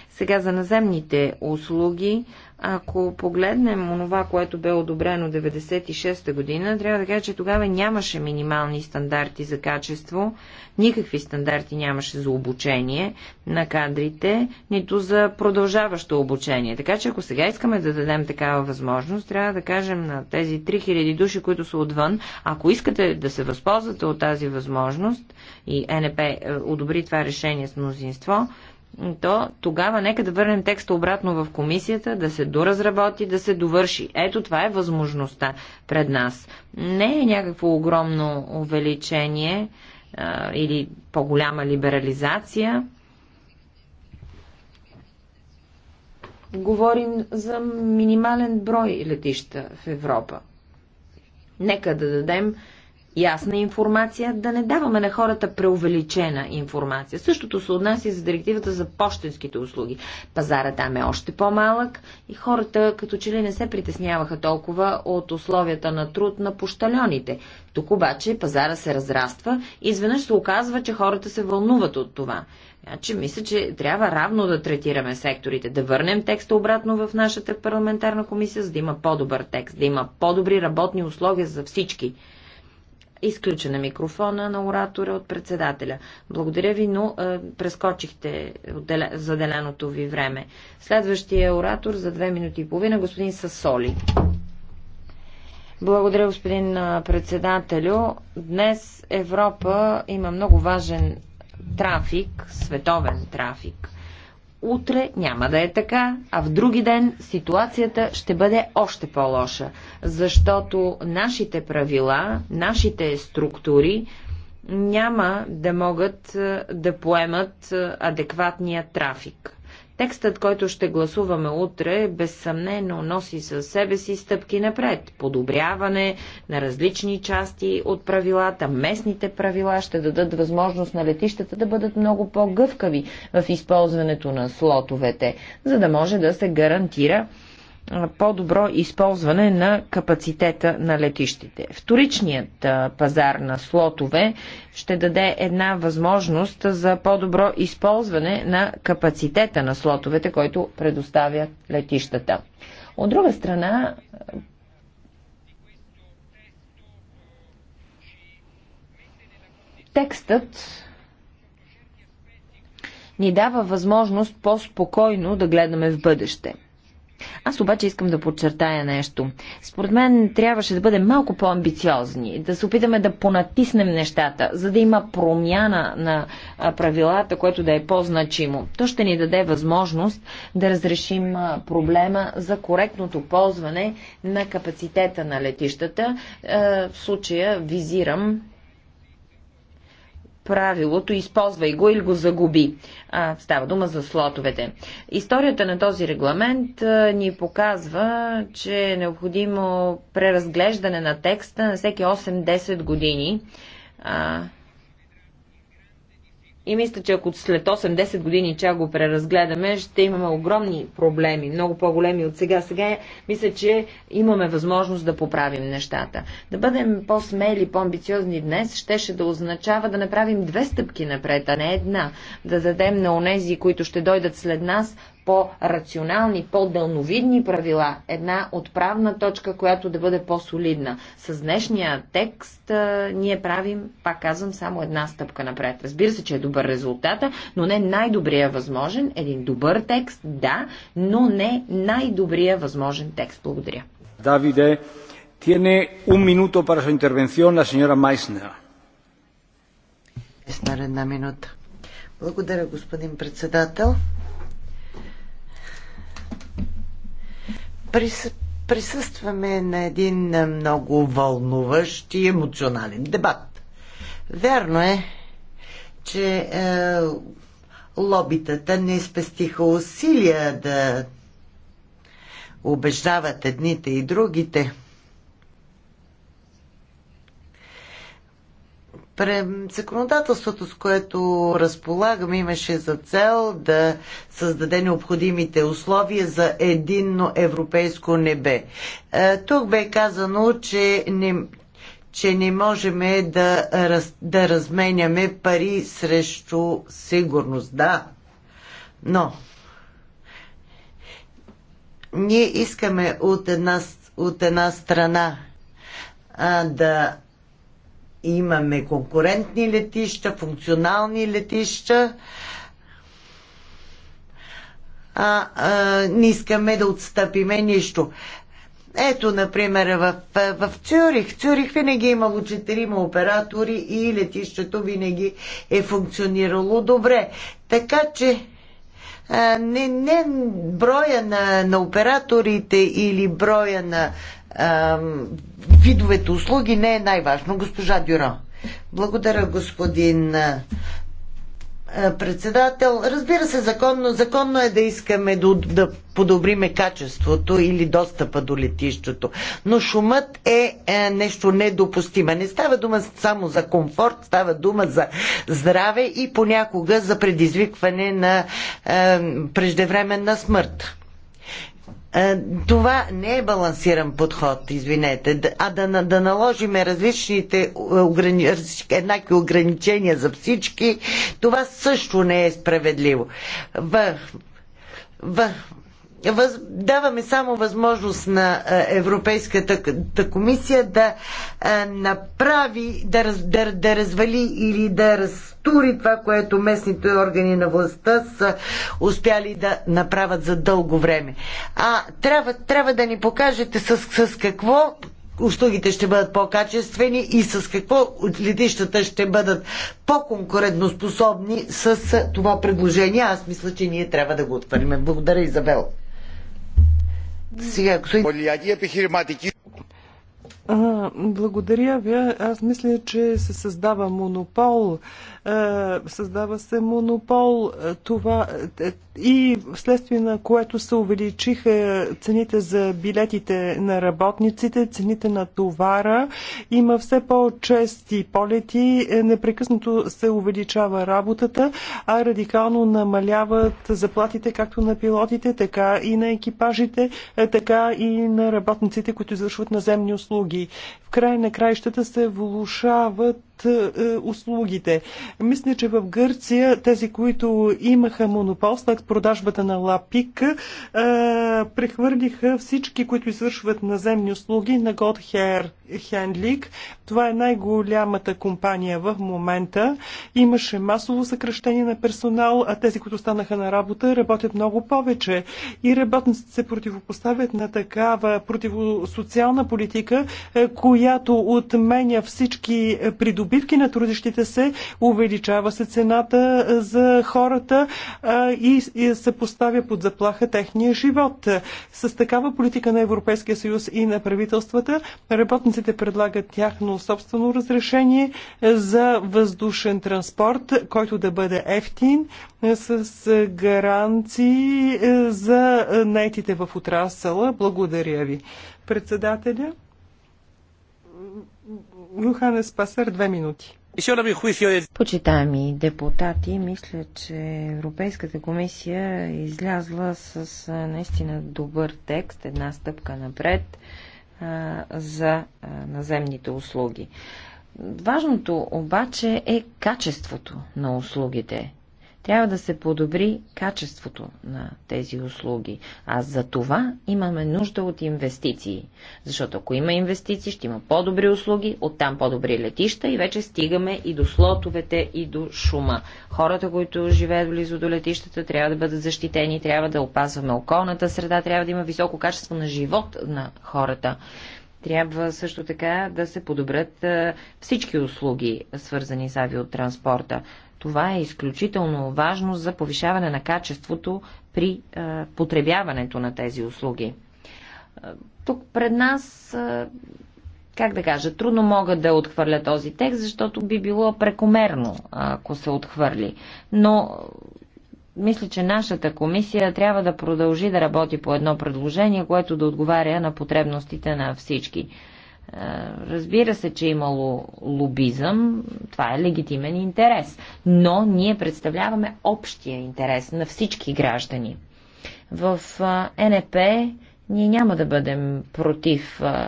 B: Сега за наземните услуги ако погледнем онова, което бе одобрено 96-та година, трябва да кажа, че тогава нямаше минимални стандарти за качество, никакви стандарти нямаше за обучение на кадрите, нито за продължаващо обучение. Така че ако сега искаме да дадем такава възможност, трябва да кажем на тези 3000 души, които са отвън, ако искате да се възползвате от тази възможност и НП е, одобри това решение с мнозинство, то тогава нека да върнем текста обратно в комисията, да се доразработи, да се довърши. Ето това е възможността пред нас. Не е някакво огромно увеличение а, или по-голяма либерализация. Говорим за минимален брой летища в Европа. Нека да дадем ясна информация, да не даваме на хората преувеличена информация. Същото се отнася за директивата за почтенските услуги. Пазара там е още по-малък и хората като че ли не се притесняваха толкова от условията на труд на пощалените. Тук обаче пазара се разраства и изведнъж се оказва, че хората се вълнуват от това. Значи, мисля, че трябва равно да третираме секторите, да върнем текста обратно в нашата парламентарна комисия, за да има по-добър текст, да има по-добри работни условия за всички. Изключен е микрофона на оратора от председателя. Благодаря ви, но е, прескочихте заделеното ви време. Следващия оратор за две минути и половина, господин Сасоли. Благодаря, господин е, председателю. Днес Европа има много важен трафик, световен трафик утре няма да е така, а в други ден ситуацията ще бъде още по-лоша, защото нашите правила, нашите структури няма да могат е, да поемат е, адекватния трафик. Текстът, който ще гласуваме утре, безсъмнено носи със себе си стъпки напред. Подобряване на различни части от правилата, местните правила ще дадат възможност на летищата да бъдат много по-гъвкави в използването на слотовете, за да може да се гарантира по-добро използване на капацитета на летищите. Вторичният пазар на слотове ще даде една възможност за по-добро използване на капацитета на слотовете, който предоставят летищата. От друга страна, текстът ни дава възможност по-спокойно да гледаме в бъдеще. Аз обаче искам да подчертая нещо. Според мен трябваше да бъдем малко по-амбициозни, да се опитаме да понатиснем нещата, за да има промяна на правилата, което да е по-значимо. То ще ни даде възможност да разрешим проблема за коректното ползване на капацитета на летищата. В случая визирам правилото използвай го или го загуби. А, става дума за слотовете. Историята на този регламент а, ни показва, че е необходимо преразглеждане на текста на всеки 8-10 години. А, и мисля, че ако след 8-10 години че го преразгледаме, ще имаме огромни проблеми, много по-големи от сега. Сега е- мисля, че имаме възможност да поправим нещата. Да бъдем по-смели, по-амбициозни днес, щеше да означава да направим две стъпки напред, а не една. Да дадем на онези, които ще дойдат след нас, по-рационални, по-дълновидни правила, една отправна точка, която да бъде по-солидна. С днешния текст а, ние правим, пак казвам, само една стъпка напред. Разбира се, че е добър резултата, но не най-добрия възможен. Един добър текст, да, но не най-добрия възможен текст. Благодаря.
D: Давиде, tiene un минуто para su intervención la señora Meissner.
B: Meissner, една минута.
A: Благодаря, господин председател. Прис, присъстваме на един много вълнуващ и емоционален дебат. Вярно е, че е, лобитата не спестиха усилия да убеждават едните и другите – Законодателството, с което разполагаме, имаше за цел да създаде необходимите условия за единно европейско небе. Е, тук бе казано, че не, че не можем да, раз, да разменяме пари срещу сигурност. Да, но ние искаме от една, от една страна а, да имаме конкурентни летища, функционални летища. А, а не искаме да отстъпиме нищо. Ето, например, в, в Цюрих. Цюрих винаги е имало четирима оператори и летището винаги е функционирало добре. Така че а, не, не броя на, на операторите или броя на видовете услуги не е най-важно. Госпожа Дюро, Благодаря, господин председател. Разбира се, законно, законно е да искаме да, да подобриме качеството или достъпа до летището. Но шумът е, е нещо недопустимо. Не става дума само за комфорт, става дума за здраве и понякога за предизвикване на е, преждевременна смърт. Е, това не е балансиран подход, извинете, а да, да наложиме различните е, ограни, еднакви ограничения за всички, това също не е справедливо. В, в, въз, даваме само възможност на е, Европейската комисия да е, направи, да, раз, да, да развали или да разтури това, което местните органи на властта са успяли да направят за дълго време. А трябва, трябва да ни покажете с, с какво услугите ще бъдат по-качествени и с какво летищата ще бъдат по-конкурентоспособни с това предложение. Аз мисля, че ние трябва да го отвърлим. Благодаря, Изабел. Сега,
C: Благодаря ви. Аз мисля, че се създава монопол е, създава се монопол е, това, е, и вследствие на което се увеличиха цените за билетите на работниците, цените на товара. Има все по-чести полети, непрекъснато се увеличава работата, а радикално намаляват заплатите както на пилотите, така и на екипажите, така и на работниците, които извършват наземни услуги. В край на краищата се влушават е, услугите. Мисля, че в Гърция тези, които имаха монопол след продажбата на Лапик, е, прехвърлиха всички, които извършват наземни услуги на Godhair Handling. Това е най-голямата компания в момента. Имаше масово съкръщение на персонал, а тези, които станаха на работа, работят много повече. И работниците се противопоставят на такава противосоциална политика, е, която отменя всички придобивания придобивки на трудещите се, увеличава се цената за хората и се поставя под заплаха техния живот. С такава политика на Европейския съюз и на правителствата, работниците предлагат тяхно собствено разрешение за въздушен транспорт, който да бъде ефтин, с гаранции за найтите в отрасъла. Благодаря ви. Председателя.
B: Луханес Пасър, две минути. Е- Почитаеми депутати, мисля, че Европейската комисия е излязла с наистина добър текст, една стъпка напред а, за а, наземните услуги. Важното обаче е качеството на услугите. Трябва да се подобри качеството на тези услуги, а за това имаме нужда от инвестиции. Защото ако има инвестиции, ще има по-добри услуги, оттам по-добри летища и вече стигаме и до слотовете и до шума. Хората, които живеят близо до летищата, трябва да бъдат защитени, трябва да опазваме околната среда, трябва да има високо качество на живот на хората. Трябва също така да се подобрят всички услуги, свързани с авиотранспорта. Това е изключително важно за повишаване на качеството при е, потребяването на тези услуги. Е, тук пред нас, е, как да кажа, трудно мога да отхвърля този текст, защото би било прекомерно, ако се отхвърли. Но мисля, че нашата комисия трябва да продължи да работи по едно предложение, което да отговаря на потребностите на всички. Е, разбира се, че е имало лобизъм, това е легитимен интерес, но ние представляваме общия интерес на всички граждани. В е, НП ние няма да бъдем против е,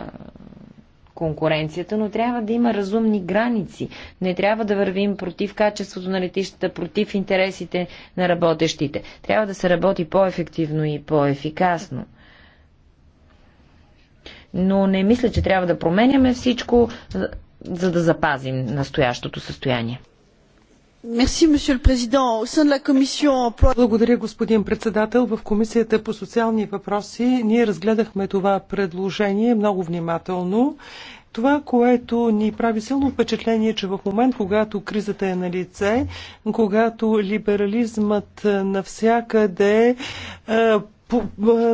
B: конкуренцията, но трябва да има разумни граници. Не трябва да вървим против качеството на летищата, против интересите на работещите. Трябва да се работи по-ефективно и по-ефикасно но не мисля, че трябва да променяме всичко, за да запазим настоящото състояние.
C: Благодаря, господин председател. В Комисията по социални въпроси ние разгледахме това предложение много внимателно. Това, което ни прави силно впечатление, че в момент, когато кризата е на лице, когато либерализмът навсякъде е,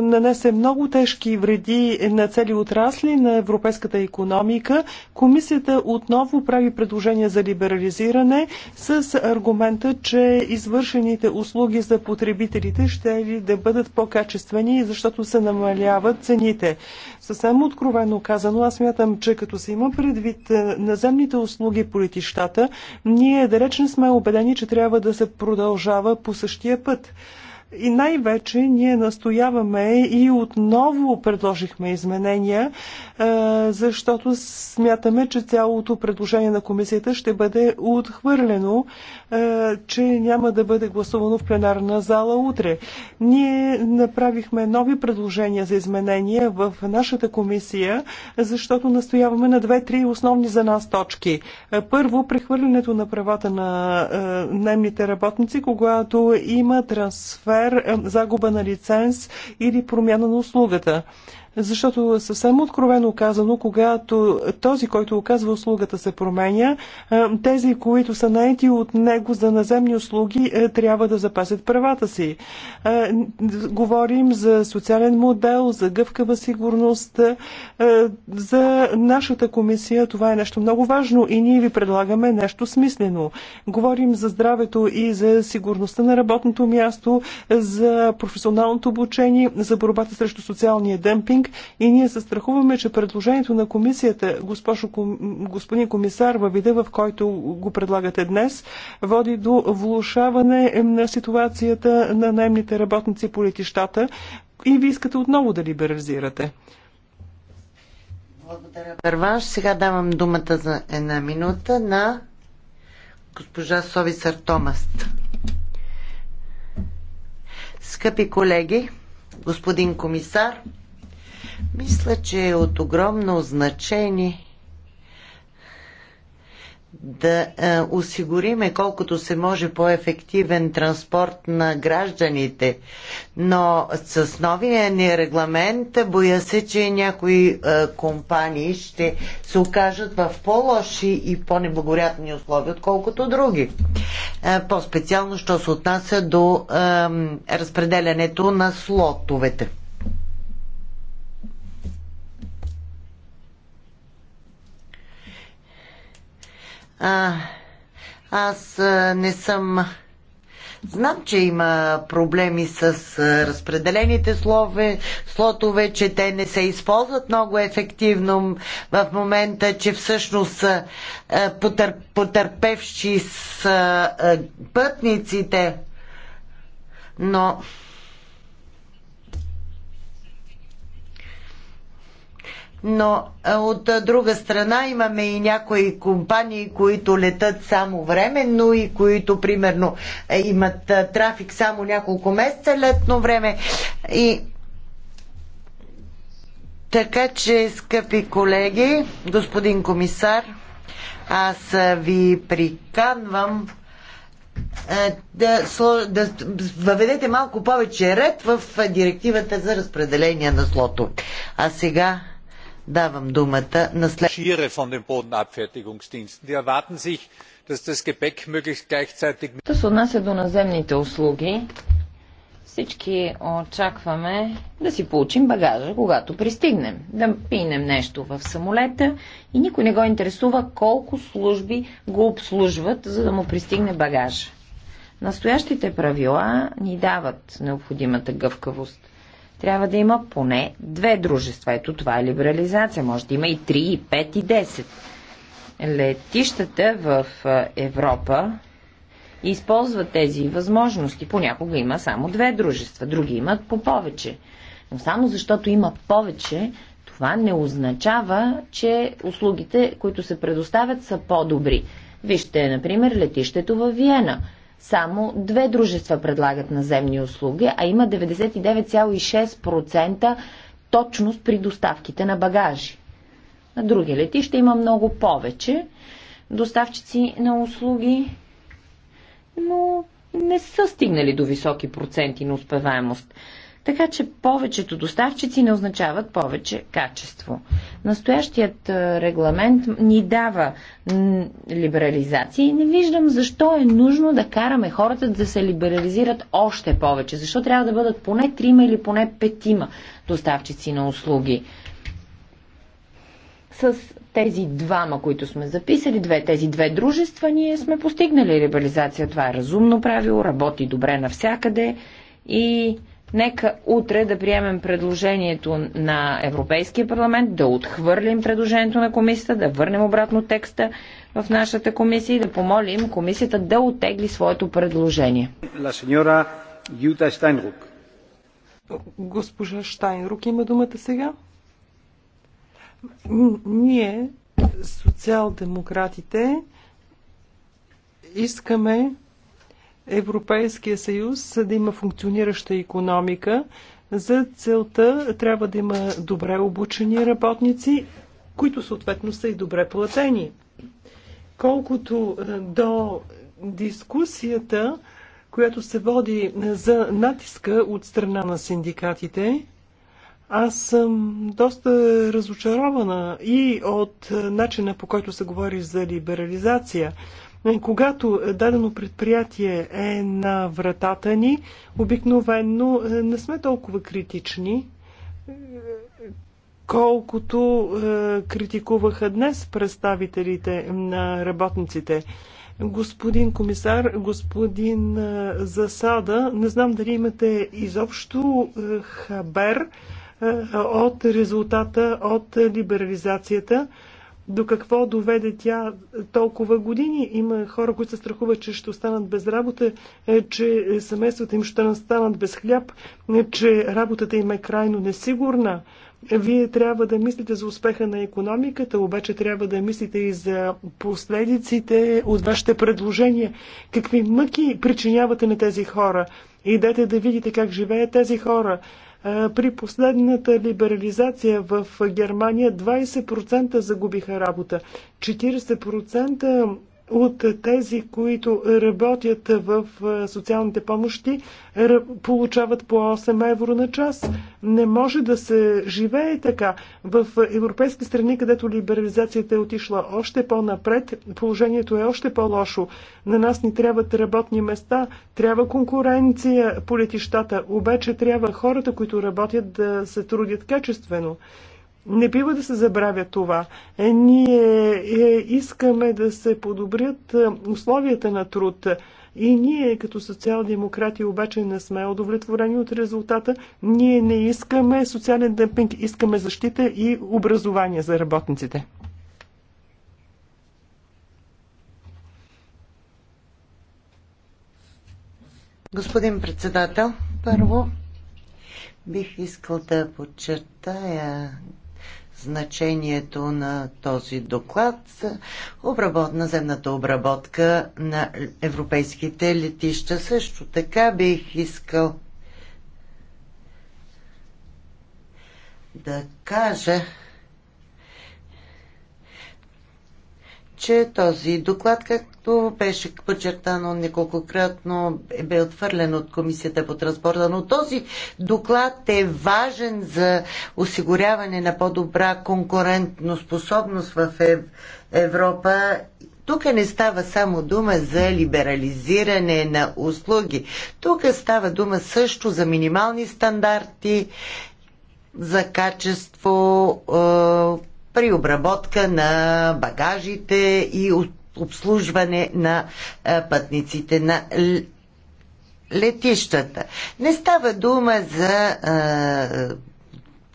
C: нанесе много тежки вреди на цели отрасли на европейската економика. Комисията отново прави предложение за либерализиране с аргумента, че извършените услуги за потребителите ще ли да бъдат по-качествени, защото се намаляват цените. Съвсем откровено казано, аз мятам, че като се има предвид наземните услуги по летищата, ние далеч не сме убедени, че трябва да се продължава по същия път. И най-вече ние настояваме и отново предложихме изменения, е, защото смятаме, че цялото предложение на комисията ще бъде отхвърлено, е, че няма да бъде гласувано в пленарна зала утре. Ние направихме нови предложения за изменения в нашата комисия, защото настояваме на две-три основни за нас точки. Е, първо, прехвърлянето на правата на наемните работници, когато има трансфер софтуер, е, загуба на лиценз или промяна на услугата. Защото съвсем откровено казано, когато този, който оказва услугата се променя, е, тези, които са наети от него за наземни услуги, е, трябва да запасят правата си. Е, говорим за социален модел, за гъвкава сигурност. За нашата комисия това е нещо много важно и ние ви предлагаме нещо смислено. Говорим за здравето и за сигурността на работното място, за професионалното обучение, за борбата срещу социалния демпинг, рейтинг и ние се страхуваме, че предложението на комисията, госпожо, господин комисар, във вида, в който го предлагате днес, води до влушаване на ситуацията на наемните работници по летищата и ви искате отново да либерализирате. Благодаря, Перваш. Сега давам
A: думата за една минута на госпожа Совисар Томаст. Скъпи колеги, господин комисар, мисля, че е от огромно значение да е, осигуриме колкото се може по-ефективен транспорт на гражданите. Но с новия ни регламент боя се, че някои е, компании ще се окажат в по-лоши и по-неблагорятни условия, отколкото други. Е, по-специално, що се отнася до разпределянето на слотовете. А, аз не съм. Знам, че има проблеми с разпределените слове, слотове, че те не се използват много ефективно в момента, че всъщност потър, потърпевши с пътниците. Но но е, от е, друга страна имаме и някои компании, които летат само временно и които примерно е, имат трафик само няколко месеца летно време и така че, скъпи колеги, господин комисар, аз ви приканвам да, да въведете малко повече ред в директивата за разпределение на слото. А сега Давам думата на след...
D: Що се отнася
B: до наземните услуги, всички очакваме да си получим багажа, когато пристигнем. Да пинем нещо в самолета и никой не го интересува колко служби го обслужват, за да му пристигне багажа. Настоящите правила ни дават необходимата гъвкавост трябва да има поне две дружества. Ето това е либерализация. Може да има и 3, и 5, и 10. Летищата в Европа използват тези възможности. Понякога има само две дружества, други имат по повече. Но само защото има повече, това не означава, че услугите, които се предоставят, са по-добри. Вижте, например, летището във Виена – само две дружества предлагат наземни услуги, а има 99,6% точност при доставките на багажи. На други летища има много повече доставчици на услуги, но не са стигнали до високи проценти на успеваемост. Така че повечето доставчици не означават повече качество. Настоящият е, регламент ни дава либерализация и не виждам защо е нужно да караме хората да се либерализират още повече. Защо трябва да бъдат поне трима или поне петима доставчици на услуги? С тези двама, които сме записали, две, тези две дружества, ние сме постигнали либерализация. Това е разумно правило, работи добре навсякъде и Нека утре да приемем предложението на Европейския парламент, да отхвърлим предложението на комисията, да върнем обратно текста в нашата комисия и да помолим комисията да отегли своето предложение.
D: Юта Штайнрук.
B: Госпожа Штайнрук има
C: думата сега. Ние, социал-демократите, искаме Европейския съюз да има функционираща економика. За целта трябва да има добре обучени работници, които съответно са и добре платени. Колкото е, до дискусията, която се води е, за натиска от страна на синдикатите, аз съм доста разочарована и от е, начина по който се говори за либерализация – когато дадено предприятие е на вратата ни, обикновенно е, не сме толкова критични, е, колкото е, критикуваха днес представителите на работниците. Господин комисар, господин Засада, не знам дали имате изобщо хабер от резултата от либерализацията до какво доведе тя толкова години. Има хора, които се страхуват, че ще останат без работа, е, че семействата им ще станат без хляб, е, че работата им е крайно несигурна. Вие трябва да мислите за успеха на економиката, обаче трябва да мислите и за последиците от вашите предложения. Какви мъки причинявате на тези хора? Идете да видите как живеят тези хора. При последната либерализация в Германия 20% загубиха работа. 40% от тези, които работят в социалните помощи, получават по 8 евро на час. Не може да се живее така. В европейски страни, където либерализацията е отишла още по-напред, положението е още по-лошо. На нас ни трябват работни места, трябва конкуренция по летищата, обаче трябва хората, които работят да се трудят качествено. Не бива да се забравя това. Е, ние е, искаме да се подобрят е, условията на труд. И ние като социал-демократи обаче не сме удовлетворени от резултата. Ние не искаме социален демпинг, искаме защита и образование за работниците.
A: Господин председател, първо бих искал да подчертая значението на този доклад за обработ, наземната обработка на европейските летища. Също така бих искал да кажа, че този доклад, както беше подчертано неколкократно, е бе отвърлен от Комисията по транспорта, но този доклад е важен за осигуряване на по-добра конкурентно способност в Европа тук не става само дума за либерализиране на услуги. Тук става дума също за минимални стандарти, за качество, е, при обработка на багажите и обслужване на пътниците на летищата. Не става дума за а,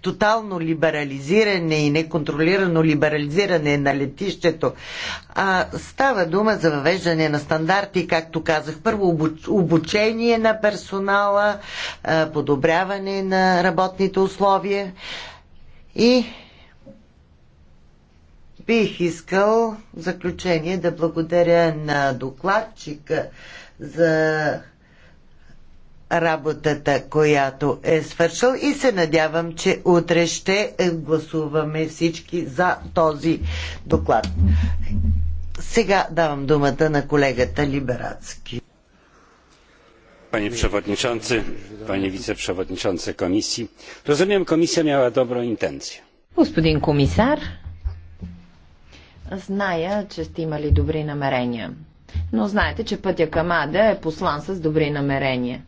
A: тотално либерализиране и неконтролирано либерализиране на летището. А, става дума за въвеждане на стандарти, както казах, първо обучение на персонала, а, подобряване на работните условия и Бих искал в заключение да благодаря на докладчика за работата, която е свършил и се надявам, че утре ще гласуваме всички за този доклад. Сега давам думата на колегата Либерацки.
C: Panie Przewodniczący, Panie Wiceprzewodniczący Komisji. Rozumiem, Komisja miała
B: dobrą intencję. Господин комисар, Зная, че сте имали добри намерения. Но знаете, че пътя към Ада е послан с добри намерения.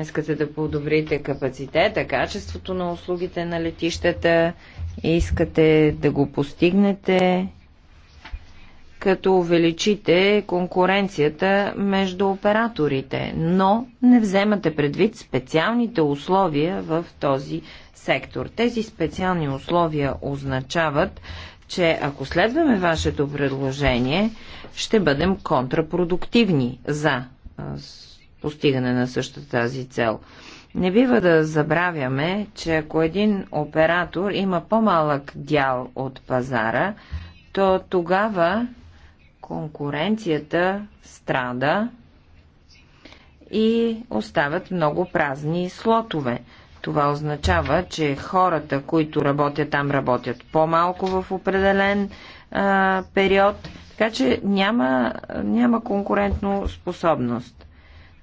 B: Искате да подобрите капацитета, качеството на услугите на летищата, искате да го постигнете, като увеличите конкуренцията между операторите, но не вземате предвид специалните условия в този сектор. Тези специални условия означават, че ако следваме вашето предложение, ще бъдем контрапродуктивни за постигане на същата тази цел. Не бива да забравяме, че ако един оператор има по-малък дял от пазара, то тогава конкуренцията страда и остават много празни слотове. Това означава, че хората, които работят там, работят по-малко в определен а, период, така че няма, няма конкурентно способност.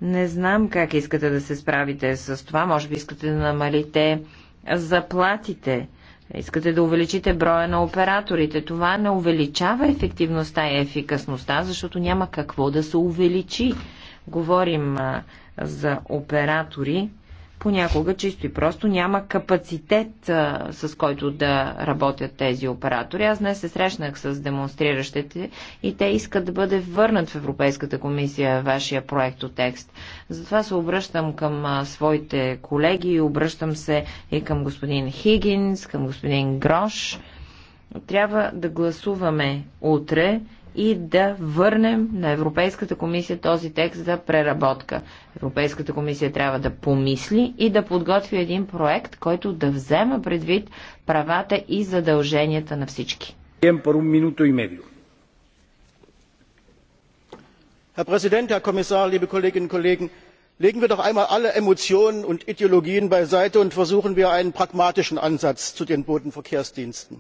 B: Не знам как искате да се справите с това. Може би искате да намалите заплатите. Искате да увеличите броя на операторите. Това не увеличава ефективността и ефикасността, защото няма какво да се увеличи. Говорим а, за оператори, понякога чисто и просто няма капацитет, а, с който да работят тези оператори. Аз днес се срещнах с демонстриращите и те искат да бъде върнат в Европейската комисия вашия проектотекст. Затова се обръщам към а, своите колеги, обръщам се и към господин Хигинс, към господин Грош. Трябва да гласуваме утре и да върнем на Европейската комисия този текст за преработка. Европейската комисия трябва да помисли и да подготви един проект, който да взема предвид правата и задълженията на всички.
D: Имам първо legen wir doch einmal alle Emotionen und Ideologien beiseite und versuchen wir einen pragmatischen Ansatz zu den Bodenverkehrsdiensten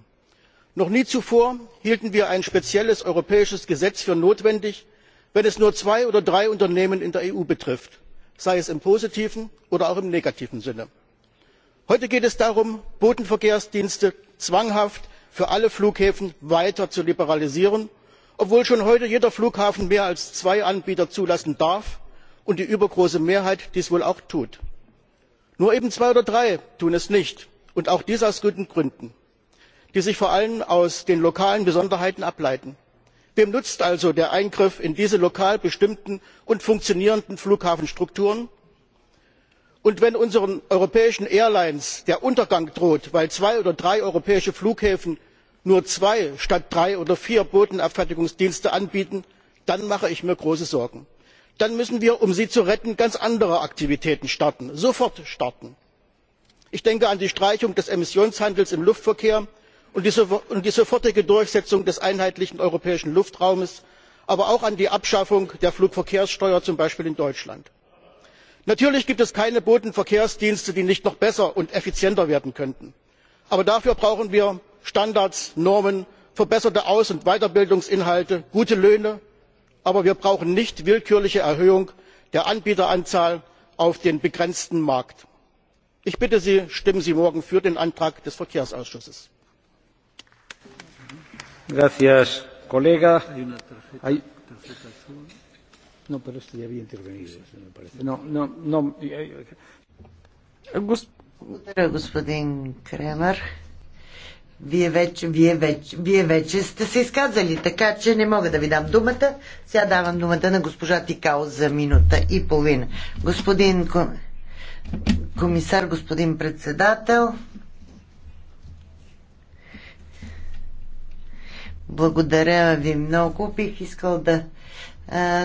D: noch nie zuvor hielten wir ein spezielles europäisches gesetz für notwendig wenn es nur zwei oder drei unternehmen in der eu betrifft sei es im positiven oder auch im negativen sinne. heute geht es darum bodenverkehrsdienste zwanghaft für alle flughäfen weiter zu liberalisieren obwohl schon heute jeder flughafen mehr als zwei anbieter zulassen darf und die übergroße mehrheit dies wohl auch tut. nur eben zwei oder drei tun es nicht und auch dies aus guten gründen die sich vor allem aus den lokalen besonderheiten ableiten. wem nutzt also der eingriff in diese lokal bestimmten und funktionierenden flughafenstrukturen? und wenn unseren europäischen airlines der untergang droht weil zwei oder drei europäische flughäfen nur zwei statt drei oder vier bodenabfertigungsdienste anbieten dann mache ich mir große sorgen. dann müssen wir um sie zu retten ganz andere aktivitäten starten sofort starten. ich denke an die streichung des emissionshandels im luftverkehr und die sofortige durchsetzung des einheitlichen europäischen luftraums aber auch an die abschaffung der flugverkehrssteuer zum beispiel in deutschland. natürlich gibt es keine bodenverkehrsdienste die nicht noch besser und effizienter werden könnten. aber dafür brauchen wir standards normen verbesserte aus und weiterbildungsinhalte gute löhne aber wir brauchen nicht willkürliche erhöhung der anbieteranzahl auf dem begrenzten markt. ich bitte sie stimmen sie morgen für den antrag des verkehrsausschusses! Благодаря,
C: господин
A: Кремер. Вие вече, вие, вече, вие вече сте се изказали, така че не мога да ви дам думата. Сега давам думата на госпожа Тикао за минута и половина. Господин комисар, господин председател, Благодаря ви много. Бих искал да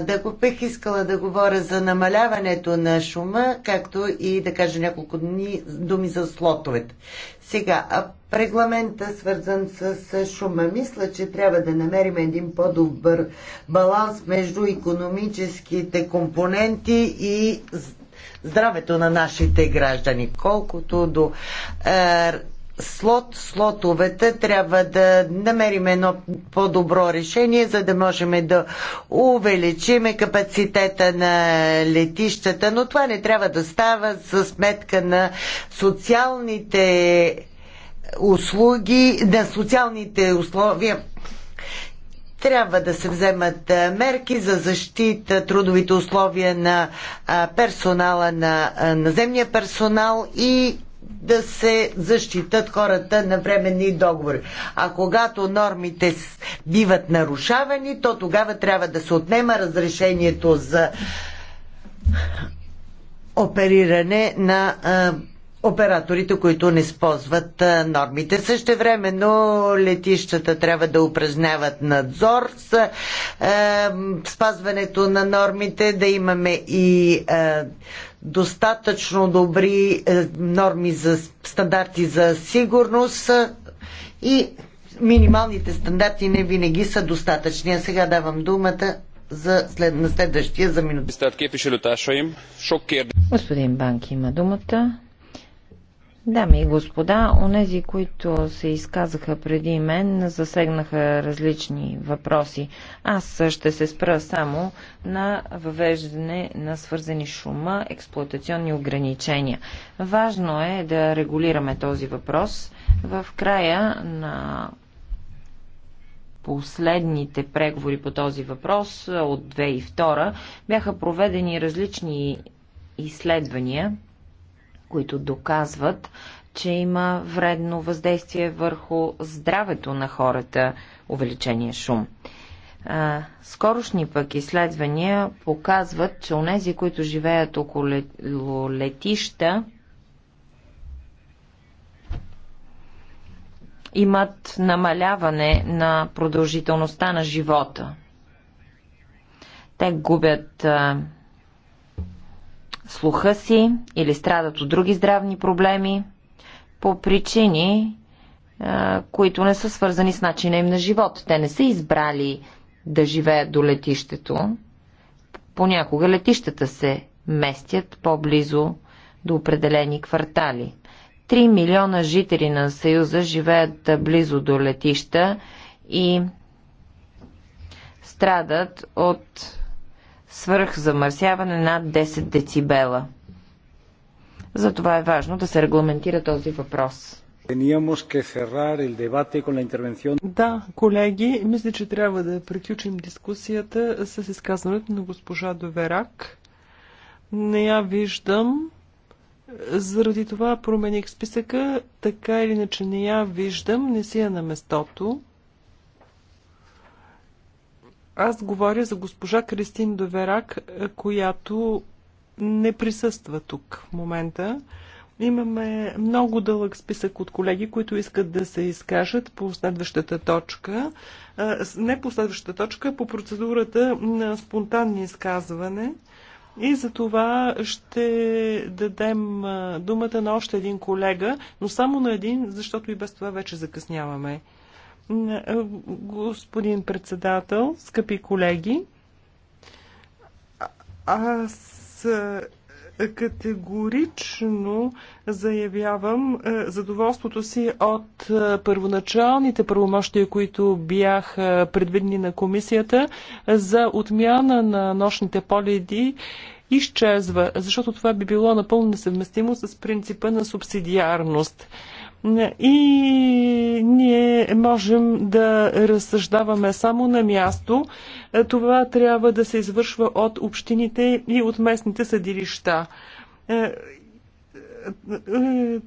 A: да го бих искала да говоря за намаляването на шума, както и да кажа няколко дни, думи за слотовете. Сега, регламента свързан с шума. Мисля, че трябва да намерим един по-добър баланс между економическите компоненти и здравето на нашите граждани. Колкото до слот, слотовете, трябва да намерим едно по-добро решение, за да можем да увеличим капацитета на летищата, но това не трябва да става за сметка на социалните услуги, на социалните условия трябва да се вземат мерки за защита трудовите условия на персонала, на наземния персонал и да се защитат хората на временни договори. А когато нормите биват нарушавани, то тогава трябва да се отнема разрешението за опериране на операторите, които не спозват нормите. Също време, но летищата трябва да упражняват надзор с е, спазването на нормите, да имаме и е, достатъчно добри е, норми за стандарти за сигурност и минималните стандарти не винаги са достатъчни. А сега давам думата за след, на следващия за минута.
B: Господин Банки има думата. Дами и господа, онези, които се изказаха преди мен, засегнаха различни въпроси. Аз ще се спра само на въвеждане на свързани шума, експлуатационни ограничения. Важно е да регулираме този въпрос. В края на последните преговори по този въпрос от 2002 бяха проведени различни изследвания които доказват, че има вредно въздействие върху здравето на хората увеличение шум. А, скорошни пък изследвания показват, че нези, които живеят около летища, имат намаляване на продължителността на живота. Те губят а, слуха си или страдат от други здравни проблеми по причини, които не са свързани с начина им на живот. Те не са избрали да живеят до летището. Понякога летищата се местят по-близо до определени квартали. 3 милиона жители на Съюза живеят близо до летища и страдат от замърсяване над 10 децибела. Затова е важно да се регламентира този въпрос. Да, колеги,
C: мисля, че трябва да приключим дискусията с изказването на госпожа Доверак. Не я виждам. Заради това промених списъка. Така или иначе не я виждам, не си я е на местото. Аз говоря за госпожа Кристин Доверак, е, която не присъства тук в момента. Имаме много дълъг списък от колеги, които искат да се изкажат по следващата точка. Е, не по следващата точка, по процедурата на спонтанни изказване. И за това ще дадем е, думата на още един колега, но само на един, защото и без това вече закъсняваме. Господин председател, скъпи колеги, аз категорично заявявам задоволството си от първоначалните правомощия, които бяха предвидени на комисията за отмяна на нощните поледи изчезва, защото това би било напълно несъвместимо с принципа на субсидиарност. И ние можем да разсъждаваме само на място. Това трябва да се извършва от общините и от местните съдилища е, е,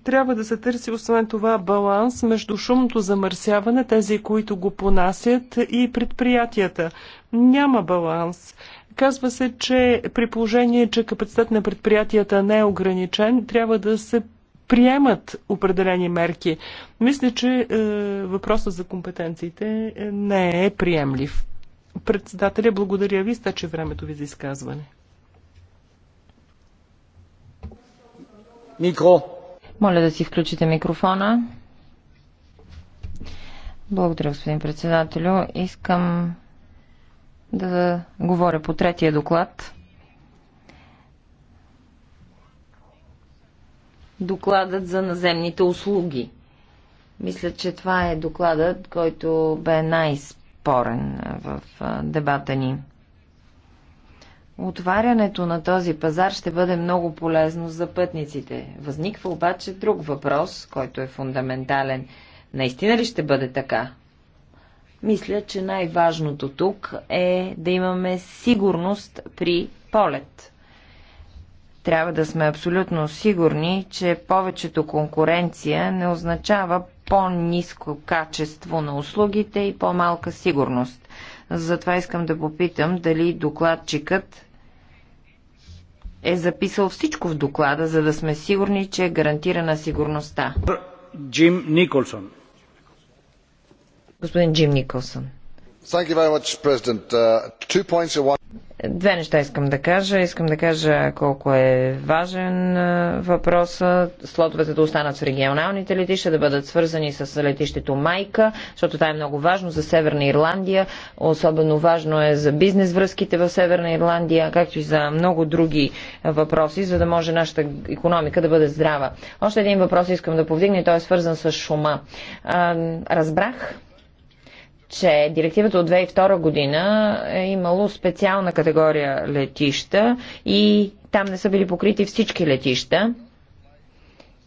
C: трябва да се търси освен това баланс между шумното замърсяване, тези, които го понасят и предприятията. Няма баланс. Казва се, че при положение, че капацитет на предприятията не е ограничен, трябва да се приемат определени мерки. Мисля, че е, въпросът за компетенциите не е приемлив. Председателя, благодаря ви, стече времето ви за изказване.
D: Микро.
B: Моля да си включите микрофона. Благодаря, господин председателю. Искам да говоря по третия доклад докладът за наземните услуги. Мисля, че това е докладът, който бе най-спорен в дебата ни. Отварянето на този пазар ще бъде много полезно за пътниците. Възниква обаче друг въпрос, който е фундаментален. Наистина ли ще бъде така? Мисля, че най-важното тук е да имаме сигурност при полет. Трябва да сме абсолютно сигурни, че повечето конкуренция не означава по-низко качество на услугите и по-малка сигурност. Затова искам да попитам дали докладчикът е записал всичко в доклада, за да сме сигурни, че е гарантирана сигурността.
D: Джим Николсон.
B: Господин Джим Николсон.
D: Much,
B: Две неща искам да кажа. Искам да кажа колко е важен въпрос. Слотовете да останат с регионалните летища, да бъдат свързани с летището Майка, защото това е много важно за Северна Ирландия. Особено важно е за бизнес връзките в Северна Ирландия, както и за много други въпроси, за да може нашата економика да бъде здрава. Още един въпрос искам да повдигне, той е свързан с шума. Разбрах че директивата от 2002 година е имало специална категория летища и там не са били покрити всички летища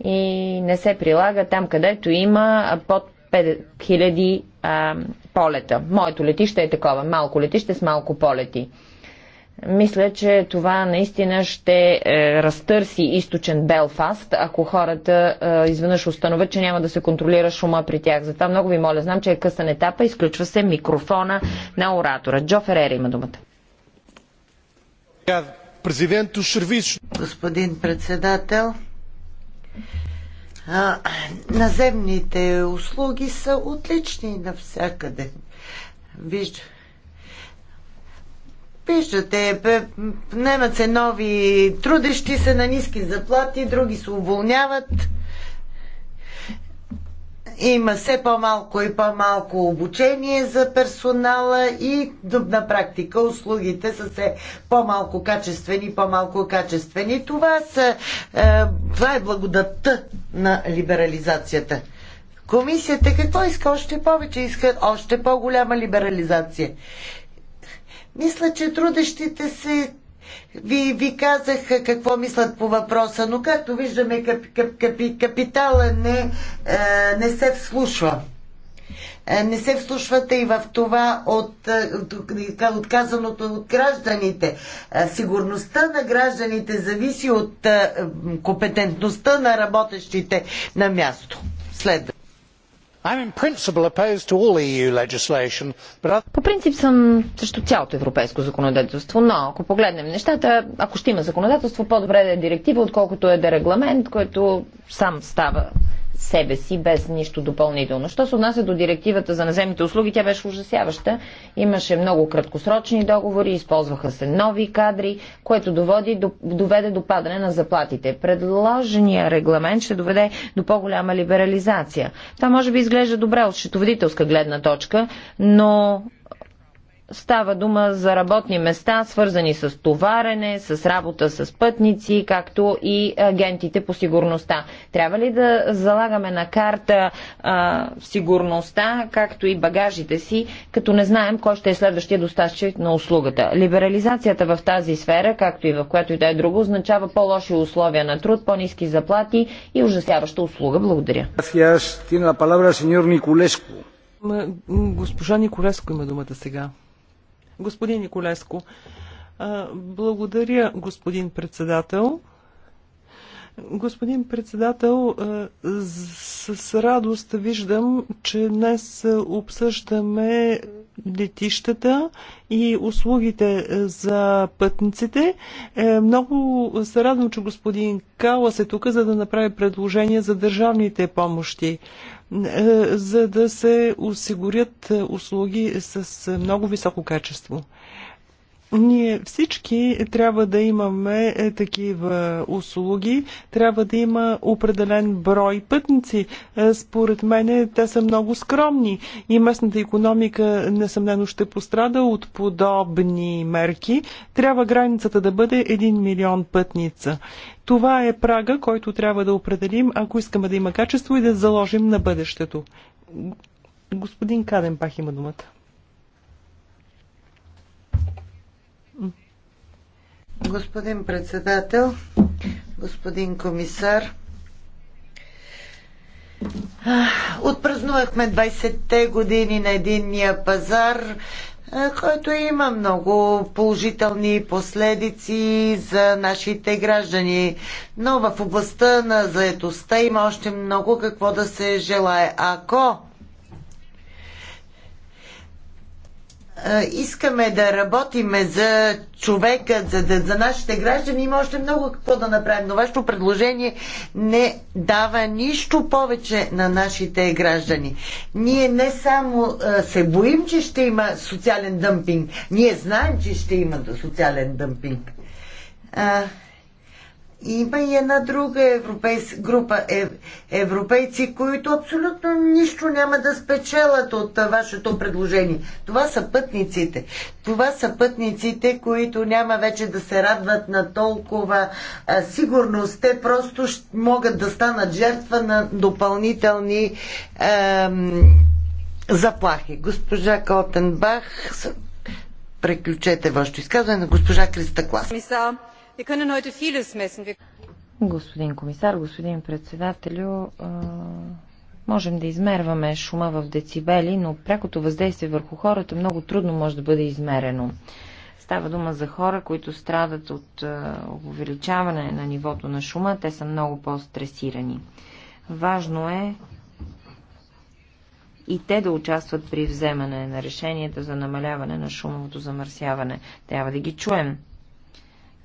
B: и не се прилага там, където има под 5000 а, полета. Моето летище е такова. Малко летище с малко полети. Мисля, че това наистина ще е, разтърси източен Белфаст, ако хората е, изведнъж установят, че няма да се контролира шума при тях. Затова много ви моля, знам, че е късен етапа, изключва се микрофона на оратора. Джо Ферери има думата.
A: Господин председател, а, наземните услуги са отлични навсякъде. Виждам Виждате, немат се нови трудещи се на ниски заплати, други се уволняват. Има все по-малко и по-малко обучение за персонала и на практика услугите са все по-малко качествени, по-малко качествени. Това, са, е, това е благодатта на либерализацията. Комисията какво иска? Още повече иска още по-голяма либерализация. Мисля, че трудещите се ви, ви казаха какво мислят по въпроса, но както виждаме, кап, кап, кап, капитала не, е, не се вслушва. Е, не се вслушвате и в това от, е, от, е, отказаното от гражданите. Е, сигурността на гражданите зависи от е, компетентността на работещите на място. Следва.
B: E По принцип съм срещу цялото европейско законодателство, но ако погледнем нещата, ако ще има законодателство, по-добре да е директива, отколкото е да е регламент, който сам става себе си, без нищо допълнително. Що се отнася до директивата за наземните услуги, тя беше ужасяваща. Имаше много краткосрочни договори, използваха се нови кадри, което доводи, доведе до падане на заплатите. Предложения регламент ще доведе до по-голяма либерализация. Това може би изглежда добре от счетоводителска гледна точка, но Става дума за работни места, свързани с товарене, с работа с пътници, както и агентите по сигурността. Трябва ли да залагаме на карта а, сигурността, както и багажите си, като не знаем кой ще е следващия доставчик на услугата? Либерализацията в тази сфера, както и в която и да е друго, означава по-лоши условия на труд, по-низки заплати и ужасяваща услуга. Благодаря.
C: Госпожа Николеско има думата сега. Господин Николеско, благодаря, господин председател. Господин председател, с радост виждам, че днес обсъждаме летищата и услугите за пътниците. Е, много се радвам, че господин Калас е тук, за да направи предложение за държавните помощи. Е, за да се осигурят е, услуги с е, много високо качество. Ние всички трябва да имаме е, такива услуги, трябва да има определен брой пътници. Е, според мен е, те са много скромни и местната економика несъмнено ще пострада от подобни мерки. Трябва границата да бъде 1 милион пътница. Това е прага, който трябва да определим, ако искаме да има качество и да заложим на бъдещето. Господин Каденпах има думата.
A: Господин председател, господин комисар, отпразнувахме 20-те години на единния пазар, който има много положителни последици за нашите граждани. Но в областта на заетостта има още много какво да се желае. Ако искаме да работиме за човека, за, за, за нашите граждани, има още много какво да направим. Но вашето предложение не дава нищо повече на нашите граждани. Ние не само а, се боим, че ще има социален дъмпинг, ние знаем, че ще има социален дъмпинг. А, има и една друга европейс, група е, европейци, които абсолютно нищо няма да спечелят от вашето предложение. Това са пътниците. Това са пътниците, които няма вече да се радват на толкова а, сигурност. Те просто могат да станат жертва на допълнителни а, заплахи. Госпожа Котенбах, приключете вашето изказване на госпожа Криста Клас.
B: Господин комисар, господин председателю, можем да измерваме шума в децибели, но прякото въздействие върху хората много трудно може да бъде измерено. Става дума за хора, които страдат от увеличаване на нивото на шума. Те са много по-стресирани. Важно е и те да участват при вземане на решенията за намаляване на шумовото замърсяване. Трябва да ги чуем.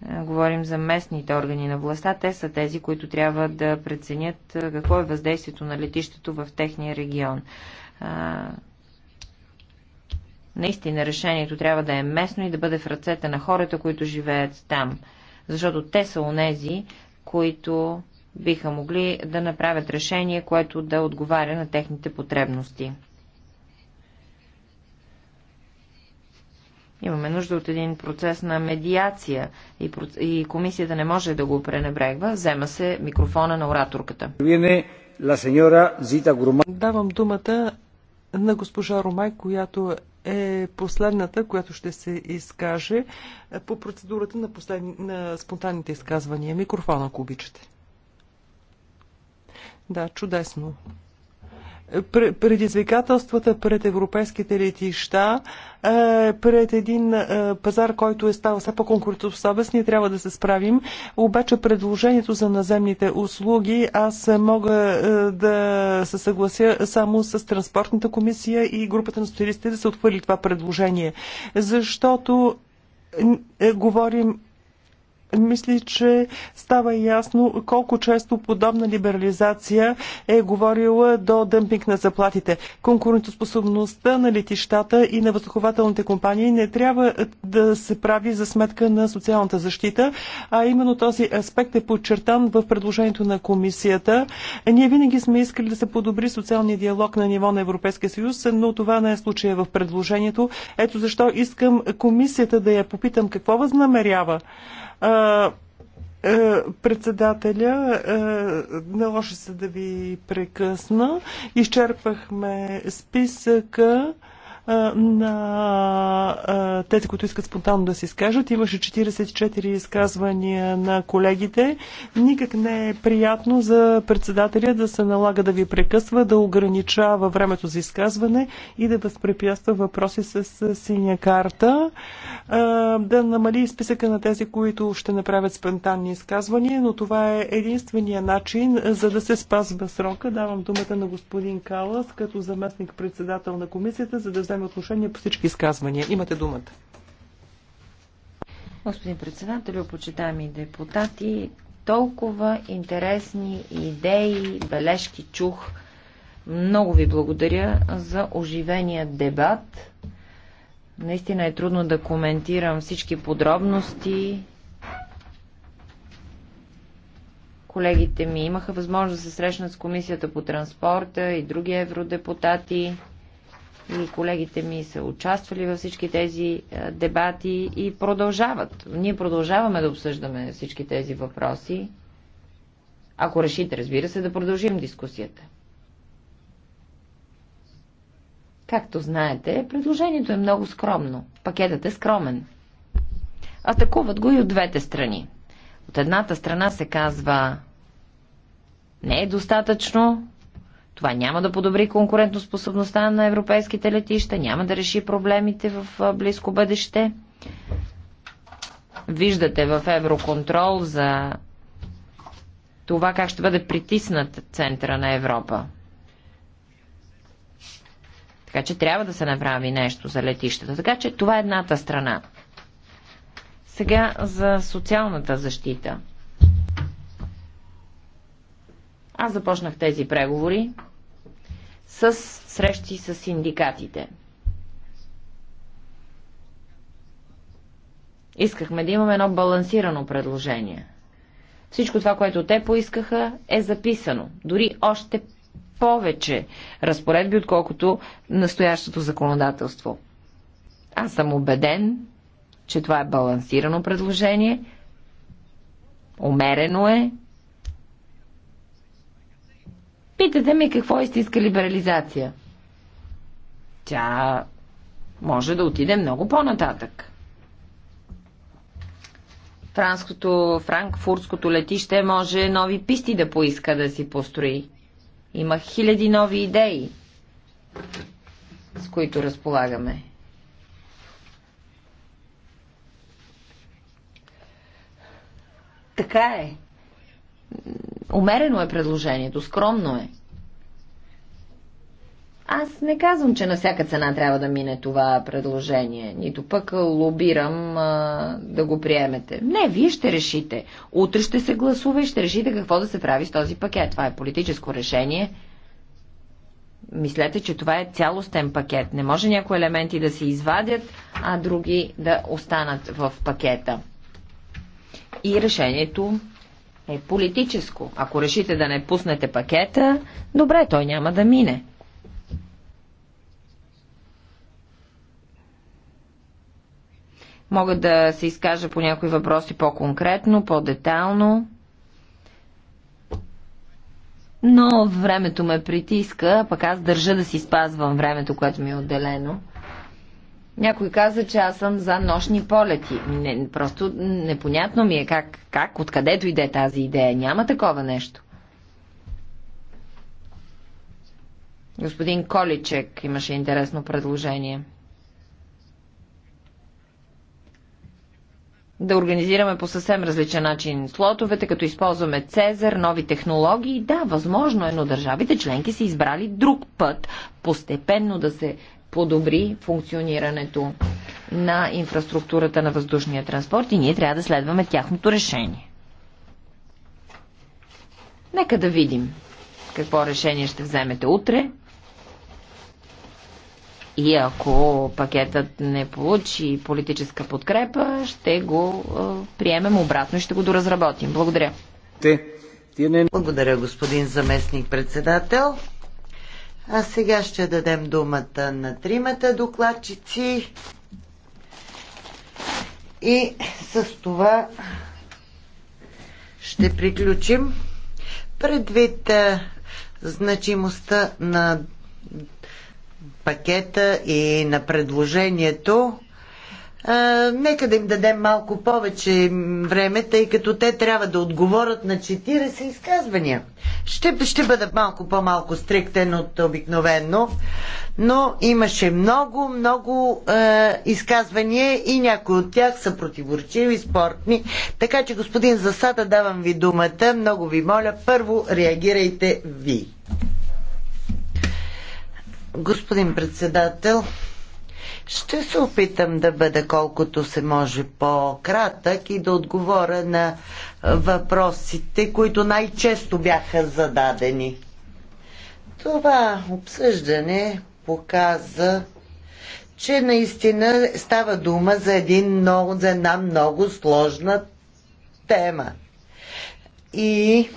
B: Е, говорим за местните органи на властта, те са тези, които трябва да преценят е, какво е въздействието на летището в техния регион. Е, наистина решението трябва да е местно и да бъде в ръцете на хората, които живеят там, защото те са онези, които биха могли да направят решение, което да отговаря на техните потребности. Имаме нужда от един процес на медиация и, и комисията не може да го пренебрегва. Взема се микрофона на ораторката.
C: Давам думата на госпожа Ромай, която е последната, която ще се изкаже по процедурата на, послед... на спонтанните изказвания. Микрофона, ако обичате. Да, чудесно предизвикателствата пред европейските летища, е, пред един е, пазар, който е стал все по-конкурентоспособен, ние трябва да се справим. Обаче предложението за наземните услуги аз мога е, да се съглася само с Транспортната комисия и групата на стилистите да се отхвърли това предложение. Защото говорим мисля, че става ясно колко често подобна либерализация е говорила до дъмпинг на заплатите. Конкурентоспособността на летищата и на въздухователните компании не трябва да се прави за сметка на социалната защита, а именно този аспект е подчертан в предложението на комисията. Ние винаги сме искали да се подобри социалния диалог на ниво на Европейския съюз, но това не е случая в предложението. Ето защо искам комисията да я попитам какво възнамерява е, председателя, е, наложи се да ви прекъсна. Изчерпахме списъка на тези, които искат спонтанно да се изкажат. Имаше 44 изказвания на колегите. Никак не е приятно за председателя да се налага да ви прекъсва, да ограничава времето за изказване и да възпрепятства въпроси с синя карта, да намали списъка на тези, които ще направят спонтанни изказвания, но това е единствения начин за да се спазва срока. Давам думата на господин Калас като заместник председател на комисията, за да вземе вземе отношение по всички изказвания. Имате думата.
B: Господин председател, почитаеми депутати, толкова интересни идеи, бележки чух. Много ви благодаря за оживения дебат. Наистина е трудно да коментирам всички подробности. Колегите ми имаха възможност да се срещнат с Комисията по транспорта и други евродепутати и колегите ми са участвали във всички тези е, дебати и продължават. Ние продължаваме да обсъждаме всички тези въпроси, ако решите, разбира се, да продължим дискусията. Както знаете, предложението е много скромно. Пакетът е скромен. Атакуват го и от двете страни. От едната страна се казва не е достатъчно, това няма да подобри конкурентоспособността на европейските летища, няма да реши проблемите в близко бъдеще. Виждате в Евроконтрол за това как ще бъде притиснат центъра на Европа. Така че трябва да се направи нещо за летищата. Така че това е едната страна. Сега за социалната защита. Аз започнах тези преговори с срещи с синдикатите. Искахме да имаме едно балансирано предложение. Всичко това, което те поискаха, е записано. Дори още повече разпоредби, отколкото настоящото законодателство. Аз съм убеден, че това е балансирано предложение, умерено е Питате ми какво е истинска либерализация. Тя може да отиде много по-нататък. Франското, франкфуртското летище може нови писти да поиска да си построи. Има хиляди нови идеи, с които разполагаме. Така е. Умерено е предложението, скромно е. Аз не казвам, че на всяка цена трябва да мине това предложение, нито пък лобирам а, да го приемете. Не, вие ще решите. Утре ще се гласува и ще решите какво да се прави с този пакет. Това е политическо решение. Мислете, че това е цялостен пакет. Не може някои елементи да се извадят, а други да останат в пакета. И решението е политическо. Ако решите да не пуснете пакета, добре, той няма да мине. Мога да се изкажа по някои въпроси по-конкретно, по-детално. Но времето ме притиска, пък аз държа да си спазвам времето, което ми е отделено. Някой каза, че аз съм за нощни полети. Не, просто непонятно ми е как, как, откъде дойде тази идея. Няма такова нещо. Господин Количек имаше интересно предложение. Да организираме по съвсем различен начин слотовете, като използваме Цезар, нови технологии. Да, възможно е, но държавите членки са избрали друг път постепенно да се подобри функционирането на инфраструктурата на въздушния транспорт и ние трябва да следваме тяхното решение. Нека да видим какво решение ще вземете утре. И ако пакетът не получи политическа подкрепа, ще го приемем обратно и ще го доразработим. Благодаря. Благодаря, господин заместник председател.
A: А сега ще дадем думата на тримата докладчици. И с това ще приключим. Предвид значимостта на пакета и на предложението, а, нека да им дадем малко повече време, тъй като те трябва да отговорят на 40 изказвания. Ще, ще бъда малко по-малко стриктен от обикновено, но имаше много, много е, изказвания и някои от тях са противоречиви, спортни. Така че, господин Засада, давам ви думата. Много ви моля, първо реагирайте ви. Господин председател, ще се опитам да бъда колкото се може по-кратък и да отговоря на въпросите, които най-често бяха зададени. Това обсъждане показа, че наистина става дума за, един много, за една много сложна тема. И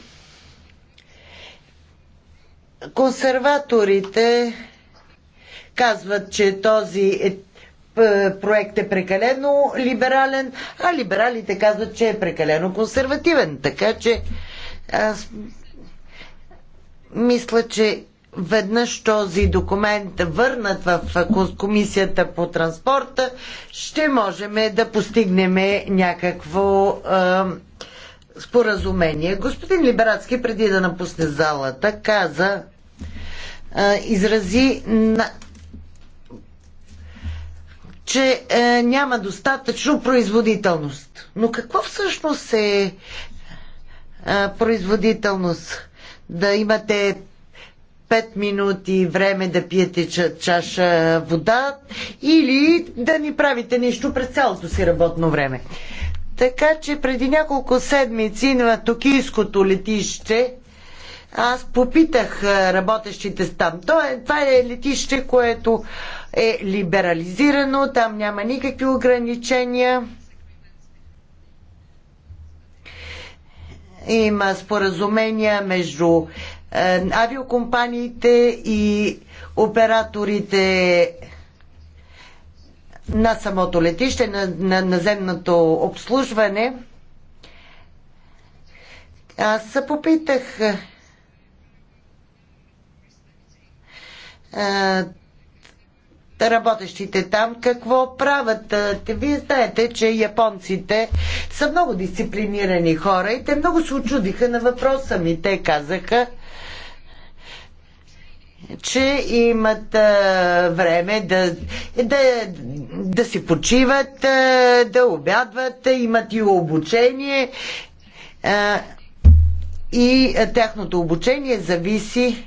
A: консерваторите казват, че този е, проект е прекалено либерален, а либералите казват, че е прекалено консервативен. Така че аз мисля, че веднъж този документ върнат в комисията по транспорта, ще можем да постигнем някакво е, споразумение. Господин Либерацки, преди да напусне залата, каза, е, изрази на че е, няма достатъчно производителност. Но какво всъщност е, е производителност? Да имате 5 минути време да пиете чаша вода или да ни правите нищо през цялото си работно време. Така че преди няколко седмици на токийското летище аз попитах работещите там. Е, това е летище, което е либерализирано, там няма никакви ограничения. Има споразумения между е, авиокомпаниите и операторите на самото летище, на, на наземното обслужване. Аз се попитах работещите там какво правят. Вие знаете, че японците са много дисциплинирани хора и те много се очудиха на въпроса ми. Те казаха, че имат а, време да, да, да си почиват, а, да обядват, а, имат и обучение. А, и а, тяхното обучение зависи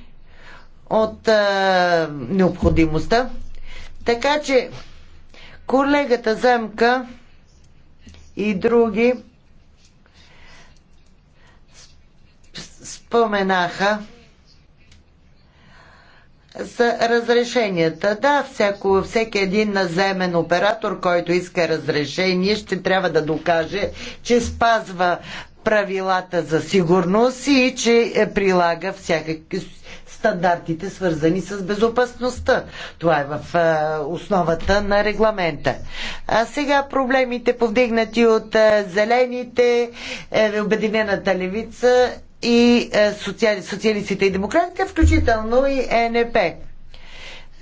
A: от а, необходимостта. Така че колегата Земка и други споменаха за разрешенията. Да, всяко, всеки един наземен оператор, който иска разрешение, ще трябва да докаже, че спазва правилата за сигурност и че е, прилага всякакви стандартите, свързани с безопасността. Това е в а, е, основата на регламента. А сега проблемите, повдигнати от а, е, Зелените, а, Обединената левица и а, социали, социалистите и демократите, включително и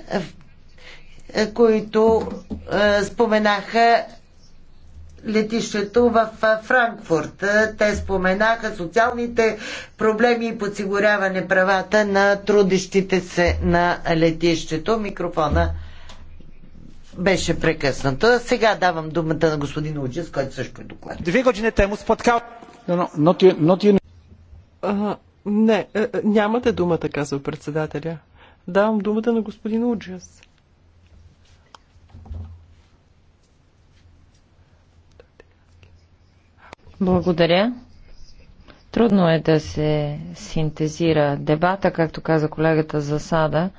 A: а, които а, споменаха летището в Франкфурт. Те споменаха социалните проблеми и подсигуряване правата на трудещите се на летището. Микрофона беше прекъснато. сега давам
C: думата на господин Уджис, който също е доклад. Две години му споткал... не, е, е, нямате думата, казва председателя. Давам думата на господин Уджис.
B: Благодаря. Трудно е да се синтезира дебата, както каза колегата за сада,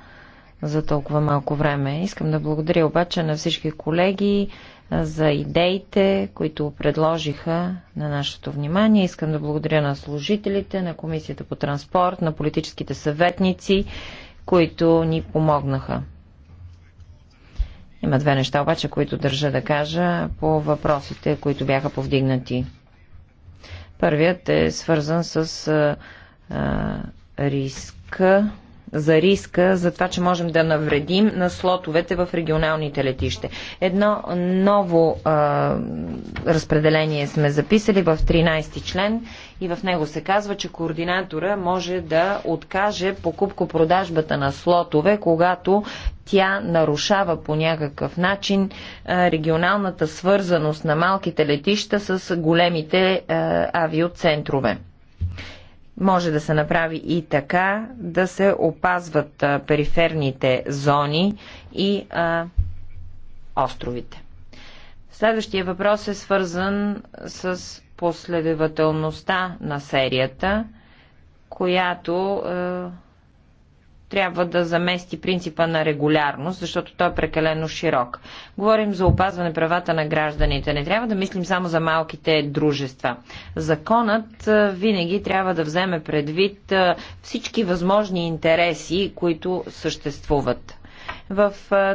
B: за толкова малко време. Искам да благодаря обаче на всички колеги за идеите, които предложиха на нашето внимание. Искам да благодаря на служителите, на Комисията по транспорт, на политическите съветници, които ни помогнаха. Има две неща обаче, които държа да кажа по въпросите, които бяха повдигнати. Първият е свързан с а, риска за риска, за това, че можем да навредим на слотовете в регионалните летище. Едно ново а, разпределение сме записали в 13 член и в него се казва, че координатора може да откаже покупко-продажбата на слотове, когато тя нарушава по някакъв начин регионалната свързаност на малките летища с големите авиоцентрове. Може да се направи и така да се опазват а, периферните зони и а, островите. Следващия въпрос е свързан с последователността на серията, която трябва да замести принципа на регулярност, защото той е прекалено широк. Говорим за опазване правата на гражданите. Не трябва да мислим само за малките дружества. Законът винаги трябва да вземе предвид всички възможни интереси, които съществуват. В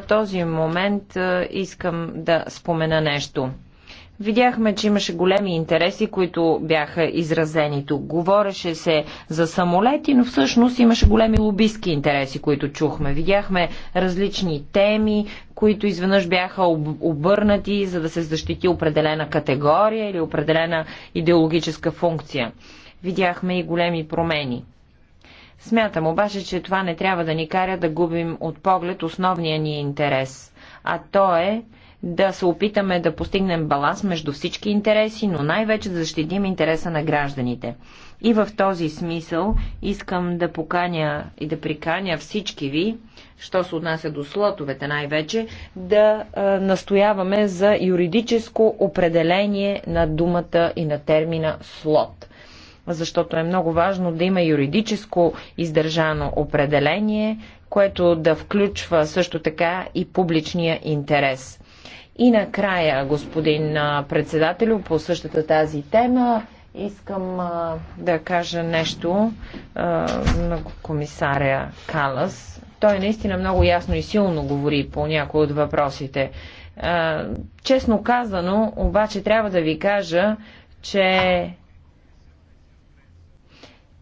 B: този момент искам да спомена нещо. Видяхме, че имаше големи интереси, които бяха изразени тук. Говореше се за самолети, но всъщност имаше големи лобистки интереси, които чухме. Видяхме различни теми, които изведнъж бяха обърнати, за да се защити определена категория или определена идеологическа функция. Видяхме и големи промени. Смятам обаче, че това не трябва да ни кара да губим от поглед основния ни интерес, а то е да се опитаме да постигнем баланс между всички интереси, но най-вече да защитим интереса на гражданите. И в този смисъл искам да поканя и да приканя всички ви, що се отнася до слотовете най-вече, да настояваме за юридическо определение на думата и на термина слот защото е много важно да има юридическо издържано определение, което да включва също така и публичния интерес. И накрая, господин председател, по същата тази тема искам а, да кажа нещо а, на комисаря Калас. Той наистина много ясно и силно говори по някои от въпросите. А, честно казано, обаче трябва да ви кажа, че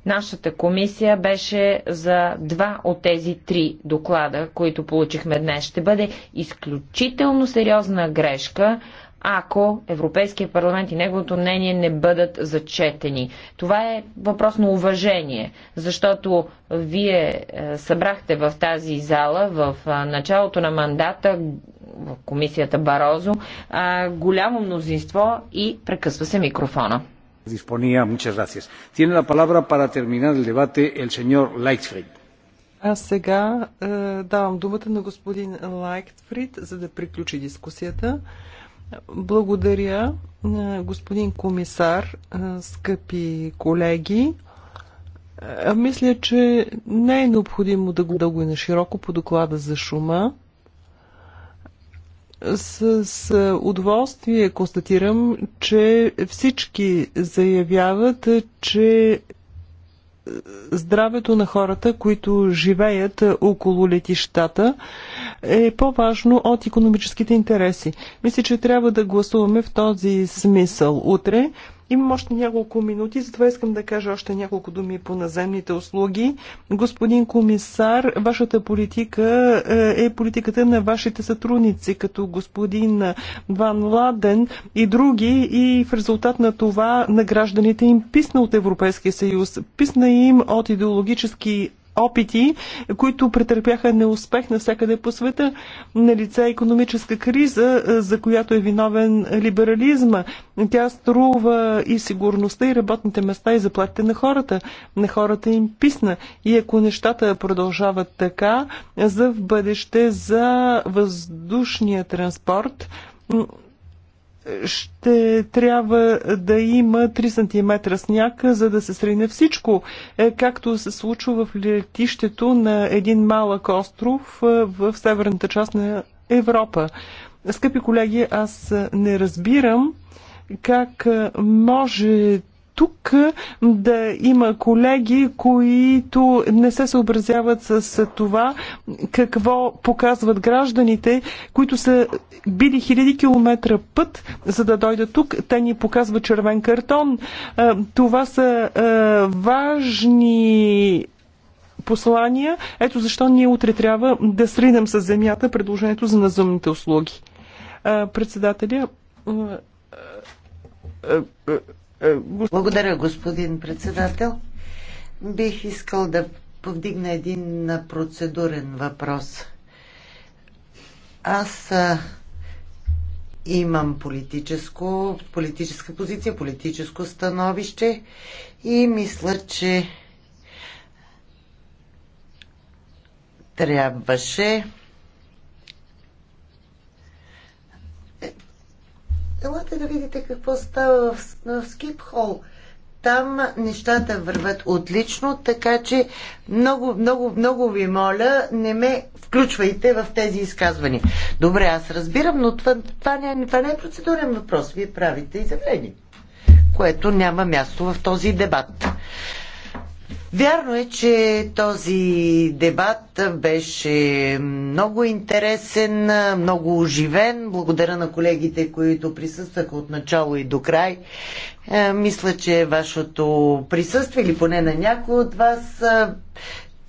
B: Нашата комисия беше за два от тези три доклада, които получихме днес. Ще бъде изключително сериозна грешка, ако Европейския парламент и неговото мнение не бъдат зачетени. Това е въпрос на уважение, защото вие е, събрахте в тази зала в е, началото на мандата в комисията Барозо е, голямо мнозинство и прекъсва се микрофона
D: disponía. Muchas gracias. Tiene la palabra para terminar el debate el señor Lightfried.
B: А сега е,
C: давам думата на господин Лайктфрид, за да приключи дискусията. Благодаря, е, господин комисар, е, скъпи колеги. Е, мисля, че не е необходимо да го дълго и на широко по доклада за шума. С, удоволствие констатирам, че всички заявяват, че здравето на хората, които живеят около летищата, е по-важно от економическите интереси. Мисля, че трябва да гласуваме в този смисъл утре. Имам още няколко минути, затова искам да кажа още няколко думи по наземните услуги. Господин комисар, вашата политика е, е политиката на вашите сътрудници, като господин Ван Ладен и други, и в резултат на това на гражданите им писна от Европейския съюз, писна им от идеологически опити, които претърпяха неуспех навсякъде по света. На лице е економическа криза, е, за която е виновен либерализма. Тя струва и сигурността, и работните места, и заплатите на хората. На хората им писна. И ако нещата продължават така, за в бъдеще за въздушния транспорт, ще трябва да има 3 см сняг, за да се срине всичко, е, както се случва в летището на един малък остров е, в северната част на Европа. Скъпи колеги, аз не разбирам как може тук да има колеги, които не се съобразяват с това какво показват гражданите, които са били хиляди километра път, за да дойдат тук. Те ни показват червен картон. Това са важни послания. Ето защо ние утре трябва да сринем с земята предложението за назъмните услуги. Председателя, е, Благодаря, господин председател.
A: Бих искал да повдигна един процедурен въпрос. Аз а, имам политическо, политическа позиция, политическо становище и мисля, че трябваше Елате да видите какво става в, в хол. Там нещата върват отлично, така че много, много, много ви моля, не ме включвайте в тези изказвания. Добре, аз разбирам, но това, това, не, това не е процедурен въпрос. Вие правите изявление, което няма място в този дебат. Вярно е, че този дебат беше много интересен, много оживен. Благодаря на колегите, които присъстваха от начало и до край. Е, мисля, че вашето присъствие или поне на някои от вас е,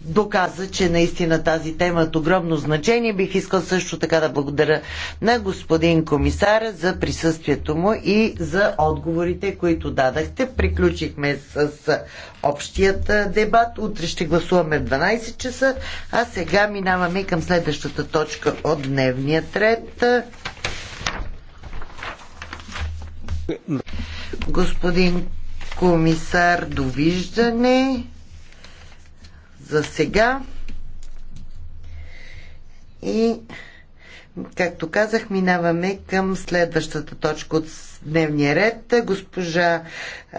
A: доказа, че наистина тази тема е от огромно значение. Бих искал също така да благодаря на господин комисара за присъствието му и за отговорите, които дадахте. Приключихме с общият дебат. Утре ще гласуваме в 12 часа, а сега минаваме към следващата точка от дневния ред. Господин комисар, довиждане за сега. И, както казах, минаваме към следващата точка от дневния ред. Госпожа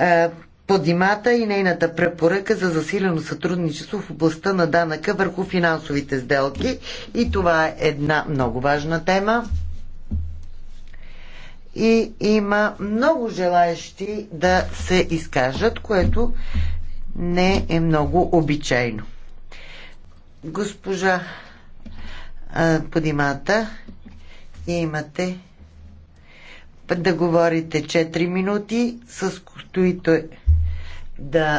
A: е, Подимата и нейната препоръка за засилено сътрудничество в областта на данъка върху финансовите сделки. И това е една много важна тема. И има много желаящи да се изкажат, което не е много обичайно. Госпожа Подимата, имате да говорите 4 минути, с които е да